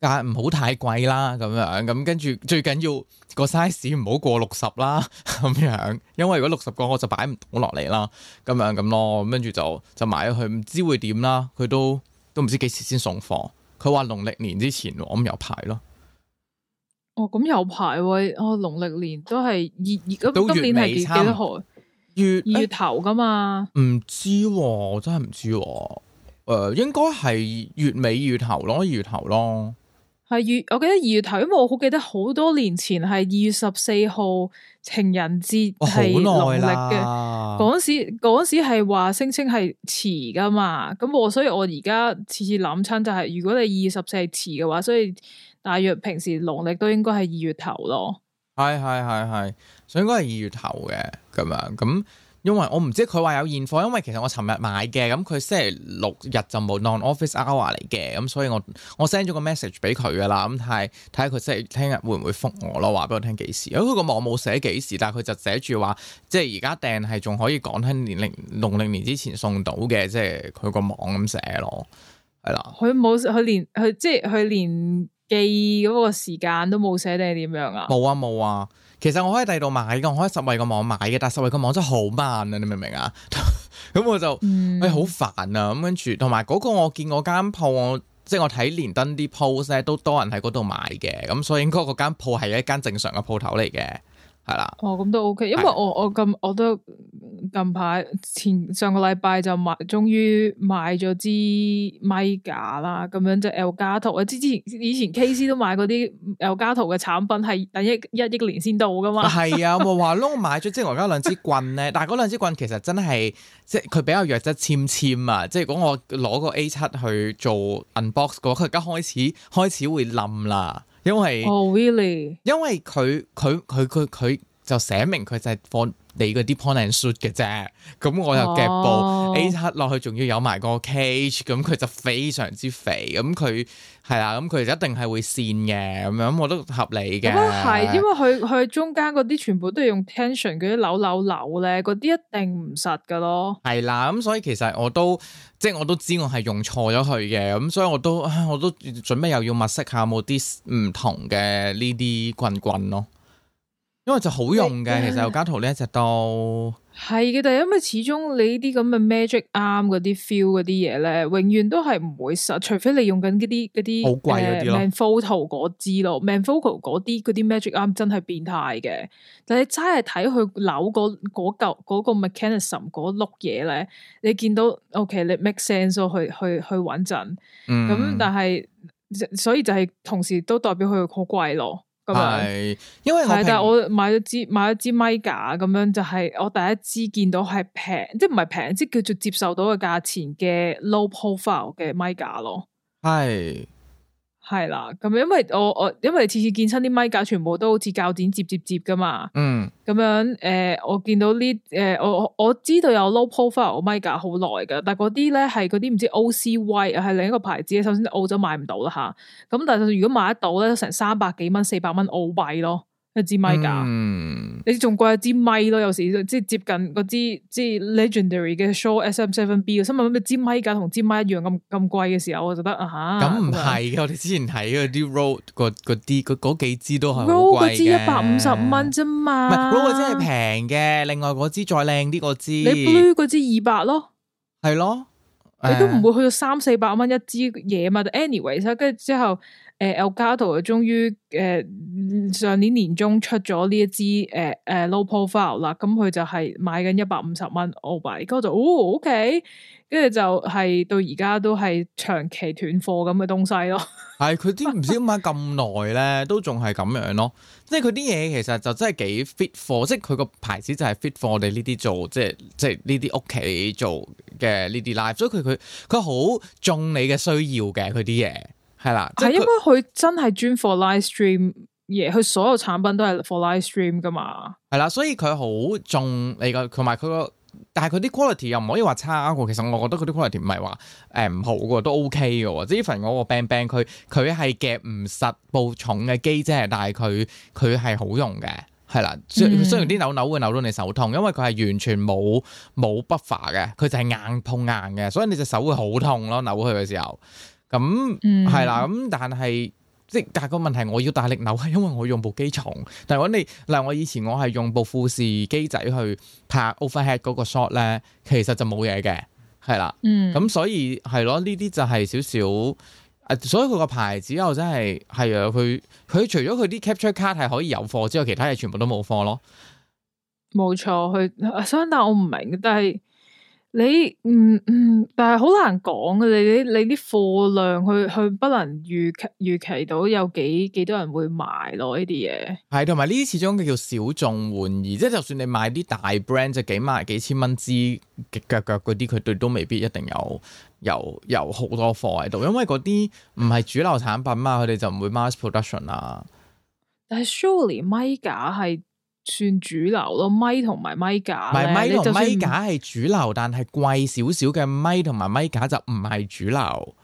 價唔好太貴啦，咁樣咁跟住最緊要個 size 唔好過六十啦，咁樣，因為如果六十個我就擺唔到落嚟，啦咁樣咁咯，咁跟住就就買咗去，唔知會點啦，佢都。都唔知幾時先送貨。佢話農曆年之前，我咁有排咯、哦。哦，咁有排喎。哦，農曆年都係二今年係幾多號？月月頭噶嘛？唔知，我真係唔知。誒，應該係月尾月頭咯，二月頭咯。係月，我記得二月頭，因為我好記得好多年前係二月十四號。情人節係農曆嘅，嗰、哦、時嗰時係話聲稱係遲噶嘛，咁我所以我而家次次諗親就係如果你二月十四遲嘅話，所以大約平時農曆都應該係二月頭咯。係係係係，所以應該係二月頭嘅，咁樣咁。因為我唔知佢話有現貨，因為其實我尋日買嘅，咁佢星期六日就冇 non-office hour 嚟嘅，咁、嗯、所以我我 send 咗個 message 俾佢噶啦，咁睇睇下佢即係聽日會唔會覆我咯，話俾我聽幾時？因為佢個網冇寫幾時，但係佢就寫住話，即係而家訂係仲可以講喺年零農曆年之前送到嘅，即係佢個網咁寫咯，係啦。佢冇佢連佢即係佢連記嗰個時間都冇寫定係點樣啊？冇啊冇啊！其實我可以第二度買嘅，我喺實惠嘅網買嘅，但係實惠嘅網真係好慢啊！你明唔明啊？咁 我就誒好、嗯哎、煩啊！咁跟住同埋嗰個我見我間鋪，即係我睇連登啲 post 咧都多人喺嗰度買嘅，咁所以應該嗰間鋪係一間正常嘅鋪頭嚟嘅。係啦，哦咁都 OK， 因為我 Yeah. 我近我,我都近排前上個禮拜就買，終於買咗支咪架啦，咁樣即 L 加圖，我之前以前 KC 都買嗰啲 L 加圖嘅產品係等一億一億年先到噶嘛，係啊，我話攞買咗，即係 我而家兩支棍咧，但係嗰兩支棍其實真係即係佢比較弱質纖纖啊，即係如果我攞個 A 七去做 unbox 嘅話，佢而家開始開始會冧啦。因為，oh, really? 因為佢佢佢佢佢就寫明佢就係放。你嗰啲 point and shoot 嘅啫，咁我又夾布，A 黑落去仲要有埋個 cage，咁佢就非常之肥，咁佢係啦，咁佢一定係會線嘅，咁樣我都合理嘅。咁因為佢佢中間嗰啲全部都用 tension，嗰啲扭扭扭咧，嗰啲一定唔實噶咯。係啦，咁所以其實我都即係我都知我係用錯咗佢嘅，咁所以我都我都準備又要物色下冇啲唔同嘅呢啲棍棍咯。因為就好用嘅，其實家徒呢一隻都，係 嘅，但係因為始終你呢啲咁嘅 magic 啱嗰啲 feel 嗰啲嘢咧，永遠都係唔會實，除非你用緊嗰啲好嗰啲 man photo 嗰支咯，uh,，man photo 嗰啲啲 magic 啱真係變態嘅。但係真係睇佢扭嗰嚿嗰個、那個那個、mechanism 嗰碌嘢咧，你見到 OK，你 make sense 咯，去去去穩陣。嗯，嗯。咁但係所以就係同時都代表佢好貴咯。係，因為係，但係我買咗支買咗支咪架，咁樣，就係我第一支見到係平，即係唔係平，即係叫做接受到嘅價錢嘅 low profile 嘅咪架咯。係。係啦，咁因為我我因為次次見親啲咪架全部都好似較剪接接接噶嘛，咁、嗯、樣誒、呃、我見到呢誒、呃、我我知道有 low profile 咪架好耐噶，但係嗰啲咧係嗰啲唔知 OCY 啊，係另一個牌子，首先澳洲買唔到啦吓，咁、啊、但係如果買得到咧，成三百幾蚊四百蚊澳幣咯。一支咪㗎，嗯、你仲貴一支咪咯？有時即係接近嗰支，即係 legendary 嘅 Shure SM7B，使乜咁一支咪㗎同支咪一樣咁咁貴嘅時候，我就得啊吓。咁唔係嘅，吧我哋之前睇嗰啲 Rode 嗰啲，嗰幾支都係 Rode 嗰支一百五十蚊啫嘛。唔係，Rode 嗰支係平嘅，另外嗰支再靚啲，嗰支。支你 Blue 嗰支二百咯，係咯，uh, 你都唔會去到三四百蚊一支嘢嘛？Anyway，之跟住之後。誒 Elgato 啊，欸、Elgato, 終於誒、呃、上年年中出咗呢一支誒誒 low profile 啦，咁、嗯、佢就係買緊一百五十蚊 over，哦 OK，跟住就係、是、到而家都係長期斷貨咁嘅東西咯。係佢啲唔知買咁耐咧？都仲係咁樣咯。即係佢啲嘢其實就真係幾 fit for，即係佢個牌子就係 fit for 我哋呢啲做，即係即係呢啲屋企做嘅呢啲 live，所以佢佢佢好中你嘅需要嘅佢啲嘢。係啦，係因為佢真係專 for live stream 嘢，佢所有產品都係 for live stream 噶嘛。係啦，所以佢好重，你個，同埋佢個，但係佢啲 quality 又唔可以話差噶。其實我覺得佢啲 quality 唔係話誒唔、嗯、好噶，都 OK 噶。即係呢份嗰個 bang bang 佢佢係夾唔實部重嘅機啫，但係佢佢係好用嘅。係啦，雖然啲扭扭會扭到你手痛，因為佢係完全冇冇 buffer 嘅，佢就係硬碰硬嘅，所以你隻手會好痛咯，扭佢嘅時候。咁係啦，咁、嗯嗯嗯、但係即係但係個問題，我要大力扭係因為我用部機重。但如果你嗱，我以前我係用部富士機仔去拍 overhead 嗰個 shot 咧，其實就冇嘢嘅，係啦。咁所以係咯，呢啲就係少少。所以佢個牌子又真係係啊，佢佢除咗佢啲 capture card 係可以有貨之外，其他嘢全部都冇貨咯。冇錯，佢。但我唔明，但係。你唔唔、嗯嗯，但係好難講嘅，你你你啲貨量，去佢不能預期預期到有幾幾多人會買咯呢啲嘢。係，同埋呢啲始終佢叫小眾玩意，即係就算你買啲大 brand，就幾萬幾千蚊支嘅腳腳嗰啲，佢對都未必一定有有有好多貨喺度，因為嗰啲唔係主流產品嘛，佢哋就唔會 mass production 啦。但係 Surely，Mega 係。算主流咯，咪同埋咪架咧。你就算咪架係主流，但係貴少少嘅咪同埋咪架就唔係主流。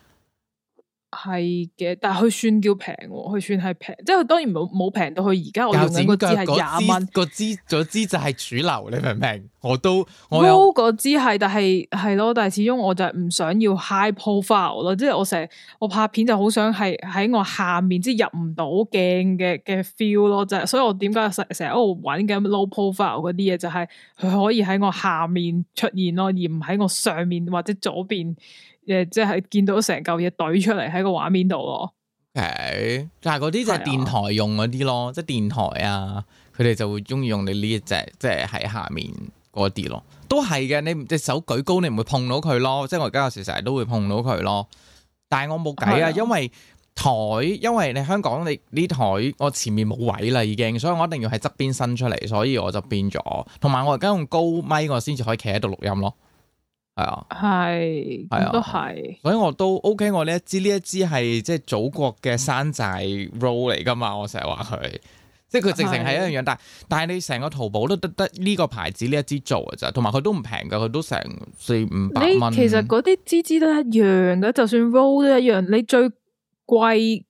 係嘅，但係佢算叫平，佢算係平，即係當然冇冇平到去而家我在用嗰支係廿蚊個支，嗰支，支就係主流，你明唔明？我都我，low 個支係，但係係咯，但係始終我就係唔想要 high profile 咯，即係我成日我拍片就好想係喺我下面，即係入唔到鏡嘅嘅 feel 咯，就係所以我點解成日喺度玩緊 low profile 嗰啲嘢，就係、是、佢可以喺我下面出現咯，而唔喺我上面或者左邊。誒，即係見到成嚿嘢懟出嚟喺個畫面度咯。誒，okay，但係嗰啲就係電台用嗰啲咯，啊、即係電台啊，佢哋就會中意用你呢一隻，即係喺下面嗰啲咯。都係嘅，你隻手舉高，你唔會碰到佢咯。即係我而家有時成日都會碰到佢咯。但係我冇計啊，啊因為台，因為你香港你呢台我前面冇位啦，已經，所以我一定要喺側邊伸出嚟，所以我就變咗。同埋我而家用高咪，我先至可以企喺度錄音咯。係啊，係、啊，都係，所以我都 OK、啊。我呢一支呢一支係即係祖國嘅山寨 roll 嚟噶嘛，我成日話佢，即係佢直情係一樣樣、啊。但係但係你成個淘寶都得得呢個牌子呢一支做嘅咋，同埋佢都唔平噶，佢都成四五百蚊。其實嗰啲支支都一樣噶，就算 roll 都一樣。你最貴嗰是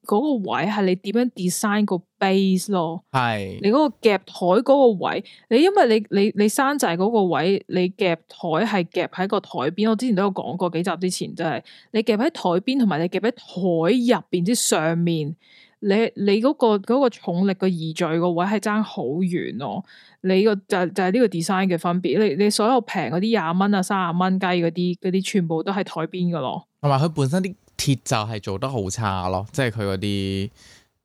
個,個位係你點樣 design 個 base 咯？係你嗰個夾台嗰個位，你因為你你你山寨嗰個位，你夾台係夾喺個台邊。我之前都有講過幾集之前，就係、是、你夾喺台邊，同埋你夾喺台入邊之上面，你你嗰、那個、那個重力嘅移聚個位係爭好遠咯。你、就是、個就就係呢個 design 嘅分別。你你所有平嗰啲廿蚊啊、三十蚊雞嗰啲嗰啲，全部都係台邊噶咯。同埋佢本身啲。鐵就係做得好差咯，即係佢嗰啲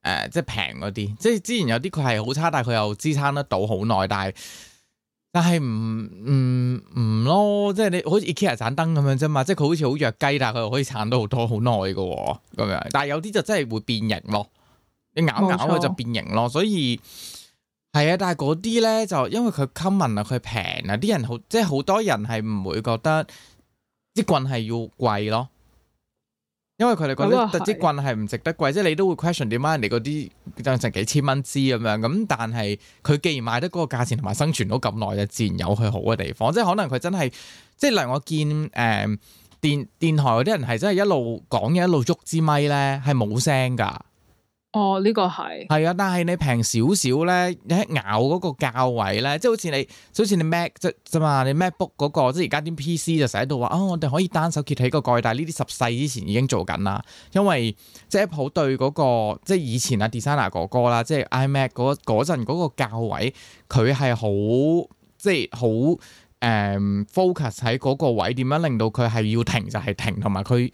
誒，即係平嗰啲，即係之前有啲佢係好差，但係佢又支撐得到好耐，但係但係唔唔唔咯，即係你好似 IKEA 盞燈咁樣啫嘛，即係佢好似好弱雞，但係佢又可以撐到好多好耐嘅咁樣，但係有啲就真係會變形咯，你咬咬佢就變形咯，錯所以係啊，但係嗰啲咧就因為佢 common 啊，佢平啊，啲人好即係好多人係唔會覺得啲棍係要貴咯。因為佢哋覺得特啲棍係唔值得貴，嗯、即係你都會 question 點解的人哋嗰啲就成幾千蚊支咁樣，咁但係佢既然賣得嗰個價錢同埋生存到咁耐，就自然有佢好嘅地方，即係可能佢真係，即係例如我見誒、呃、電電台嗰啲人係真係一路講嘢一路郁支咪咧，係冇聲噶。哦，呢、這個係係啊，但係你平少少咧，你喺咬嗰個價位咧，即係好似你，好似你 Mac 即啫嘛，你 MacBook 嗰、那個，即係而家啲 PC 就喺度話啊，我哋可以單手揭起個蓋，但係呢啲十世之前已經做緊啦，因為即 Apple 對嗰、那個即係以前阿 Designer 哥哥啦，即係 iMac 嗰、那、嗰陣嗰個價位，佢係好即係好誒 focus 喺嗰個位，點樣令到佢係要停就係停，同埋佢。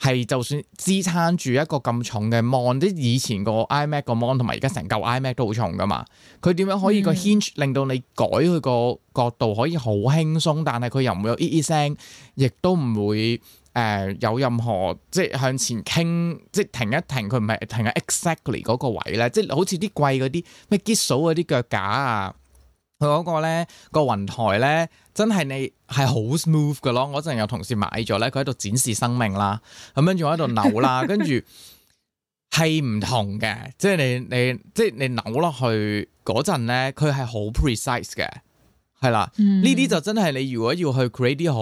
係，就算支撐住一個咁重嘅 mon，即係以前個 iMac 個 mon 同埋而家成嚿 iMac 都好重噶嘛，佢點樣可以個 hinge 令到你改佢個角度可以好輕鬆，但係佢又唔會有咿咿聲，亦都唔會誒、呃、有任何即係向前傾，即係停一停佢唔係停喺 exactly 嗰個位咧，即係好似啲貴嗰啲咩 gizmo 嗰啲腳架啊。佢嗰個咧個雲台咧真係你係好 smooth 噶咯，嗰陣有同事買咗咧，佢喺度展示生命 啦，咁跟住我喺度扭啦，跟住係唔同嘅，即係你你即係你扭落去嗰陣咧，佢係好 precise 嘅，係啦，呢啲就真係你如果要去 create 啲好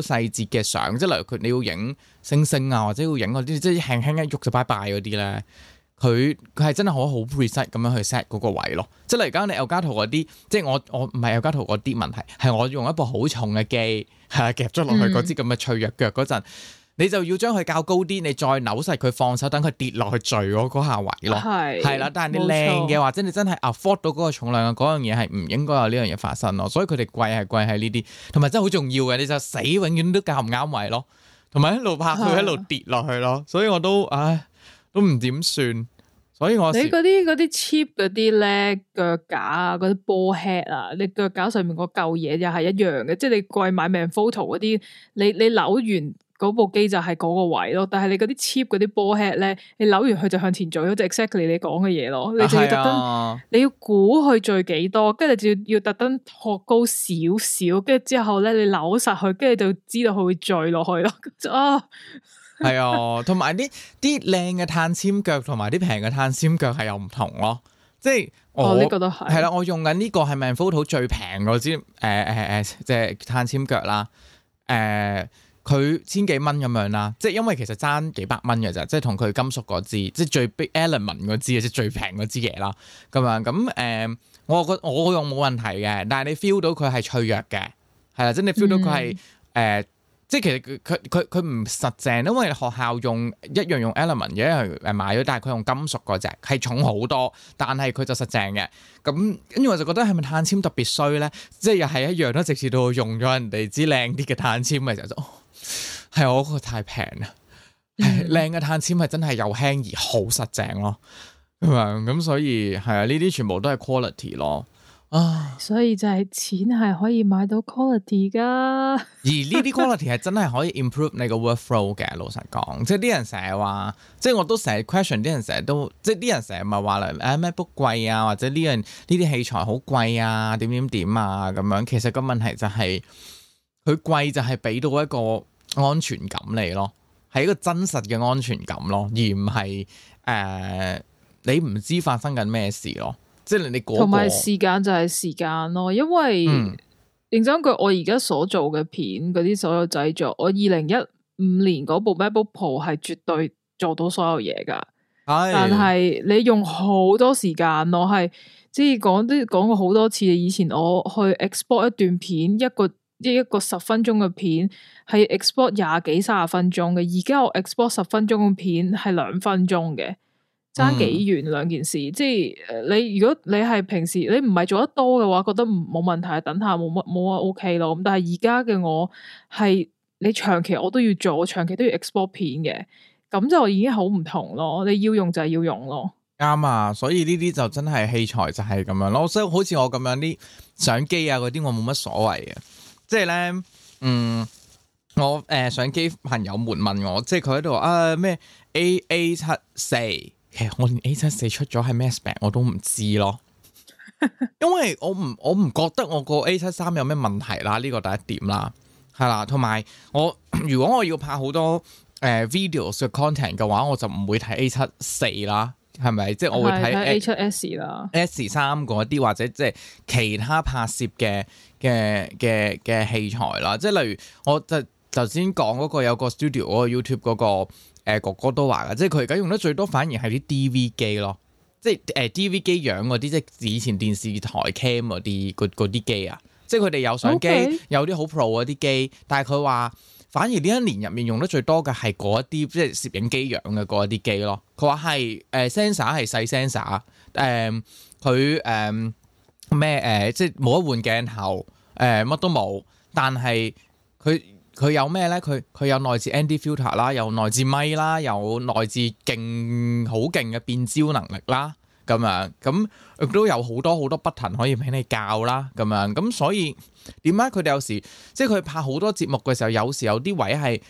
細節嘅相，即係例如佢你要影星星啊，或者要影嗰啲即係輕輕一喐就拜拜嗰啲咧。佢佢係真係可好 preset 咁樣去 set 嗰個位咯，就是，即係例如而家你尤加圖嗰啲，即係我我唔係尤加圖嗰啲問題，係我用一部好重嘅機係夾咗落去嗰支咁嘅脆弱腳嗰陣，嗯、你就要將佢較高啲，你再扭實佢放手，等佢跌落去墜嗰下位咯，係啦。但係你靚嘅或者你真係 afford 到嗰個重量嗰樣嘢係唔應該有呢樣嘢發生咯。所以佢哋貴係貴喺呢啲，同埋，就是，真係好重要嘅，你就死永遠都夾唔啱位咯，同埋一路拍佢一路跌落去咯，always, claro， 所以我都唉。都唔點算，所以我你嗰啲啲 cheap 嗰啲咧腳架啊，嗰啲波 head 啊，你腳架上面嗰嚿嘢又係一樣嘅，即係你貴買 Manfrotto 嗰啲，你你扭完嗰部機就係嗰個位咯。但係你嗰啲 cheap 嗰啲波 head 咧，你扭完佢就，就向前做咗，就是、exactly 你講嘅嘢咯。你就要特登，啊啊你要估佢墜幾多，跟住就要，要特登托高少少，跟住之後咧你扭實佢，跟住就知道佢會墜落去咯。哦。啊係啊， 同埋啲啲靚嘅碳纖腳同埋啲平嘅碳纖腳係有唔同咯，即係哦，呢、這個都係係啦，我用緊呢個係 Manfrotto 最平嗰支誒誒誒，即係碳纖腳啦，誒、呃、佢千幾蚊咁樣啦，即係因為其實爭幾百蚊嘅咋，即係同佢金屬嗰支，即係最 element 嗰支，即係最平嗰支嘢啦，咁樣咁誒、呃，我個我用冇問題嘅，但係你 feel 到佢係脆弱嘅，係啦，即係你 feel 到佢係誒。嗯即係其實佢佢佢佢唔實淨，因為學校用一樣用 element 一樣誒買咗，但係佢用金屬嗰隻係重好多，但係佢就實淨嘅。咁跟住我就覺得係咪碳纖特別衰咧？即係又係一樣都直至到用咗人哋支靚啲嘅碳纖嘅時候，就係我覺得、哦、我個太平啦。靚嘅、嗯、 碳纖係真係又輕而好實淨咯，係嘛？咁所以係啊，呢啲全部都係 quality 咯。啊，所以就係錢係可以買到 quality 噶， 而呢啲 quality 係真係可以 improve 你個 workflow 嘅。老實講，即係啲人成日話，即係我都成日 question 啲人成日都，即係啲人成日咪話啦，誒，MacBook 貴啊，或者呢樣呢啲器材好貴啊，點點點啊，咁樣。其實個問題就係，佢貴就係俾到一個安全感你咯，係一個真實嘅安全感咯，而唔係誒你唔知發生緊咩事咯。同埋時間就係時間咯，因為、嗯、認真講，我而家所做嘅片，嗰啲所有製作，我二零一五年嗰部《MacBook 係絕對做到所有嘢噶，哎、但係你用好多時間，我係即係講啲講過好多次，以前我去 export 一段片，一個一個十分鐘嘅片，係 export 廿幾卅分鐘嘅，而家我 export 十分鐘嘅片係兩分鐘嘅。爭幾遠兩件事，即係你如果你係平時你唔係做得多嘅話，覺得冇問題，等下冇乜冇啊 OK 咯。咁但係而家嘅我係你長期我都要做，我長期都要 export 片嘅，咁就已經好唔同咯。你要用就係要用咯。啱啊，所以呢啲就真係器材就係咁樣咯。所以好似我咁樣啲相機啊嗰啲，我冇乜所謂嘅。即係咧，嗯，我誒、呃、相機朋友們問我，即係佢喺度啊咩 A A 七四。其實我連 A 七四出咗係咩事我都唔知咯， 因為我唔我唔覺得我個 A 七三有咩問題啦，呢、這個第一點啦，係啦，同埋我如果我要拍好多誒、呃、video 嘅 content 嘅話，我就唔會睇 A 七四啦，係咪？ 即係我會睇 A 七 S, S 啦，S 三嗰啲或者即係其他拍攝嘅嘅嘅嘅器材啦，即係例如我就頭先講嗰個有個 studio 嗰個 YouTube 嗰、那個。誒哥哥都話㗎，即係佢而家用得最多，反而係啲 DV 機咯。即係誒 DV 機樣嗰啲，即係以前電視台 cam 嗰啲，嗰啲機啊。即係佢哋有相機，Okay. 有啲好 pro 嗰啲機。但係佢話，反而呢一年入面用得最多嘅係嗰一啲，即係攝影機樣嘅嗰一啲機咯。佢話係誒、呃、sensor 係細 sensor，誒、呃、佢誒咩誒、呃呃，即係冇得換鏡頭，誒、呃、乜都冇。但係佢。佢有咩咧？佢佢有內置 ND filter 啦，有內置咪啦，有內置勁好勁嘅變焦能力啦，咁樣咁亦都有好多好多不同可以俾你教啦，咁樣咁所以點解佢哋有時即係佢拍好多節目嘅時候，有時候有啲位係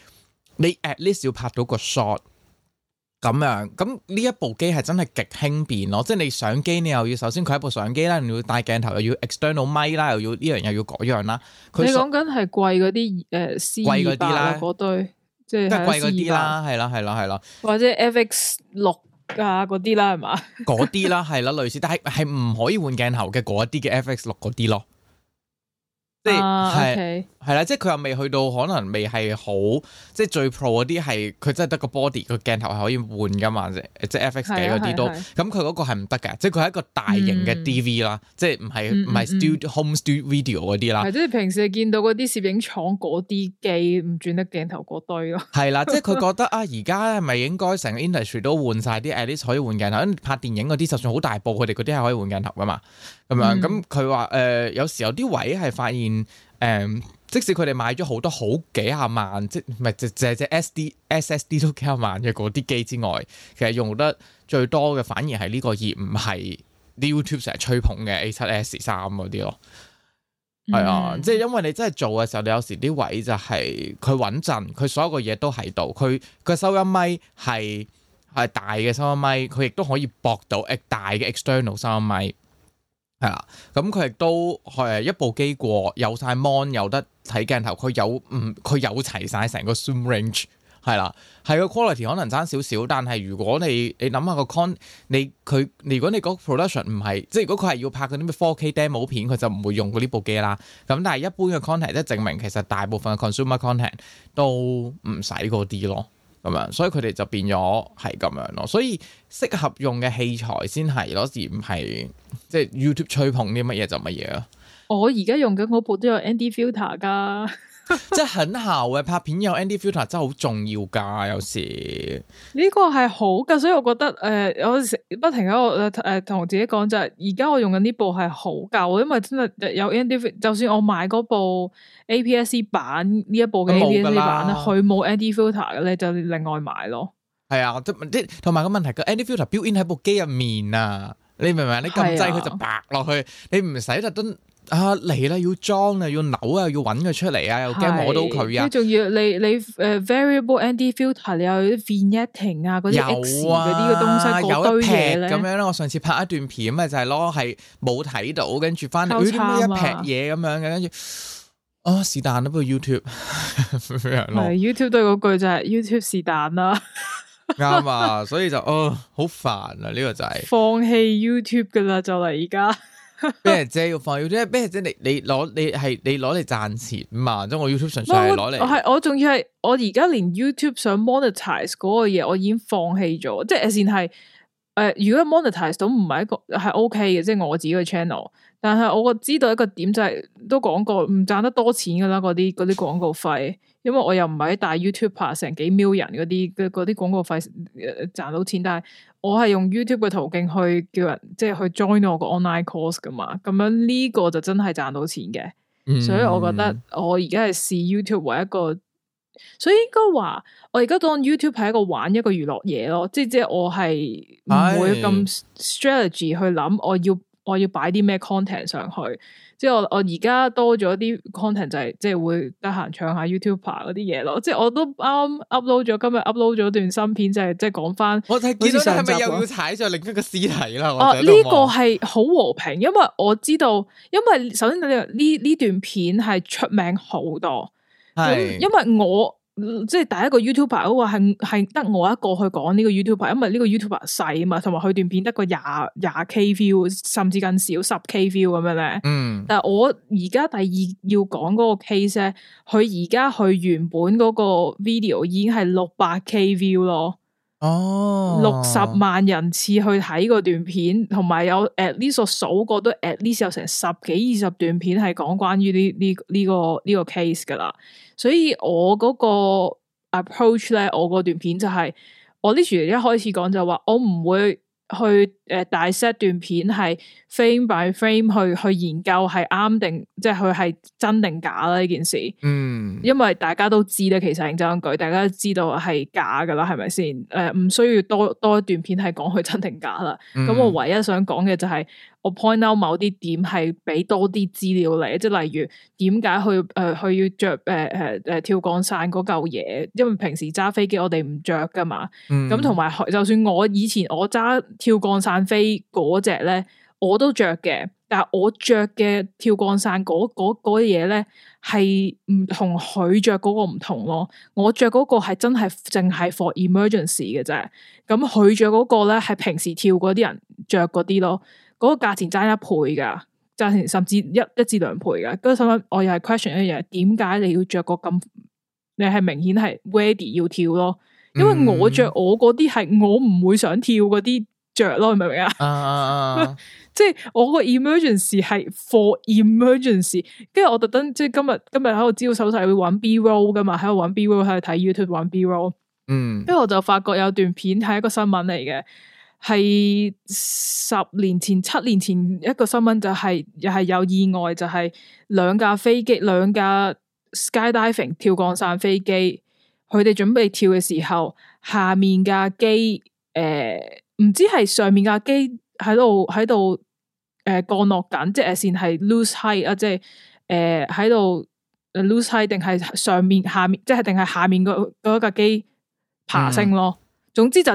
你 at least 要拍到個 shot。咁樣，咁呢一部機係真係極輕便咯，即係你相機，你又要首先佢係一部相機啦，你要帶鏡頭，又要 external 咪啦，這個，又要呢樣又要嗰樣啦。你講緊係貴嗰啲誒，貴嗰啲啦，堆即係貴嗰啲啦，係啦，係啦，係啦，或者 FX 六啊嗰啲啦，係嘛？嗰 啲啦，係啦，類似，但係係唔可以換鏡頭嘅嗰啲嘅 FX 六嗰啲咯，即係。Uh, okay. 係啦， 即係佢又未去到，可能未係好，即係最 pro 嗰啲係，佢真係得個 body 個鏡頭係可以換噶嘛，即係 FX 幾嗰啲都，咁佢嗰個係唔得嘅，即係佢係一個大型嘅 DV 啦，嗯嗯嗯、即係唔係唔係 studio home studio video 嗰啲啦。即係平時你見到嗰啲攝影廠嗰啲機唔轉得鏡頭嗰堆咯。係啦， 即係佢覺得啊，而家係咪應該成個 industry 都換晒啲 at least，可以換鏡頭，拍電影嗰啲就算好大部，佢哋嗰啲係可以換鏡頭噶嘛，咁樣咁佢話誒，有時有啲位係發現誒。嗯即使佢哋買咗好多好幾廿萬，即唔係，就係隻，隻，隻 SD SSD 都幾廿萬嘅嗰啲機之外，其實用得最多嘅反而係呢個而唔係 YouTube 成日吹捧嘅 A 七 S 三嗰啲咯。係、嗯、啊，即係因為你真係做嘅時候，你有時啲位就係、是、佢穩陣，佢所有嘅嘢都喺度，佢佢收音咪係係大嘅收音咪，佢亦都可以駁到誒大嘅 external 收音咪。係啦，咁佢亦都係一部機過，有晒 mon，有得睇鏡頭，佢有唔，佢、嗯、有齊晒成個 zoom range，係、嗯、啦，係個 quality 可能差少少，但係如果你你諗下個 content，你佢，如果你嗰 production 唔係，即係如果佢係要拍嗰啲咩 4K demo 片，佢就唔會用過呢部機啦。咁但係一般嘅 content，即係證明其實大部分嘅 consumer content 都唔使嗰啲咯。咁樣，所以佢哋就變咗係咁樣咯。所以適合用嘅器材先係，嗰時唔係即係 YouTube 吹捧啲乜嘢就乜嘢咯。我而家用緊嗰部都有 ND filter 噶。 即係很姣嘅，拍片有 ND filter 真係好重要噶，有時呢個係好噶，所以我覺得誒、呃，我不停喺度誒誒同自己講就係，而家我用緊呢部係好夠，因為真係有 ND，就算我買嗰部 APS C 版呢一部嘅 APS C 版咧，佢冇 ND filter 嘅咧，就另外買咯。係啊，即係同埋個問題，個 ND filter built in 喺部機入面啊，你明唔明？你撳掣佢就白落去，你唔使特登。啊嚟啦！要裝啊，要扭要要、呃、filter, ette, 啊，要揾佢出嚟啊，又驚摸到佢啊！你仲要你你誒 variable ND filter，你有啲 vignetting 啊嗰啲 X 嗰啲嘅東西，那個、堆東西有一撇咁樣咧。我上次拍一段片咪就係咯，係冇睇到，跟住翻嚟誒，點解、啊哎、一撇嘢咁樣嘅？跟住哦，是但啦，不過 YouTube YouTube 都係嗰句就係 YouTube 是但 you 啦，啱 啊！所以就哦，好煩啊！呢、這個就係放棄 YouTube 噶啦，就嚟而家。咩人借要放 YouTube，俾人借你你攞你係你攞嚟賺錢嘛？即係我 YouTube 純粹係攞嚟。係我仲要係我而家連 YouTube 上 monetize 嗰個嘢，我已經放棄咗。即係就算係誒，如果 monetize 都唔係一個係 OK 嘅，即係我自己個 channel。但係我知道一個點就係都講過唔賺得多錢噶啦，嗰啲嗰啲廣告費。 因為我又唔係喺大 YouTube 拍成幾 million 嗰啲嗰啲廣告費、呃、賺到錢，但係我係用 YouTube 嘅途徑去叫人，即係去 join 我個 online course 噶嘛，咁樣呢個就真係賺到錢嘅，嗯、所以我覺得我而家係視 YouTube 為一個，所以應該話我而家當 YouTube 係一個玩一個娛樂嘢咯，即係即係我係唔會咁 strategy 去諗我要我要擺啲咩 content 上去。即係我我而家多咗啲 content 就係即係會得閒唱下 YouTuber 嗰啲嘢咯，即係我都啱啱 upload 咗，今日 upload 咗段新片，就係即係講翻。我就係見到係咪又要踩上另一個屍體啦？哦，呢個係好和平，因為我知道，因為首先你呢呢段片係出名好多，係是因為我。即係第一個 YouTuber 嗰個係係得我一個去講呢個 YouTuber，因為呢個 YouTuber 細啊嘛，同埋佢段片得個廿廿 K view，甚至更少十 K view 咁樣咧。嗯，但係我而家第二要講嗰個 case 咧，佢而家佢原本嗰個 video 已經係六百 K view 咯，哦，六十萬人次去睇嗰段片，同埋有 at least 數過都 at least 有成十幾二十段片係講關於呢呢呢個呢個 case 噶啦。所以我嗰個 approach 咧，我嗰段片就係、是、我呢條一開始講就話，我唔會去誒大 set 段片係 frame by frame 去去研究係啱定即係佢係真定假啦呢件事。嗯，因為大家都知咧，其實認真一句大家都知道係假㗎啦，係咪先？誒、呃、唔需要多多一段片係講佢真定假啦。咁、嗯、我唯一想講嘅就係、是。我 point out 某啲點係俾多啲資料嚟，即係例如點解去誒佢要着誒誒誒跳降傘嗰嚿嘢，因為平時揸飛機我哋唔着噶嘛。咁同埋，就算我以前我揸跳降傘飛嗰隻咧，我都着嘅，但係我着嘅跳降傘嗰啲嘢咧係唔同佢着嗰個唔同咯。我着嗰個係真係淨係 for emergency 嘅啫。咁佢着嗰個咧係平時跳嗰啲人着嗰啲咯。嗰個價錢差一倍噶，價錢甚至一一至兩倍噶。跟住我想問我又係 question 一樣，點解你要着個咁？你係明顯係 ready 要跳咯，因為我着我嗰啲係我唔會想跳嗰啲着咯，你、mm. 明唔明啊？即係我個 emergency 係 for emergency，跟住我特登即係今日今日喺度招手勢，會玩 B roll 噶嘛，喺度玩 B roll 喺度睇 YouTube 玩 B roll。嗯，跟住我就發覺有段片係一個新聞嚟嘅。係十年前、七年前一個新聞就係又係有意外，就係兩架飛機、兩架 skydiving 跳降落傘飛機，佢哋準備跳嘅時候，下面架機誒唔知係上面架機喺度喺度誒降落緊，即係先係 lose high 啊，即、呃、係誒喺度誒 lose high 定係上面下面，即係定係下面、嗰個嗰架機爬升咯。嗯。總之就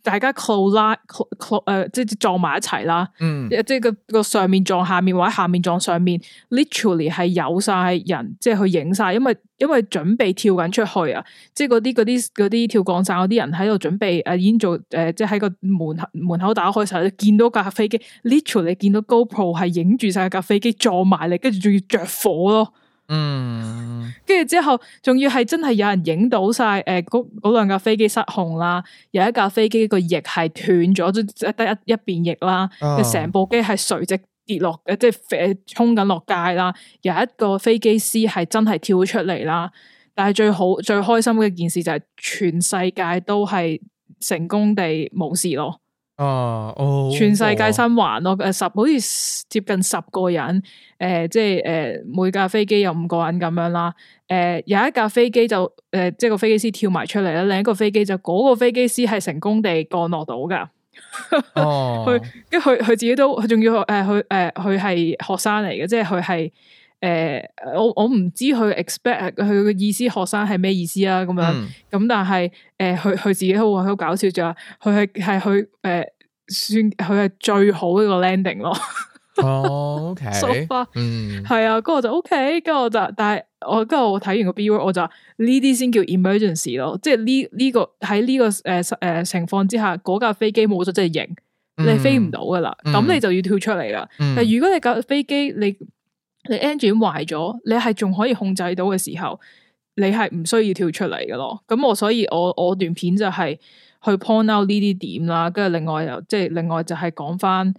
大家 collide 誒即係撞埋一齊啦，呃、即係個、嗯、個上面撞下面或者下面撞上面，literally 係有晒人即係去影晒，因為因為準備跳緊出去啊，即係嗰啲啲啲跳降落傘嗰啲人喺度準備，啊、呃、已經做誒、呃、即係喺個門口門口打開晒，見到架飛機，literally 見到 GoPro 係影住晒架飛機撞埋嚟，跟住仲要着火咯。嗯，跟住之後，仲要係真係有人影到晒，誒、呃，嗰嗰兩架飛機失控啦，有一架飛機個翼係斷咗，即得一一邊翼啦，成、哦、部機係垂直跌落，即係衝緊落街啦，有一個飛機師係真係跳出嚟啦，但係最好最開心嘅一件事就係全世界都係成功地冇事咯。啊！Uh, oh, 全世界循環咯，誒、uh, 十好似接近十個人，誒、呃、即係誒、呃、每架飛機有五個人咁樣啦，誒、呃、有一架飛機就誒、呃、即係個飛機師跳埋出嚟啦，另一個飛機就嗰、那個飛機師係成功地降落到噶，哦，佢因為佢佢自己都佢仲要誒佢誒佢係學生嚟嘅，即係佢係。誒、呃，我我唔知佢 expect 佢嘅意思，學生係咩意思啊？咁樣咁，嗯、但係誒，佢、呃、佢自己好好搞笑，就話佢係係佢誒，算佢係最好一個 landing 咯 Okay。 哦，OK，so far 係啊，咁我就 OK，咁我就，但係我跟我睇完個 video 我就呢啲先叫 emergency 咯，即係呢呢個喺呢、這個誒誒、呃呃、情況之下，嗰架飛機冇咗即隻翼，你飛唔到噶啦，咁、嗯、你就要跳出嚟啦。但如果你架飛機你，你 engine 壞咗，你係仲可以控制到嘅時候，你係唔需要跳出嚟嘅咯。咁我所以我我段片就係去 point out 呢啲點啦，跟住另外又即係另外就係講返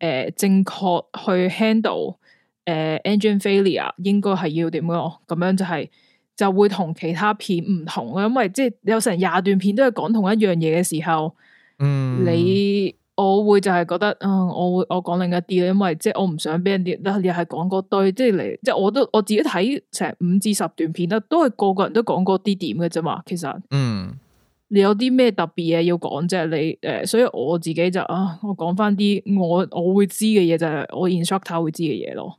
誒正確去 handle 誒、呃、engine failure 應該係要點咯。咁樣就係、是、就會同其他片唔同咯，因為即係有成廿段片都係講同一樣嘢嘅時候，嗯，你。我會就係覺得啊、呃，我會我講另一啲，因為即係我唔想俾人啲，又係講嗰堆，即係嚟，即係我都我自己睇成五至十段片啦，都係個個人都講嗰啲點嘅啫嘛，其實，嗯，你有啲咩特別嘢要講啫？即你誒、呃，所以我自己就啊、呃，我講翻啲我我會知嘅嘢就係、是、我 instructor 會知嘅嘢咯。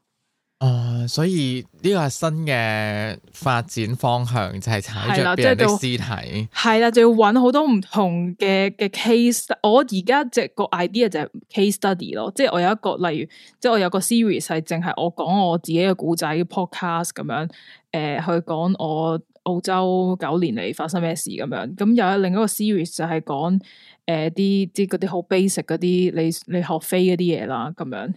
哦、嗯，所以呢個係新嘅發展方向，就係、是、踩著別人嘅屍體。係啦，就要揾好多唔同嘅嘅 case。我而家即個 idea 就係 case study 咯，即係我有一個例如，即係我有個 series 係淨係我講我自己嘅古仔 podcast 咁樣，誒、呃、去講我澳洲九年嚟發生咩事咁樣。咁又有另一個 series 就係講誒啲啲嗰啲好 basic 嗰啲，你你學飛嗰啲嘢啦咁樣。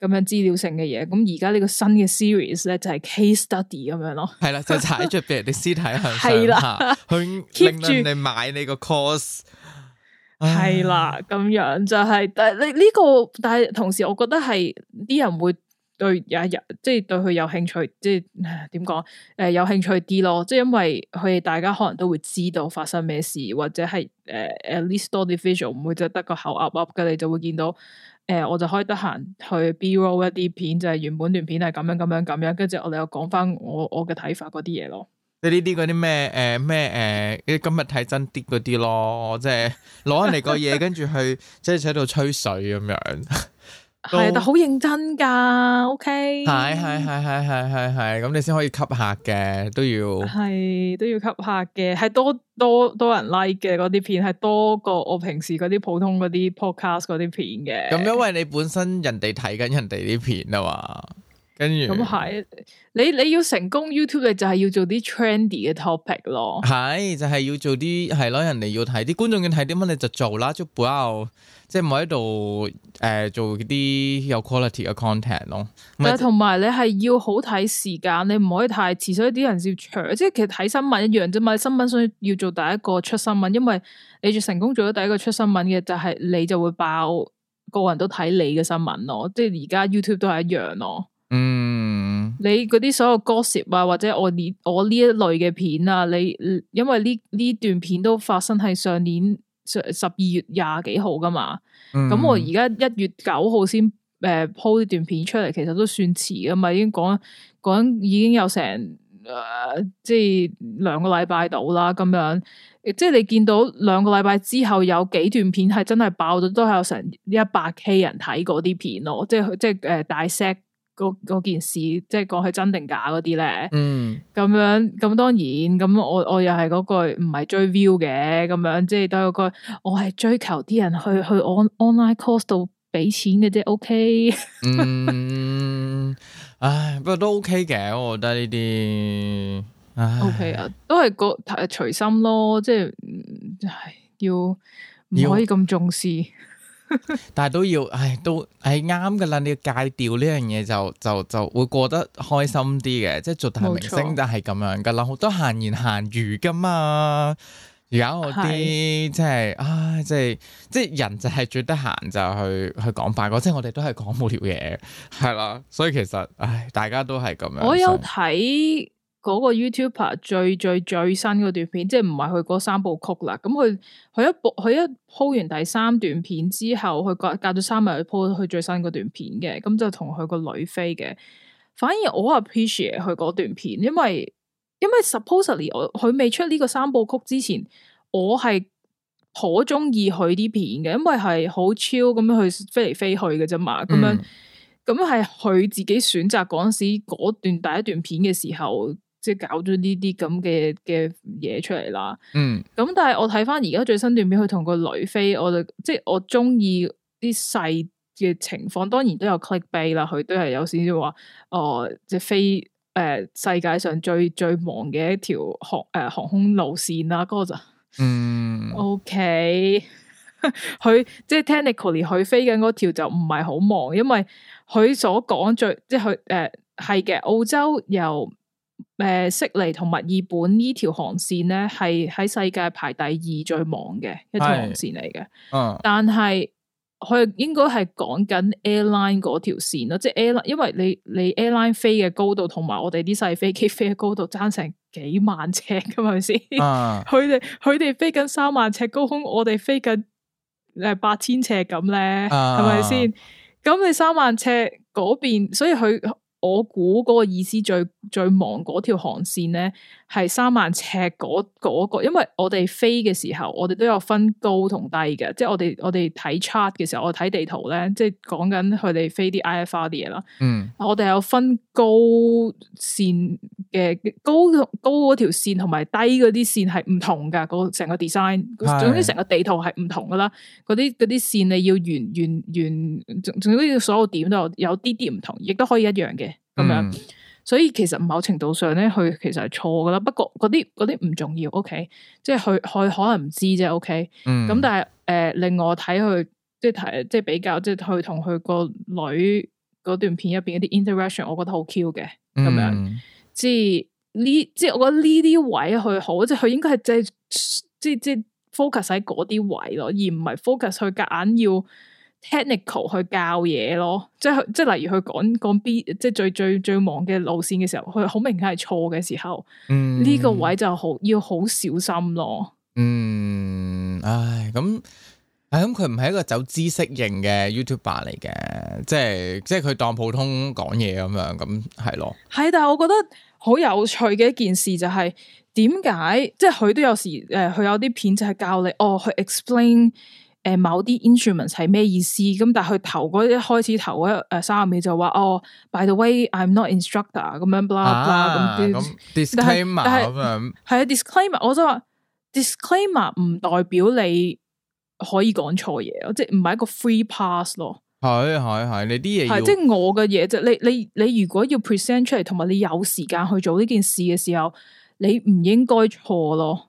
咁樣資料性嘅嘢，咁而家呢個新嘅 series 咧就係、是、case study 咁樣咯，係啦 了，就踩着別人嘅屍體向上，係啦，去令到你買你個 course，係啦 了，咁唉樣就係、是，但係呢呢個，但係同時我覺得係啲人會對有一日，即、就、係、是、對佢有興趣，即係點講，誒、呃呃、有興趣啲咯，即、就、係、是、因為佢哋大家可能都會知道發生咩事，或者係誒誒，至少啲 visual 唔會就得個口 up up 嘅，你就會見到。誒、呃，我就可以得閒去 b roll 一啲片，就係、是、原本段片係咁樣咁樣咁樣，跟住我哋又講翻我我嘅睇法嗰啲嘢咯。即係呢啲嗰啲咩？誒咩？誒、呃呃，今日睇真啲嗰啲咯，即係攞人嚟個嘢，跟住 去即係喺度吹水咁樣。 係，但好到認真噶，OK。係係係係係係，咁你先可以吸客嘅，都要係都要吸客嘅，係多多多人 like 嘅嗰啲片，係多過我平時嗰啲普通嗰啲 podcast 嗰啲片嘅。咁、嗯、因為你本身人哋睇緊人哋啲片啊嘛，跟住咁係，你你要成功 YouTube 嘅就係要做啲 trendy 嘅 topic 咯，係就係、係、要做啲係咯，人哋要睇啲觀眾要睇啲乜你就做啦，就比較。即係唔喺度誒做啲有 quality 嘅 content 咯。但係同埋你係要好睇時間，你唔可以太遲，所以啲人要長。即係其實睇新聞一樣啫嘛。新聞先要做第一個出新聞，因為你成功做咗第一個出新聞嘅，就係你就會爆，個人都睇你嘅新聞咯。即係而家 YouTube 都係一樣咯。嗯，你嗰啲所有 gossip 啊，或者我呢我呢一類嘅片啊，你因為呢呢段片都發生喺上年。十二月廿幾號噶嘛，咁、嗯、我而家一月九號先，誒鋪呢段片出嚟，其實都算遲噶嘛，已經講講已經有成，呃、即係兩個禮拜到啦，咁樣，即係你見到兩個禮拜之後有幾段片係真係爆咗，都係有成一百 K 人睇過啲片咯，即係即係誒大 set。呃 嗰件事，即係講係真定假嗰啲咧，嗯，咁樣咁當然，咁我我又係嗰句唔係追 view 嘅，咁樣即係都係個，我係追求啲人去去 on online course 度俾錢嘅啫，OK， 嗯，唉，不過都 OK 嘅，我覺得呢啲，唉，OK 啊，都係個隨心咯，即係唉要唔可以咁重視。 但係都要，唉，都唉啱噶啦，你要戒掉呢樣嘢就就就，就會過得開心啲嘅，即係做大明星，就係咁樣噶啦，好多閒言閒語噶嘛，而家我啲是即係，唉，即係即係人就係最得閒就去去，去講八卦，即係我哋都係講冇聊嘢，係啦，所以其實唉，大家都係咁樣。我有睇。嗰個 YouTuber 最最最新嗰段片，即係唔係佢嗰三部曲啦。咁佢佢一部佢一鋪完第三段片之後，佢隔隔咗三日鋪去鋪佢最新嗰段片嘅。咁就同佢個女飛嘅。反而我 appreciate 佢嗰段片，因為因為 supposedly 我佢未出呢個三部曲之前，我係好中意佢啲片嘅，因為係好超咁樣去飛嚟飛去嘅啫嘛。咁樣咁樣係佢自己選擇嗰時嗰段第一段片嘅時候。即係搞咗呢啲咁嘅嘅嘢出嚟啦，嗯，咁但係我睇翻而家最新段片，佢同個女飛，我哋即係我中意啲細嘅情況，當然都有 clickbait 啦，佢都係有先先話哦，即係飛誒、呃、世界上最最忙嘅一條航誒、呃、航空路線啦，嗰、那個嗯 Okay ically, 就嗯，OK，佢即係 technically 佢飛緊嗰條就唔係好忙，因為佢所講最即係誒係嘅澳洲由。誒，悉尼同墨爾本呢條航線咧，係喺世界排第二最忙嘅是一條航線嚟嘅。嗯、但係佢應該係講緊 airline 嗰條線咯，即係 airline，因為你你 airline 飛嘅高度同埋我哋啲細飛機飛嘅高度爭成幾萬尺嘅，係咪先？佢哋佢哋飛緊三萬尺高空，我哋飛緊誒八千尺咁咧，係咪先？咁、嗯、你三萬尺嗰邊，所以佢我估嗰個意思最，最忙嗰條航線咧，係三萬尺嗰嗰個，因為我哋飛嘅時候，我哋都有分高同低嘅，即係我哋我哋睇 chart 嘅時候，我睇地圖咧，即係講緊佢哋飛啲 IFR 啲嘢啦。嗯，我哋有分高線嘅高同高嗰條線，同埋低嗰啲線係唔同噶，個成個 design，總之成個地圖係唔同噶啦。嗰啲嗰啲線你要圓圓圓，總之所有點都有有啲啲唔同，亦都可以一樣嘅咁樣。嗯所以其實某程度上咧，佢其實係錯噶啦。不過嗰啲啲唔重要，OK 即。即係佢佢可能唔知啫，OK、嗯。咁但係誒，令我睇佢即係睇即係比較即係佢同佢個女嗰段片入邊一啲 interaction，我覺得好 cute 嘅咁樣。即係呢即係我覺得呢啲位佢好，即係佢應該係即係即係 focus 喺嗰啲位咯，而唔係 focus 去夾硬要。Technical 去教嘢咯，即係即係例如佢講講 B，即係最最最忙嘅路線嘅時候，佢好明顯係錯嘅時候，嗯、呢個位就好要好小心咯。嗯，唉，咁唉咁佢唔係一個走知識型嘅 YouTuber 嚟嘅、就是，即係即係佢當普通講嘢咁樣，咁係咯。係，但係我覺得好有趣嘅一件事就係點解，即係佢都有時誒，佢、呃、有啲片就係教你哦，去 explain。誒，某啲 instrument 係咩意思？咁但係佢頭嗰一開始頭一誒三十秒就話哦，by the way I'm not instructor 咁樣，blah blah 咁，disclaimer 咁樣，係啊，disclaimer，我就話 disclaimer 唔代表你可以講錯嘢，即係唔係一個 free pass 咯。係係係，你啲嘢係即係我嘅嘢啫。你你你如果要 present 出嚟，同埋你有時間去做呢件事嘅時候，你唔應該錯咯。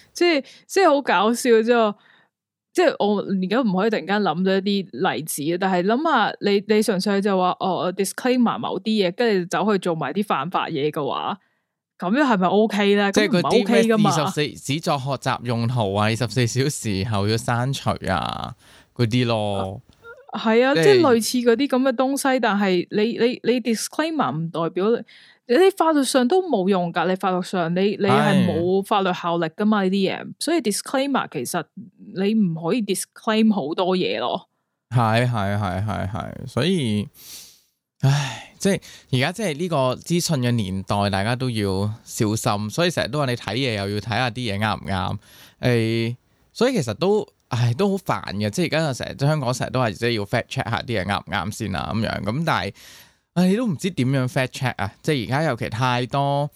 即係即係好搞笑啫！即係我而家唔可以突然間諗到一啲例子，但係諗下你你純粹就話哦，我 disclaimer 某啲嘢，跟住走去做埋啲犯法嘢嘅話，咁樣係咪 OK 咧？即係 OK 㗎嘛。二十四只作學習用途啊，二十四小時後要刪除啊，嗰啲咯。係啊，啊即係是類似嗰啲咁嘅東西，但係你你你，你 disclaimer 唔代表。你法律上都冇用噶，你法律上你你係冇法律效力噶嘛？呢啲嘢，所以 disclaimer 其實你唔可以 disclaim 好多嘢咯。係係係係係，所以，唉，即係而家即係呢個資訊嘅年代，大家都要小心，所以成日都話你睇嘢又要睇下啲嘢啱唔啱，誒、欸，所以其實都唉都好煩嘅，即係而家又成日喺香港成日都係即係要 fact check 下啲嘢啱唔啱先啊咁樣，咁但係。啊、你都唔知點樣 fact check 啊！即係而家尤其太多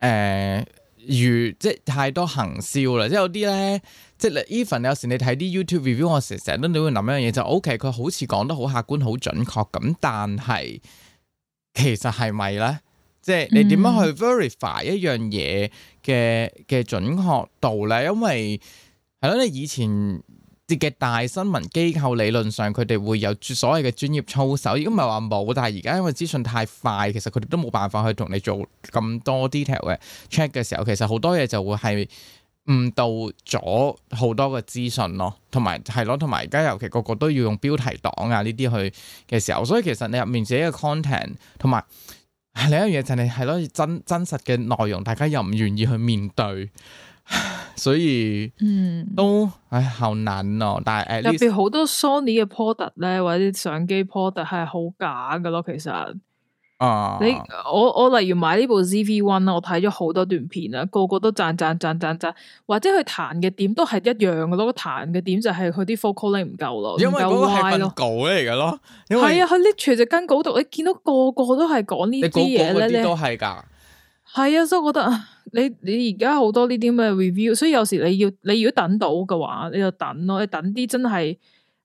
誒，如、呃、即係太多行銷啦，即係有啲咧，即係 even 有時你睇啲 YouTube review，我成成日都你會諗一樣嘢，就 O K，佢好似講得好客觀、好準確，咁但係其實係咪咧？即係你點樣去 verify 一樣嘢嘅嘅準確度咧？嗯、因為係咯，你以前。嘅大新聞機構理論上佢哋會有所謂嘅專業操守，如果唔係話冇，但係而家因為資訊太快，其實佢哋都冇辦法去同你做咁多 detail 嘅 check 嘅時候，其實好多嘢就會係誤導咗好多個資訊咯，同埋係咯，同埋而家尤其個個都要用標題黨啊呢啲去嘅時候，所以其實你入面自己嘅 content 同埋另一樣嘢就係係咯真真實嘅內容，大家又唔願意去面對。 所以，嗯，都，唉，好難咯、哦。但係，特別好多 Sony 嘅 product 咧，或者相機 product 係好假噶咯。其實啊，啊，你我我例如買呢部 ZV One 啦，1, 我睇咗好多段片啦，個個都讚讚讚讚讚，或者佢彈嘅點都係一樣噶咯。彈嘅點就係佢啲 focus 唔夠咯，因為嗰個係廣告嚟噶咯。係啊，佢 literally 跟稿，你見到個個都係講呢啲嘢咧，都係噶。係啊，所以我覺得你你而家好多呢啲咩 review，所以有時你要你如果等到嘅話，你就等咯，你等啲真係。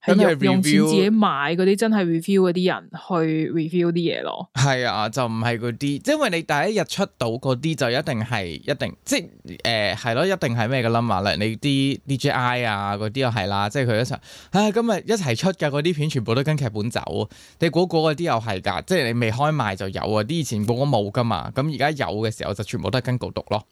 係用錢自己買嗰啲真係 review 嗰啲人，去 review 啲嘢咯，係啊，就唔係嗰啲，即係因為你第一日出到嗰啲就一定係一定，即係誒係咯，一定係咩噶啦嘛？例如你啲 DJI 啊嗰啲又係啦，即係佢一齊唉咁啊今日一齊出嘅嗰啲片全部都跟劇本走，你估估嗰啲又係噶，即係你未開賣就有啊啲以前播冇噶嘛，咁而家有嘅時候就全部都係跟稿讀咯，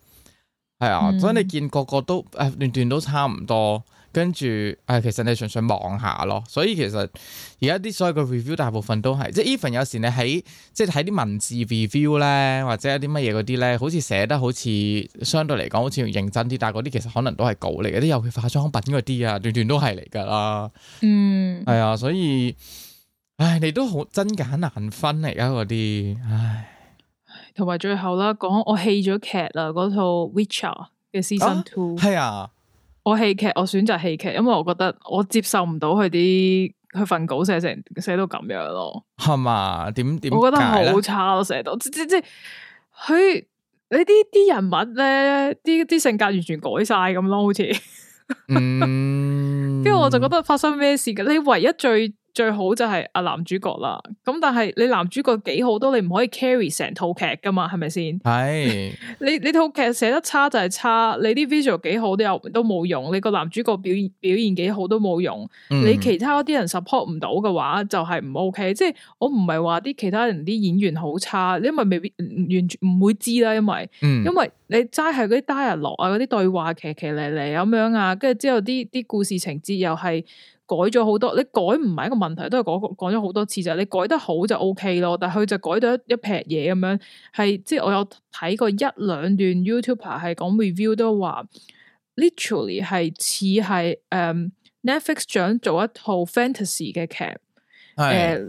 係啊，嗯、所以你見個個都誒、哎、段段都差唔多。跟住，唉、哎，其實你純粹望下咯，所以其實而家啲所有嘅 review 大部分都係，即係 even 有時你喺即係睇啲文字 review 咧，或者一啲乜嘢嗰啲咧，好似寫得好似相對嚟講好似要認真啲，但係嗰啲其實可能都係稿嚟嘅，啲尤其化妝品嗰啲啊，段段都係嚟噶啦，嗯，係啊、哎，所以唉，你都好真假難分嚟啊嗰啲，唉，同埋最後啦，講我棄咗劇啦，嗰套《Witcher》嘅 Season Two，係啊。我戲劇，我選擇戲劇，因為我覺得我接受唔到佢啲佢份稿寫成寫到咁樣咯，係嘛？點點？我覺得好差咯，寫到即即即係佢你啲啲人物咧，啲啲性格完全改晒咁咯，好似，跟 住、嗯、我就覺得發生咩事嘅？你唯一最。最好就係阿男主角啦，咁但係你男主角幾好都你唔可以 carry 成套劇噶嘛，係咪先？係 你你套劇寫得差就係差，你啲 visual 幾好都有都冇用，你個男主角表表現幾好都冇用，嗯、你其他啲人 support 唔到嘅話就係、是、唔 OK。即係、嗯、我唔係話啲其他人啲演員好差，你因為未必、呃、完全唔會知啦，因為、嗯、因為你齋係嗰啲 dialogue 啊，嗰啲對話奇奇嚟嚟咁樣啊，跟住之後啲啲故事情節又係。改咗好多，你改唔係一個問題，都係講講咗好多次就係你改得好就 O、OK、K 咯，但係佢就改到一撇嘢咁樣，係即係我有睇過一兩段 YouTuber 係講 review 都話，literally 係似係誒、嗯、Netflix 想做一套 fantasy 嘅劇，誒是、呃，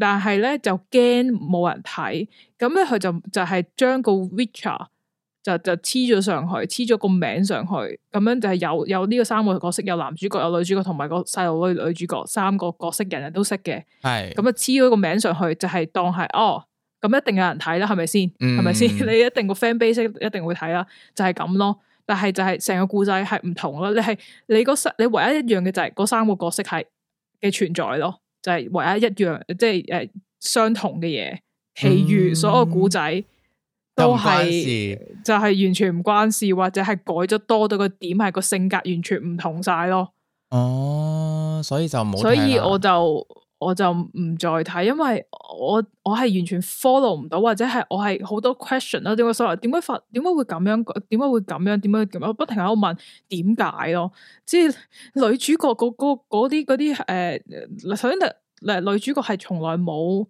但係咧就驚冇人睇，咁咧佢就就係、是、將個 Witcher。就就黐咗上去，黐咗個名上去，咁樣就係有有呢個三個角色，有男主角，有女主角，同埋個細路女女主角，三個角色人人都識嘅，係咁啊，黐咗個名上去，就係當係哦，咁一定有人睇啦，係咪先？係咪先？ 你一定個 fan base 一定會睇啦，就係咁咯。但係就係成個故仔係唔同咯。你係你你唯一一樣嘅就係嗰三個角色係嘅存在咯，就係唯一一樣，即係誒相同嘅嘢，其餘所有，所有故仔。嗯都係就係、是、完全唔關事，或者係改咗多咗個點，係個性格完全唔同晒咯。哦，所以就冇，所以我就我就唔再睇，因為我我係完全 follow 唔到，或者係我係好多 question 咯。點解 s 點解發？點解會咁樣？點解會咁樣？點解點解不停喺度問點解咯？即係、就是、女主角嗰啲嗰啲誒，首先就、呃、女主角係從來冇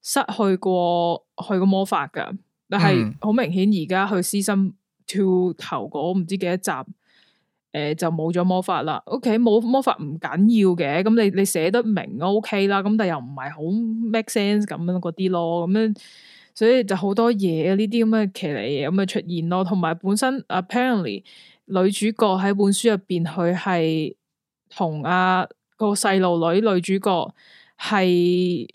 失去過去個魔法噶。但係好明顯，而家去 season two 頭嗰唔知幾多集，誒、呃、就冇咗魔法啦。O K，冇魔法唔緊要嘅，咁你你寫得明 O K 啦。咁、okay、但又唔係好 make sense 咁樣嗰啲咯，咁樣所以就好多嘢呢啲咁嘅騎呢嘢咁嘅出現咯。同埋本身 apparently 女主角喺本書入邊佢係同阿個細路女女主角係。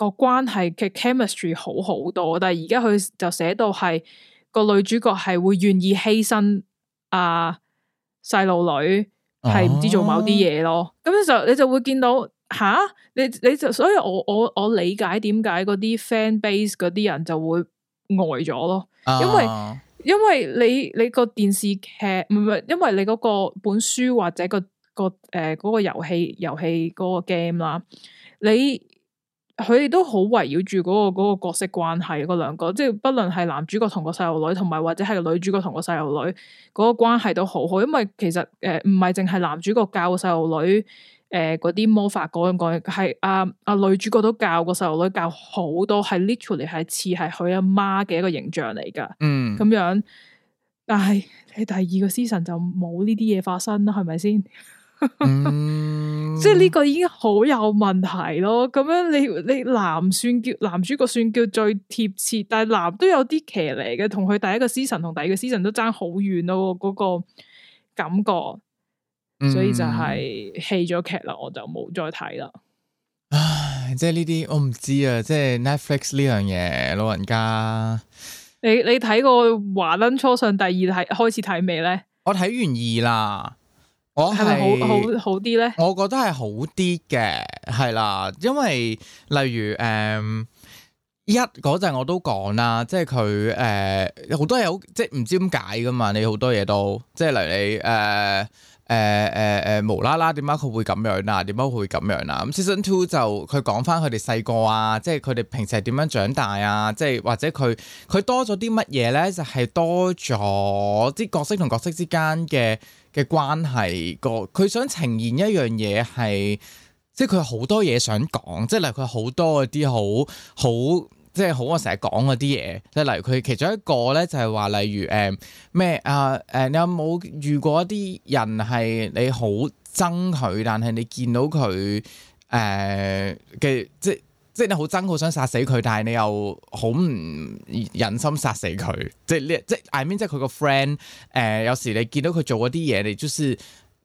個關係嘅 chemistry 好好多，但係而家佢就寫到係個女主角係會願意犧牲啊細路女，係唔知做某啲嘢咯。咁、啊、就你就會見到吓，你你就所以我我我理解點解嗰啲 fan base 嗰啲人就會呆咗咯，啊、因為因為你你個電視劇唔係，因為你嗰個本書或者、嗰個、呃嗰個誒嗰個遊戲遊戲嗰個 game 啦，你。佢哋都好圍繞住嗰個、那個角色關係嗰兩個，即係不論係男主角同個細路女，同埋或者係女主角同個細路女嗰、那個關係都好好。因為其實誒唔係淨係男主角教細路女誒嗰啲魔法嗰樣嗰樣，係阿阿女主角都教個細路女教好多，係 literally 係似係佢阿媽嘅一個形象嚟噶。嗯，咁樣，但係喺第二個 s 神就冇呢啲嘢發生啦，係咪先？嗯、 即係呢個已經好有問題咯，咁樣你你男算叫男主角算叫最貼切，但係男都有啲騎呢嘅，同佢第一個 season 同第二個 season 都爭好遠咯，嗰、那個感覺，所以就係棄咗劇啦，我就冇再睇啦、嗯嗯。唉，即係呢啲我唔知啊，即係 Netflix 呢樣嘢，老人家，你你睇過華燈初上第二季開始睇未咧？我睇完二啦。我係咪好好好啲咧，我覺得係好啲嘅，係啦，因為例如誒、嗯、一嗰陣我都講啦，即係佢誒好多嘢好，即係唔知點解噶嘛，你好多嘢都即係嚟你誒誒誒誒無啦啦，點解佢會咁樣啊？點解會咁樣啊？咁 season two 就佢講翻佢哋細個啊，即係佢哋平時係點樣長大啊？即係或者佢佢多咗啲乜嘢咧？就係、是、多咗啲角色同角色之間嘅。嘅關係個佢想呈現一樣嘢係，即係佢好多嘢想講，即係例如佢好多嗰啲好好即係好我成日講嗰啲嘢，即係例如佢其中一個咧就係話，例如誒咩啊誒，你有冇遇過一啲人係你好憎佢，但係你見到佢誒嘅即係。即係你好憎，好想殺死佢，但係你又好唔忍心殺死佢。即係呢，即係 I mean，即係佢個 friend。誒、呃，有時你見到佢做嗰啲嘢，你就是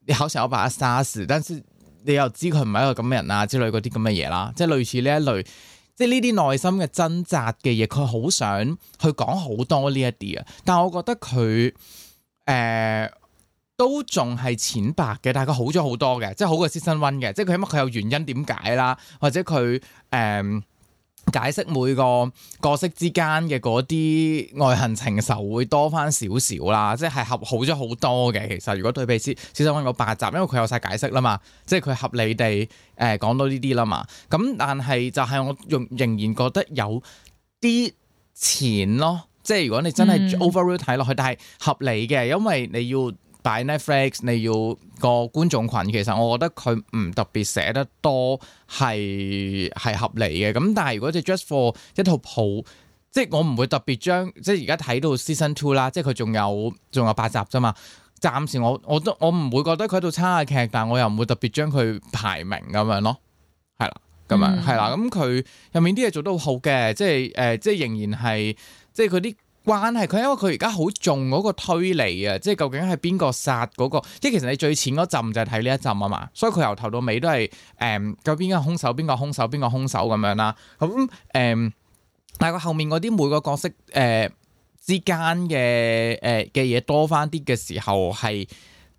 你口上有把他殺死，但是你又知佢唔係一個咁嘅人啊之類嗰啲咁嘅嘢啦。即係類似呢一類，即係呢啲內心嘅掙扎嘅嘢，佢好想去講好多呢一啲啊。但係我覺得佢誒。呃都仲係淺白嘅，但係佢好咗好多嘅，即係好過 Season one 嘅，即係佢起乜？佢有原因點解啦，或者佢誒、嗯、解釋每個角色之間嘅嗰啲愛恨情仇會多翻少少啦，即係合好咗好多嘅。其實如果對比 Season one 個八集，因為佢有晒解釋啦嘛，即係佢合理地誒講到呢啲啦嘛。咁但係就係我仍仍然覺得有啲淺咯，即係如果你真係 overall 睇落去，嗯、但係合理嘅，因為你要。買 Netflix 你要個觀眾群，其實我覺得佢唔特別寫得多，係係合理嘅。咁但係如果只 Just for 一套鋪，即係我唔會特別將即係而家睇到 Season Two 啦，即係佢仲有仲有八集啫嘛。暫時我我都我唔會覺得佢度差嘅劇，但係我又唔會特別將佢排名咁樣咯。係啦，咁樣係、嗯、啦，咁佢入面啲嘢做得好好嘅，即係誒、呃，即係仍然係即係佢啲。關係，佢因為佢而家好重嗰個推理啊，即係究竟係邊個殺嗰個？即係其實你最淺嗰浸就係睇呢一浸啊嘛，所以佢由頭到尾都係誒，究竟係凶手邊個兇手？凶手邊個兇手、啊？凶手咁樣啦。咁、嗯、誒，但係個後面嗰啲每個角色誒、呃、之間嘅誒嘅嘢多翻啲嘅時候，係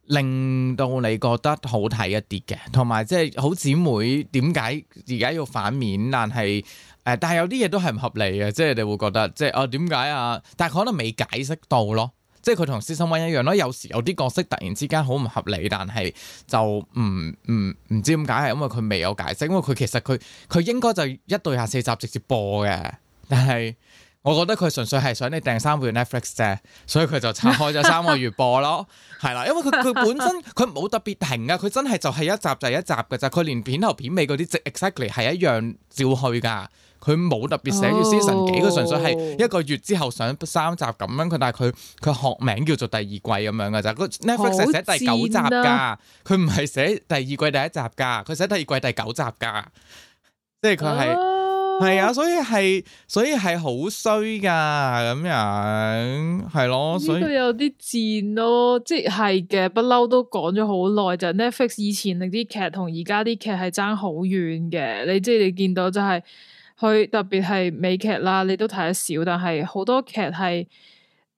令到你覺得好睇一啲嘅，同埋即係好姊妹點解而家要反面，但係。誒，但係有啲嘢都係唔合理嘅，即係你會覺得，即係啊點解啊？但係佢可能未解釋到咯，即係佢同《師生 One》一樣咯。有時有啲角色突然之間好唔合理，但係就唔唔唔知點解，係因為佢未有解釋。因為佢其實佢佢應該就一到廿四集直接播嘅，但係我覺得佢純粹係想你訂三個月 Netflix 啫，所以佢就拆開咗三個月播咯。係啦，因為佢佢本身佢冇特別停㗎，佢真係就係一集就係一集㗎咋，佢連片頭片尾嗰啲 exactly 係一樣照去㗎。佢冇特別寫住 season 幾，佢、oh, 純粹係一個月之後上三集咁樣。佢但係佢佢學名叫做第二季咁樣嘅啫。Netflix 寫第九集噶，佢唔係寫第二季第一集噶，佢寫第二季第九集噶。即係佢係係啊，所以係所以係好衰噶咁樣係咯。所以都有啲賤咯，即係係嘅。不嬲都講咗好耐，就係、Netflix 以前嗰啲劇同而家啲劇係爭好遠嘅。就係、你即係你見到就係、係。佢特別係美劇啦，你都睇得少，但係好多劇係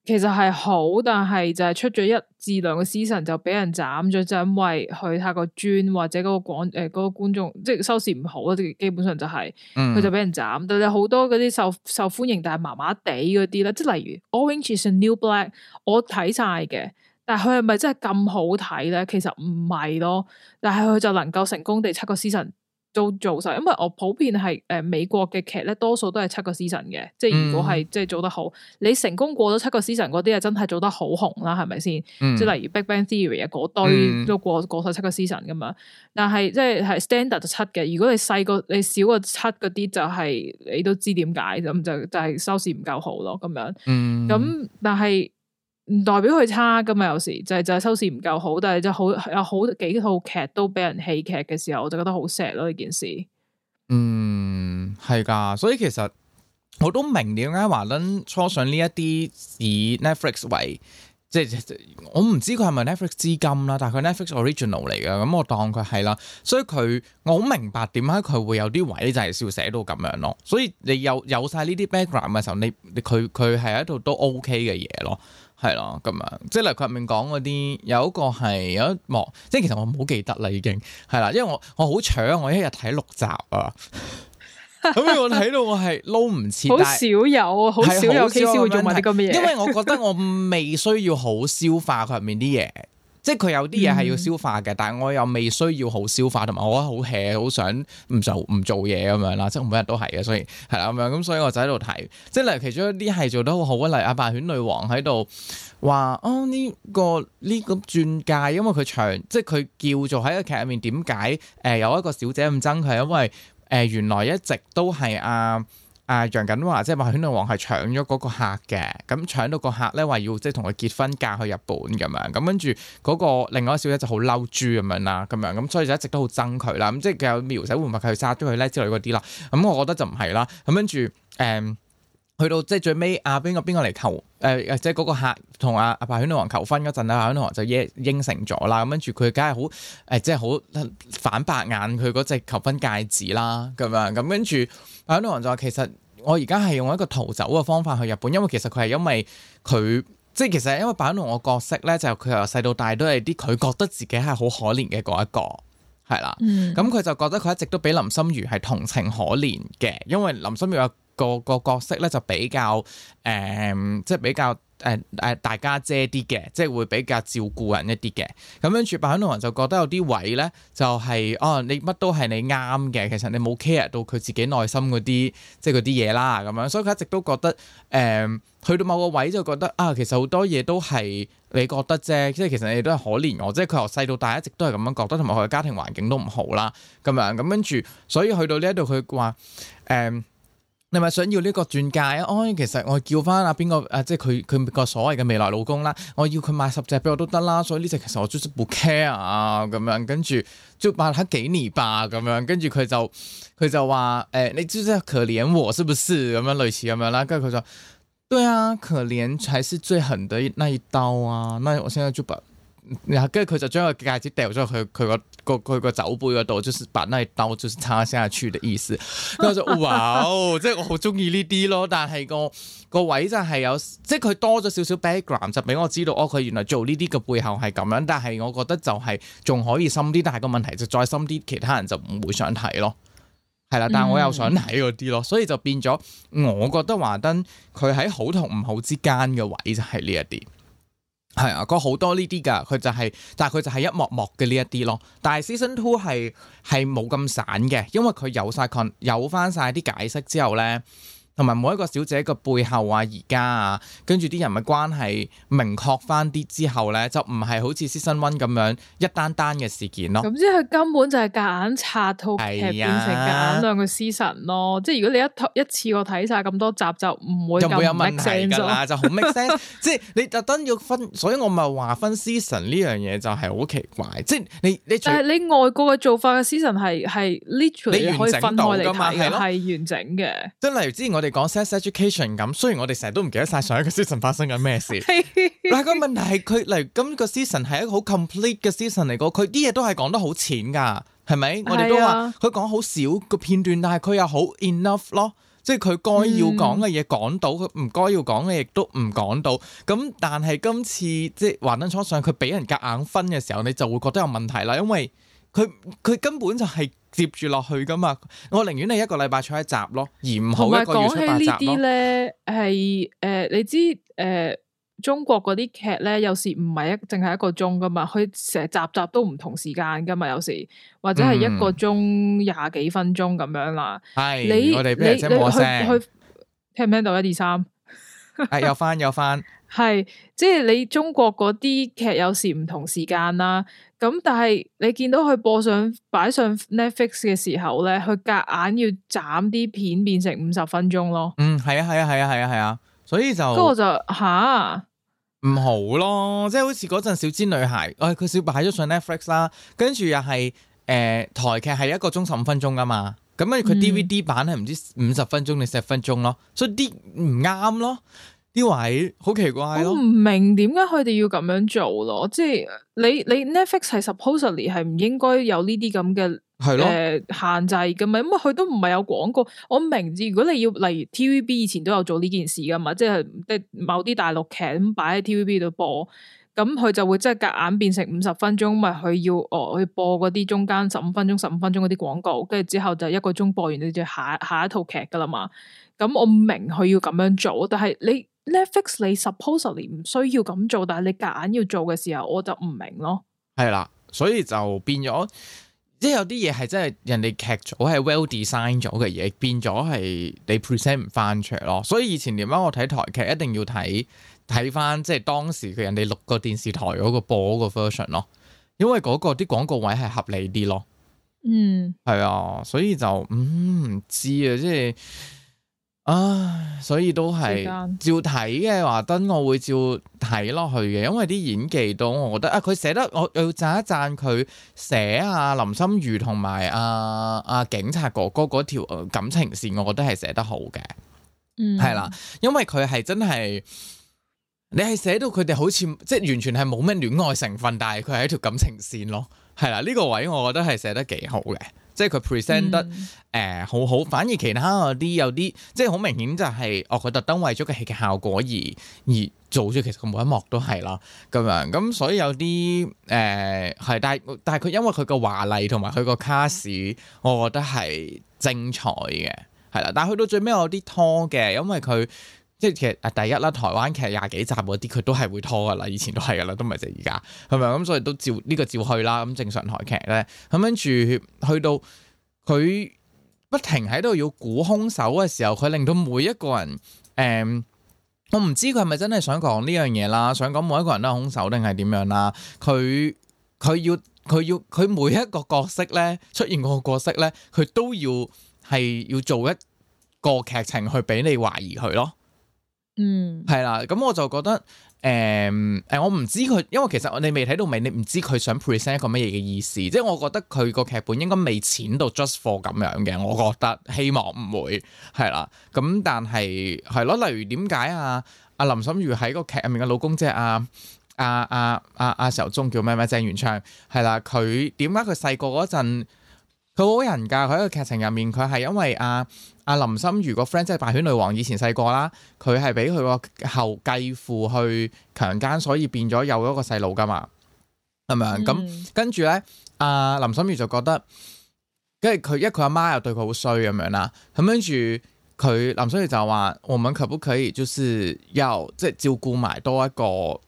其實係好，但係就係出咗一至兩個 season，就俾人斬咗，就因為佢下個磚或者嗰個廣誒嗰個觀眾即係收視唔好，即係基本上就係、是、佢就俾人斬。嗯、但係好多嗰啲受受歡迎但係麻麻地嗰啲咧，即係例如 Orange is New Black，我睇晒嘅，但係佢係咪真係咁好睇咧？其實唔係咯，但係佢就能夠成功地七個 season。都做晒，因為我普遍係誒、呃、美國嘅劇咧，多數都係七個 season 嘅，即係如果係、嗯、即係做得好，你成功過咗七個 season 嗰啲啊，真係做得好紅啦，係咪先？嗯、即係例如 Big Bang Theory 啊，嗰堆都過、嗯、過晒七個 season 噶嘛。但係即係係 standard 就七嘅，如果你細個你少過七嗰啲，就是，就係你都知點解咁就就係、是、收視唔夠好咯，咁樣。咁、嗯嗯、但係。唔代表佢差噶嘛，有時就係就係收視唔夠好，但係就好有好幾套劇都俾人棄劇嘅時候，我就覺得好 sad 咯呢件事。嗯，係噶，所以其實我都明點解華燈初上呢一啲以 Netflix 為，即係我唔知佢係咪 Netflix 資金啦，但係佢 Netflix original 嚟噶，咁我當佢係啦。所以佢我好明白點解佢會有啲位就係要寫到咁樣咯。所以你有有晒呢啲 background 嘅時候，你佢佢係喺度都 OK 嘅嘢咯。係咯，咁樣即係例如佢入面講嗰啲，有一個係有一幕，即係其實我冇記得啦，已經係啦，因為我我好搶，我一日睇六集啊，咁 我睇到我係撈唔切，好 是少有，好是少有 K C 少會做埋啲咁嘅嘢，因為我覺得我未需要好消化佢入面啲嘢。 即係佢有啲嘢係要消化嘅，嗯、但係我又未需要好消化，同埋我好 hea，好想唔做唔做嘢咁樣啦。即係我每日都係嘅，所以係啦咁樣。咁所以我就喺度睇，即係例如其中一啲係做得好好啊，例如阿白犬女王喺度話：哦，呢、呢個呢、呢個轉介、呢個，因為佢長，即係佢叫做喺個劇入面點解誒有一個小姐咁憎佢？因為誒原來一直都係啊。啊啊，楊謹華即係話圈內王係搶咗嗰個客嘅，咁、嗯、搶到個客咧話要即係同佢結婚嫁去日本咁樣，咁、嗯、跟住嗰個另外一個小姐就好嬲豬咁樣啦，咁樣，咁所以就一直都好憎佢啦，咁、嗯、即係佢有描寫會唔會佢殺咗佢咧之類嗰啲啦，咁、嗯、我覺得就唔係啦，咁、嗯、跟住誒。嗯去到即係最尾，阿邊個邊個嚟，求誒誒、呃，即係嗰個客同阿阿白犬龍求婚嗰陣啊，白犬龍就耶應承咗啦。咁跟住佢，梗係好誒，即係好反白眼佢嗰隻求婚戒指啦。咁樣咁跟住白犬龍就話，其實我而家係用一個逃走嘅方法去日本，因為其實佢係因為佢即係其實因為白犬龍嘅角色咧，就佢由細到大都係啲佢覺得自己係好可憐嘅嗰一個，係啦。咁佢、嗯嗯嗯、就覺得佢一直都俾林心如係同情可憐嘅，因為林心如啊。個個角色咧就比較誒、呃，即係比較誒誒、呃，大家姐啲嘅，即係會比較照顧人一啲嘅。咁跟住白響人就覺得有啲位咧、就是，就係哦，你乜都係你啱嘅，其實你冇 care 到佢自己內心嗰啲，即係嗰啲嘢啦。咁樣，所以佢一直都覺得誒、呃，去到某個位就覺得啊，其實好多嘢都係你覺得啫。即係其實你都係可憐我，即係佢由細到大一直都係咁樣覺得，同埋佢嘅家庭環境都唔好啦。咁樣咁跟住，所以去到呢一度佢話誒、呃嗯你咪想要呢個鑽戒啊？哦，其實我叫翻阿邊個，誒、呃，即係佢佢個所謂嘅未來老公啦。我要佢買十隻俾我都得啦。所以呢隻其實我就係冇 care 啊，咁樣跟住就把它給你吧，咁樣跟住佢就佢就話誒、欸，你即係可憐我是不是？咁樣類似咁樣啦？跟住佢就對啊，可憐才是最狠的那一刀啊！那我現在就把。然後跟住佢就將個戒指掉咗去佢個佢個酒杯嗰度，就是把那刀，就是插下去的意思。跟住 就哇、哦，即係我好中意呢啲咯。但係個個位就係有，即係佢多咗少少 background 就俾我知道，哦，佢原來做呢啲嘅背後係咁樣。但係我覺得就係仲可以深啲，但係個問題就再深啲，其他人就唔會想睇咯。係啦，但係我又想睇嗰啲咯，所以就變咗，我覺得華登佢喺好同唔好之間嘅位就係呢一啲。係啊，佢好多呢啲㗎，佢就係，但係佢就係一幕幕嘅呢一啲咯。但係 season two 係係冇咁散嘅，因為佢有晒 con，有翻晒啲解釋之後咧。同埋每一個小姐個背後啊，而家啊，跟住啲人物關係明確翻啲之後咧，就唔係好似 season one 咁樣一單單嘅事件咯。咁即係根本就係夾硬拆套劇變成夾硬兩個 season 咯。即係如果你一一次過睇晒咁多集，就唔會就冇有問題㗎啦，就好 make sense。即係你特登要分，所以我咪話分 season 呢樣嘢就係好奇怪。即係你你但係你外國嘅做法嘅 season 係係 literally 可以分開嚟睇嘅，係完整嘅。即係例如之前我哋。講 sex education 咁，雖然我哋成日都唔記得晒上一個 season 發生緊咩事。 但係個問題係佢，嚟如例如今個 season 係一個好 complete 嘅 season 嚟個，佢啲嘢都係講得好淺噶，係咪？啊、我哋都話佢講好少個片段，但係佢又好 enough 咯，即係佢該要講嘅嘢講到，佢唔該要講嘅亦都唔講到。咁但係今次即係華燈初上，佢俾人夾硬分嘅時候，你就會覺得有問題啦，因為佢佢根本就係、是。接住落去噶嘛？我寧願你一個禮拜出一集咯，而唔好一個月出八集咯，同埋講起呢啲咧，係誒、呃，你知誒、呃，中國嗰啲劇咧，有時唔係一淨係一個鐘噶嘛，佢成集集都唔同時間噶嘛，有時或者係一個鐘廿幾分鐘咁樣啦。係、嗯、你,是你我哋俾人聲冇我聽唔聽到一二三？係有翻有翻，係即係你中國嗰啲劇有時唔同時間啦。咁但係你見到佢播上擺上 Netflix 嘅時候咧，佢夾硬要斬啲片變成五十分鐘咯。嗯，係啊，係啊，係啊，係啊，係啊，所以就，不過就吓唔好咯，即係好似嗰陣小資女孩，誒佢小白咗上 Netflix 啦，跟住又係誒台劇係一個鐘十五分鐘㗎嘛，咁跟住佢 DVD 版係唔知五十分鐘定十分鐘咯，所以啲唔啱咯。呢位好奇怪咯、哦！我唔明點解佢哋要咁樣做咯？即、就、係、是、你你 Netflix 係 supposedly 係唔應該有呢啲咁嘅誒限制嘅嘛？咁啊佢都唔係有廣告。我明，如果你要例如 TVB 以前都有做呢件事噶嘛，即係即係某啲大陸劇咁擺喺 TVB 度播，咁、嗯、佢就會即係夾硬變成五十分鐘，咪佢要哦去播嗰啲中間十五分鐘、十五分鐘嗰啲廣告，跟住之後就一個鐘播完，你就下下一套劇噶啦嘛。咁、嗯、我唔明佢要咁樣做，但係你。Netflix 你 supposedly 唔需要咁做，但係你夾硬要做嘅時候，我就唔明咯。係啦，所以就變咗，即係有啲嘢係真係人哋劇組係 well design 咗嘅嘢，變咗係你 present 唔翻出嚟咯。所以以前點解我睇台劇一定要睇睇翻，即係當時嘅人哋六個電視台嗰個播嗰個 version 咯，因為嗰、嗰個啲廣告位係合理啲咯。嗯，係啊，所以就唔、嗯、知啊，即係。唉，所以都係間照睇嘅華燈，華燈我會照睇落去嘅，因為啲演技都我覺得啊，佢寫得，我要讚一讚佢寫啊林心如同埋啊啊警察哥哥嗰條、呃、感情線，我覺得係寫得好嘅，嗯，係啦，因為佢係真係你係寫到佢哋好似即係完全係冇咩戀愛成分，但係佢係一條感情線咯，係啦，呢、這個位我覺得係寫得幾好嘅。即係佢 present 得誒好好，嗯、反而其他嗰啲有啲即係好明顯就係、是、哦佢特登為咗個戲嘅效果而而做咗，其實佢每一幕都係啦咁樣，咁所以有啲誒係，但係但係佢因為佢個華麗同埋佢個卡士，我覺得係精彩嘅，係啦，但係去到最尾有啲拖嘅，因為佢。即係其實啊，第一啦，台灣劇廿幾集嗰啲，佢都係會拖㗎喇，以前都係㗎喇，都唔係就而家，係咪？咁所以都照呢、這個照去啦。咁正常台劇咧，咁跟住去到佢不停喺度要估兇手嘅時候，佢令到每一個人，誒、嗯，我唔知佢係咪真係想講呢樣嘢啦，想講每一個人都係兇手定係點樣啦？佢佢要佢要佢每一個角色咧出現嗰個角色咧，佢都要係要做一個劇情去俾你懷疑佢咯。嗯，係啦、mm.，咁我就覺得，誒、嗯、誒，我唔知佢，因為其實你未睇到尾，你唔知佢想 present 一個乜嘢嘅意思，即、就、係、是、我覺得佢個劇本應該未淺到 just for 咁樣嘅，我覺得，希望唔會，係啦，咁但係係咯，例如點解啊？阿林心如喺個劇入面嘅老公即係阿阿阿阿阿壽忠叫咩咩？鄭元暢係啦，佢點解佢細個嗰陣佢好人㗎？佢喺個劇情入面，佢係因為啊。阿林心如個 friend 即係《敗犬女王》以前細個啦，佢係俾佢個後繼父去強姦，所以變咗有嗰個細路噶嘛，係咪？咁跟住咧，阿林心如就覺得，跟住佢一佢阿媽又對佢好衰咁樣啦，咁跟住佢，林心如就話：我們可不可以就是又即係照顧埋多一個？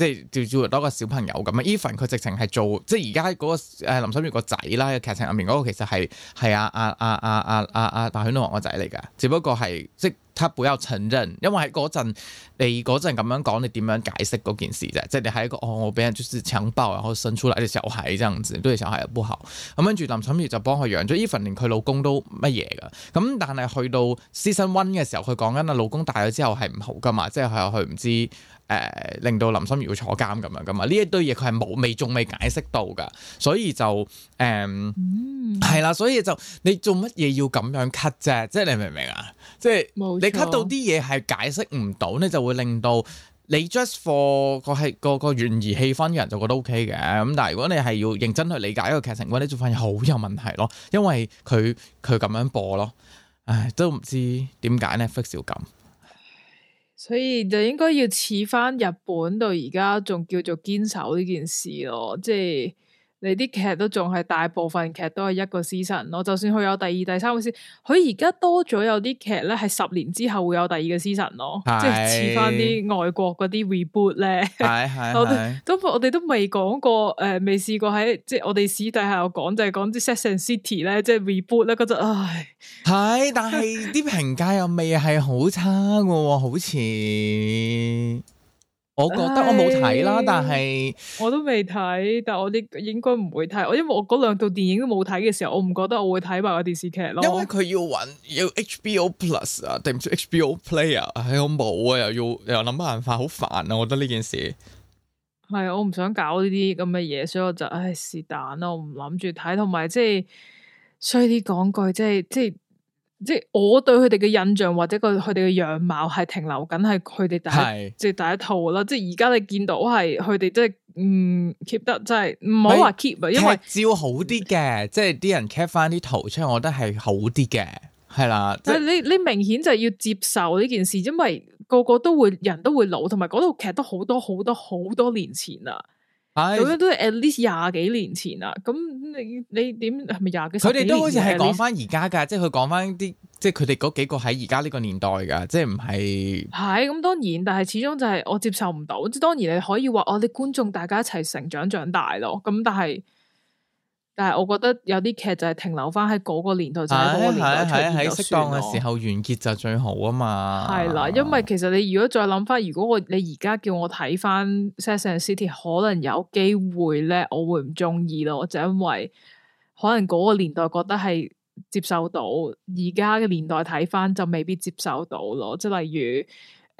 即係做做多個小朋友咁啊！Evan 佢直情係做，即係而家嗰個、哎、林心如個仔啦。劇情入面嗰個其實係係啊啊啊啊啊啊大犬諾王個仔嚟㗎，只不過係即係佢冇承認。因為喺嗰陣你嗰陣咁樣講，你點樣,樣解釋嗰件事啫？即係你喺一個哦，我俾人就強暴伸，然後生出來嘅小孩，咁樣子對個小孩又不好。咁跟住林心如就幫佢養咗 Evan，連佢老公都乜嘢㗎。咁但係去到 Season One 嘅時候，佢講緊阿老公大咗之後係唔好㗎嘛，即係佢佢唔知。誒，令到林心如會坐監咁樣噶嘛？呢一堆嘢佢係冇未，仲未解釋到噶，所以就誒係啦。所以就你做乜嘢要咁樣 cut 啫？即係你明唔明啊？即係你 cut 到啲嘢係解釋唔到，你就會令到你 just for 個係個個懸疑氣氛嘅人就覺得 OK 嘅。咁但係如果你係要認真去理解一個劇情嘅話，你就發現好有問題咯。因為佢佢咁樣播咯，唉都唔知點解呢？復少咁。所以就應該要似翻日本到而家仲叫做堅守呢件事咯，即係。你啲劇都仲係大部分劇都係一個 season 咯，就算佢有第二、第三個 season，佢而家多咗有啲劇咧，係十年之後會有第二個 season 咯，即係似返啲外國嗰啲 reboot 咧。係係我都我哋都未講過誒，未試過喺，即係我哋史底下有講，就係講啲 Sex and the City 咧，即係 reboot 咧，覺得唉，係，但係啲評價又未係好差嘅，好似。我覺得我冇睇啦，但係我都未睇，但係我啲應該唔會睇，我因為我嗰兩套電影都冇睇嘅時候，我唔覺得我會睇埋個電視劇咯。因為佢要搵要 HBO Plus 啊，定唔知 HBO Player，係我冇啊，又要又諗辦法，好煩啊！我覺得呢件事係啊，我唔想搞呢啲咁嘅嘢，所以我就唉是但咯，我唔諗住睇，同埋即係衰啲講句，即係即係。即係我對佢哋嘅印象，或者個佢哋嘅樣貌係停留緊係佢哋第一是即係第一套啦，即係而家你見到係佢哋即係唔以 keep 得即係唔好話 keep 啊，因為照好啲嘅，即係啲人 keep 翻啲圖出嚟，我覺得係好啲嘅，係啦。即但係你你明顯就要接受呢件事，因為個個都會人都會老，同埋嗰套劇都好多好多好多年前啦。咁、哎、樣都係 at least 廿幾年前啦，咁你你點係咪廿幾？佢哋都好似係講翻而家噶，即係佢講翻啲，即係佢哋嗰幾個喺而家呢個年代噶，即係唔係？係咁、啊、當然，但係始終就係我接受唔到，即係當然你可以話我哋觀眾大家一齊成長長大咯，咁但係。但係我覺得有啲劇就係停留翻喺嗰個年代 就喺嗰個年代出邊就算啦。喺適 當嘅時候完結就最好啊嘛。係啦 因為其實你如果再諗翻，如果我你而家叫我睇翻《Sex and City》，可能有機會咧，我會唔中意咯，就因為可能嗰個年代覺得係接受到，而家嘅年代睇翻就未必接受到咯，即係例如。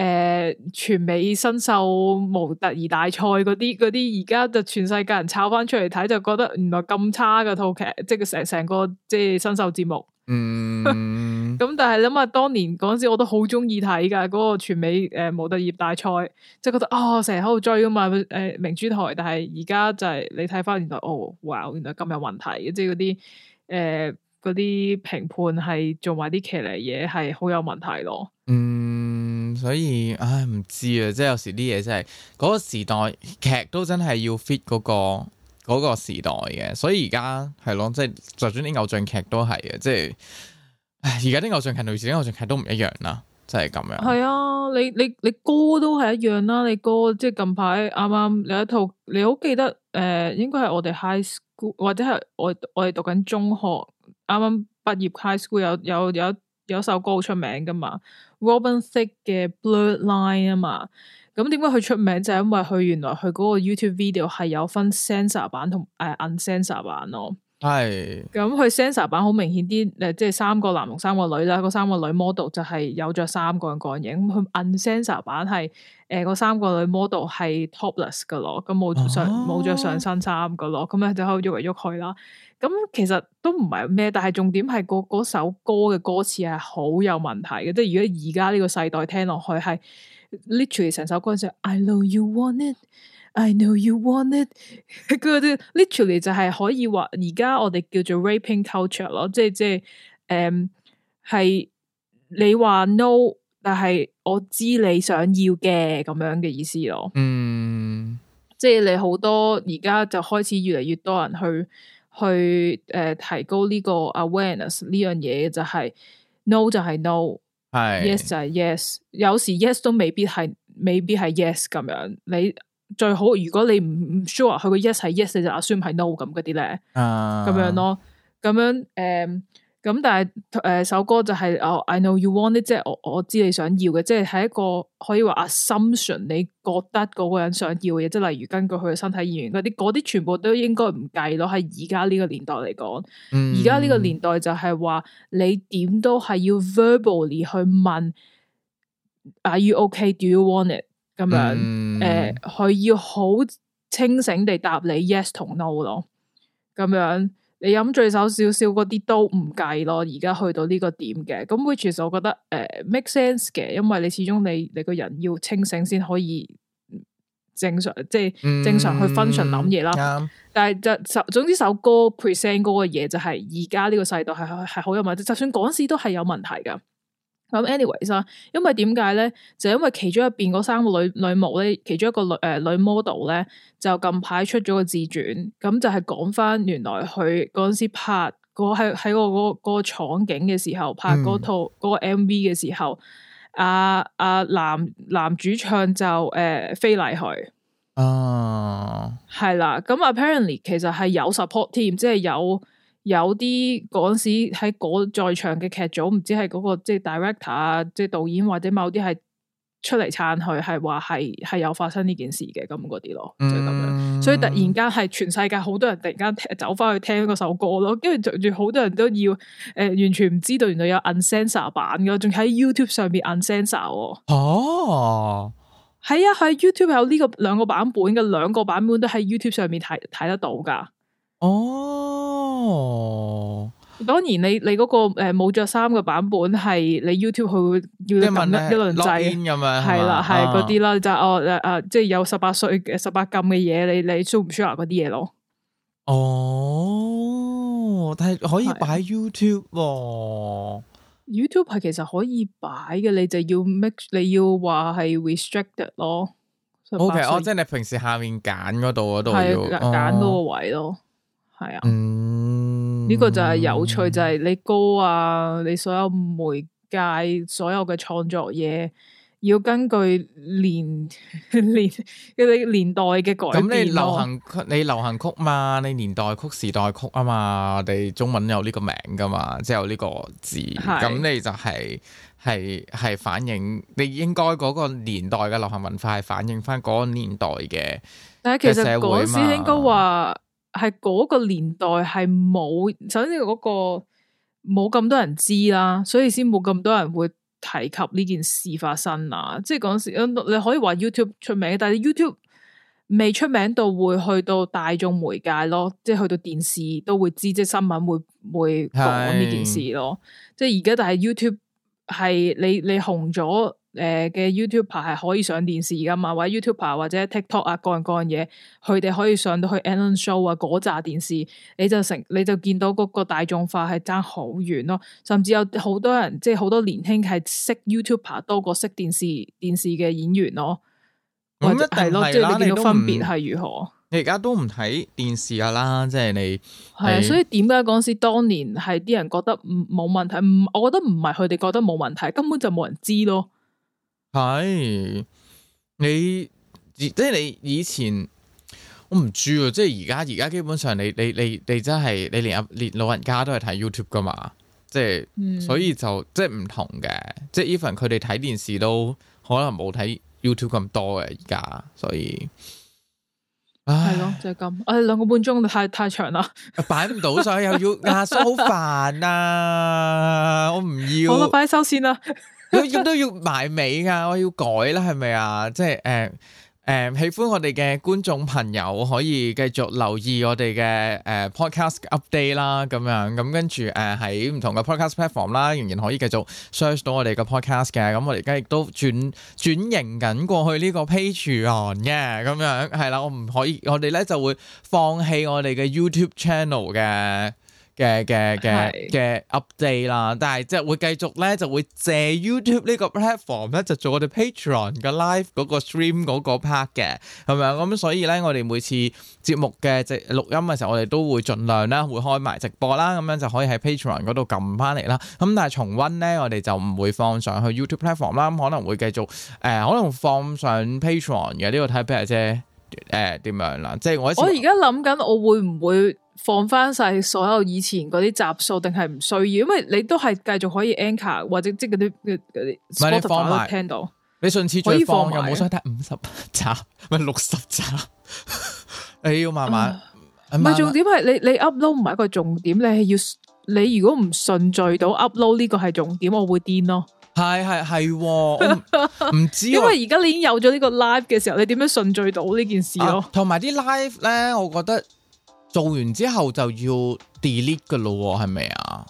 誒、呃，全美新秀模特兒大賽嗰啲啲，而家就全世界人炒翻出嚟睇，就覺得原來咁差嘅套劇，即係成成個即係新秀節目。嗯，咁 但係諗下當年嗰陣時，我都好中意睇噶嗰個全美誒模、呃、特兒大賽，即係覺得哦成日喺度追啊嘛，誒、呃、明珠台。但係而家就係、是、你睇翻，原來哦哇，原來咁有問題，即係嗰啲誒啲評判係做埋啲騎呢嘢，係好有問題咯。嗯。所以，唉，唔知啊，即係有時啲嘢真係嗰個時代劇都真係要 fit 嗰個嗰個時代嘅，所以而家係咯，即係就算啲偶像劇都係嘅，即係，唉，而家啲偶像劇同以前啲偶像劇都唔一樣啦，即係咁樣。係啊，你你你歌都係一樣啦，你歌即係近排啱啱有一套，你好記得誒、呃，應該係我哋 high school 或者係我我哋讀緊中學啱啱畢業 high school 有有有有首歌好出名㗎嘛。Robin Thic 嘅 Blurred Line 啊嘛，咁點解佢出名就係、是、因為佢原來佢嗰個 YouTube video 係有分 sensor、哎、sen、哎、s,、嗯、sor 版同誒 unsensor 版咯。係。咁佢 sensor 版好明顯啲，誒即係三個男同三個女啦，嗰三個女 model 就係有着三個個人影，佢 unsensor 版係誒嗰三個女 model 係 topless 噶咯，咁冇上冇、啊啊、着上身衫噶咯，咁咧就可以喐嚟喐去啦。咁其實都唔係咩，但係重點係嗰首歌嘅歌詞係好有問題嘅，即係如果而家呢個世代聽落去，係 literally 成首歌就 I know you want it, I know you want it，佢嗰啲 literally 就係可以話而家我哋叫做 raping culture 咯，即係即係誒係你話 no，但係我知你想要嘅咁樣嘅意思咯。嗯，即係你好多而家就開始越嚟越多人去。去誒、呃、提高呢個 awareness 呢樣嘢就係、係、no 就係 no，係係 yes 就係 yes。有時 yes 都未必係未必係 yes 咁樣。你最好如果你唔 sure 佢個 yes 係 yes，你就 assume 係 no 咁嗰啲咧，咁、uh. 樣咯，咁樣誒。呃咁但係誒、呃、首歌就係、是、哦、oh，I know you want it，即係我我知你想要嘅，即係係一個可以話 assumption，你覺得嗰個人想要嘅嘢，即係例如根據佢嘅身體語言嗰啲，啲全部都應該唔計咯。喺而家呢個年代嚟講，而家呢個年代就係話你點都係要 verbally 去問 Are you okay? Do you want it？咁樣誒，佢、嗯呃、要好清醒地答你 yes 同 no 咯，咁樣。你飲醉酒少少嗰啲都唔計咯，而家去到呢個點嘅，咁 which 其實我覺得誒、呃、make sense 嘅，因為你始終你你個人要清醒先可以正常，即係正常去 function 諗嘢啦。嗯、但係就首總之首歌 present 嗰個嘢就係而家呢個世道係係好有問題，就算講事都係有問題噶。咁 anyways 因為點解咧？就因為其中一邊嗰三個女女模咧，其中一個女誒、呃、女 model 咧，就近排出咗個自傳，咁、嗯、就係講返原來佢嗰陣時拍喺喺我嗰個嗰個廠景嘅時候拍嗰套嗰個 MV 嘅、那個、時候，阿阿、那個嗯啊啊、男男主唱就誒、呃、飛嚟佢哦，係、啊、啦，咁、嗯、apparently 其實係有 support team，即係有。有啲嗰時喺嗰在場嘅劇組，唔知係嗰、那個即係 director 啊，即、就、係、是、導演或者某啲係出嚟撐佢，係話係係有發生呢件事嘅咁嗰啲咯，就咁、是、樣。嗯、所以突然間係全世界好多人突然間走翻去聽嗰首歌咯，跟住仲好多人都要誒、呃，完全唔知道原來有 uncensored 版嘅，仲喺 YouTube 上面 uncensored。哦，係啊，喺、啊、YouTube 有呢個兩個版本嘅，兩個版本都喺 YouTube 上面睇睇得到噶。哦，當然你你嗰個誒冇着衫嘅版本係你 YouTube 佢會要問一一輪掣咁樣，係啦係嗰啲啦，就哦誒誒，即係有十八歲十八禁嘅嘢，你你需唔需要嗰啲嘢咯？哦，但係可以擺 YouTube，YouTube 係其實可以擺嘅，你就要 make 你要話係 restricted 咯。OK，我即係你平時下面揀嗰度嗰度要揀嗰個位咯。係啊，呢、嗯、個就係有趣，嗯、就係你歌啊，你所有媒介，所有嘅創作嘢，要根據年年嗰啲年代嘅改變咁、啊、你流行曲，你流行曲嘛，你年代曲、時代曲啊嘛，你中文有呢個名噶嘛，即係有呢個字，咁是你就係係係反映你應該嗰個年代嘅流行文化，係反映翻嗰個年代嘅但其嘅社會嘛。係嗰個年代係冇，首先嗰個冇咁多人知啦，所以先冇咁多人會提及呢件事發生啊。即係嗰時，你可以話 YouTube 出名，但係 YouTube 未出名到會去到大眾媒介咯，即係去到電視都會知，即係新聞會會講呢件事咯。是即係而家，但係 YouTube 係你你紅咗。誒嘅 YouTuber 係可以上電視噶嘛？或者 YouTuber 或者 TikTok 啊，各樣各樣嘢，佢哋可以上到去 Anon Show 啊，嗰扎電視，你就成你就見到嗰個大眾化係差好遠咯。甚至有好多人即係好多年輕係識 YouTuber 多過識電視電視嘅演員咯。或者係咯，對即係你見到分別係如何？你而家都唔睇電視噶啦，即係你係啊。所以點解嗰時當年係啲人覺得冇問題？唔，我覺得唔係佢哋覺得冇問題，根本就冇人知咯。係、哎、你即係你以前我唔知啊，即係而家而家基本上你你你你真係你連阿連老人家都係睇 YouTube 噶嘛，即係、嗯、所以就即係唔同嘅，即係 even 佢哋睇電視都可能冇睇 YouTube 咁多嘅而家，所以係咯就係、是、咁，誒、哎、兩個半鐘太太長啦，擺唔到手又要壓手，好、啊、煩啊，我唔要好啦，擺收線啦。要 都要埋尾噶，我要改啦，係咪啊？即係誒誒，喜歡我哋嘅觀眾朋友可以繼續留意我哋嘅誒 podcast update 啦，咁樣咁跟住誒喺唔同嘅 podcast platform 啦，仍然可以繼續 search 到我哋嘅 podcast 嘅。咁我哋而家亦都轉轉型緊過去呢個 Patreon 嘅，咁樣係啦，我唔可以，我哋咧就會放棄我哋嘅 YouTube channel 嘅。嘅嘅嘅嘅 update 啦，但係即係會繼續咧，就會借 YouTube 呢個 platform 咧，就做我哋 Patreon 嘅 live 嗰個 stream 嗰個 part 嘅，係咪啊？咁、嗯、所以咧，我哋每次節目嘅即錄音嘅時候，我哋都會盡量咧會開埋直播啦，咁樣就可以喺 Patreon 嗰度撳翻嚟啦。咁但係重溫咧，我哋就唔會放上去 YouTube platform 啦，咁可能會繼續誒、呃，可能放上 Patreon 嘅呢個 type 嘅啫，誒點、呃、樣啦？即、就、係、是、我我而家諗緊，我會唔會？放翻晒所有以前嗰啲集數，定係唔需要？因為你都係繼續可以 anchor 或者即係嗰啲嗰啲，唔係你放埋。都聽到你次上次再放又冇想睇五十集，咪六十集？你要慢慢。唔係重點係你你 upload 唔係一個重點，你係要你如果唔順序到 upload 呢個係重點，我會癲咯。係係係，唔 知。因為而家你已經有咗呢個 live 嘅時候，你點樣順序到呢件事咯？同埋啲 live 咧，我覺得。做完之後就要 delete 噶咯，係咪啊？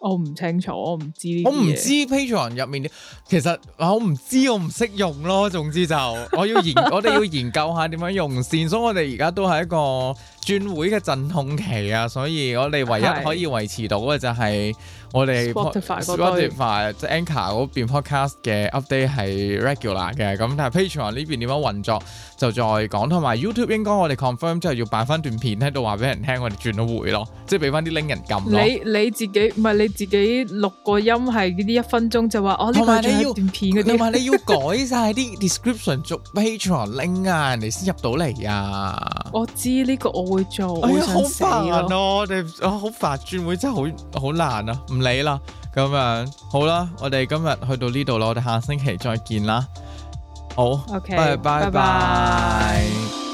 我唔清楚，我唔知我唔知 Patreon 入面。其實我唔知，我唔識用咯。總之就我要研， 我哋要研究下點樣用先。所以我哋而家都係一個轉會嘅陣痛期啊。所以我哋唯一可以維持到嘅就係我哋 Spotify 即係 Anchor 嗰邊 Podcast 嘅 update 係 regular 嘅，咁但係 Patreon 呢邊點樣運作就再講。同埋 YouTube 應該我哋 confirm 之後要扮翻段片喺度話俾人聽，我哋轉咗會咯，即係俾翻啲 link 人撳。你你自己唔係你自己錄個音係呢啲一分鐘就話哦，呢個轉係段片。同埋你要改曬啲 description 做 Patreon link 啊，人哋先入到嚟呀。我知呢個我會做，好煩啊！我哋啊好煩，轉會真係好好難啊～唔理啦，咁樣好啦，我哋今日去到呢度啦，我哋下星期再見啦，好，OK，拜拜拜拜。Okay.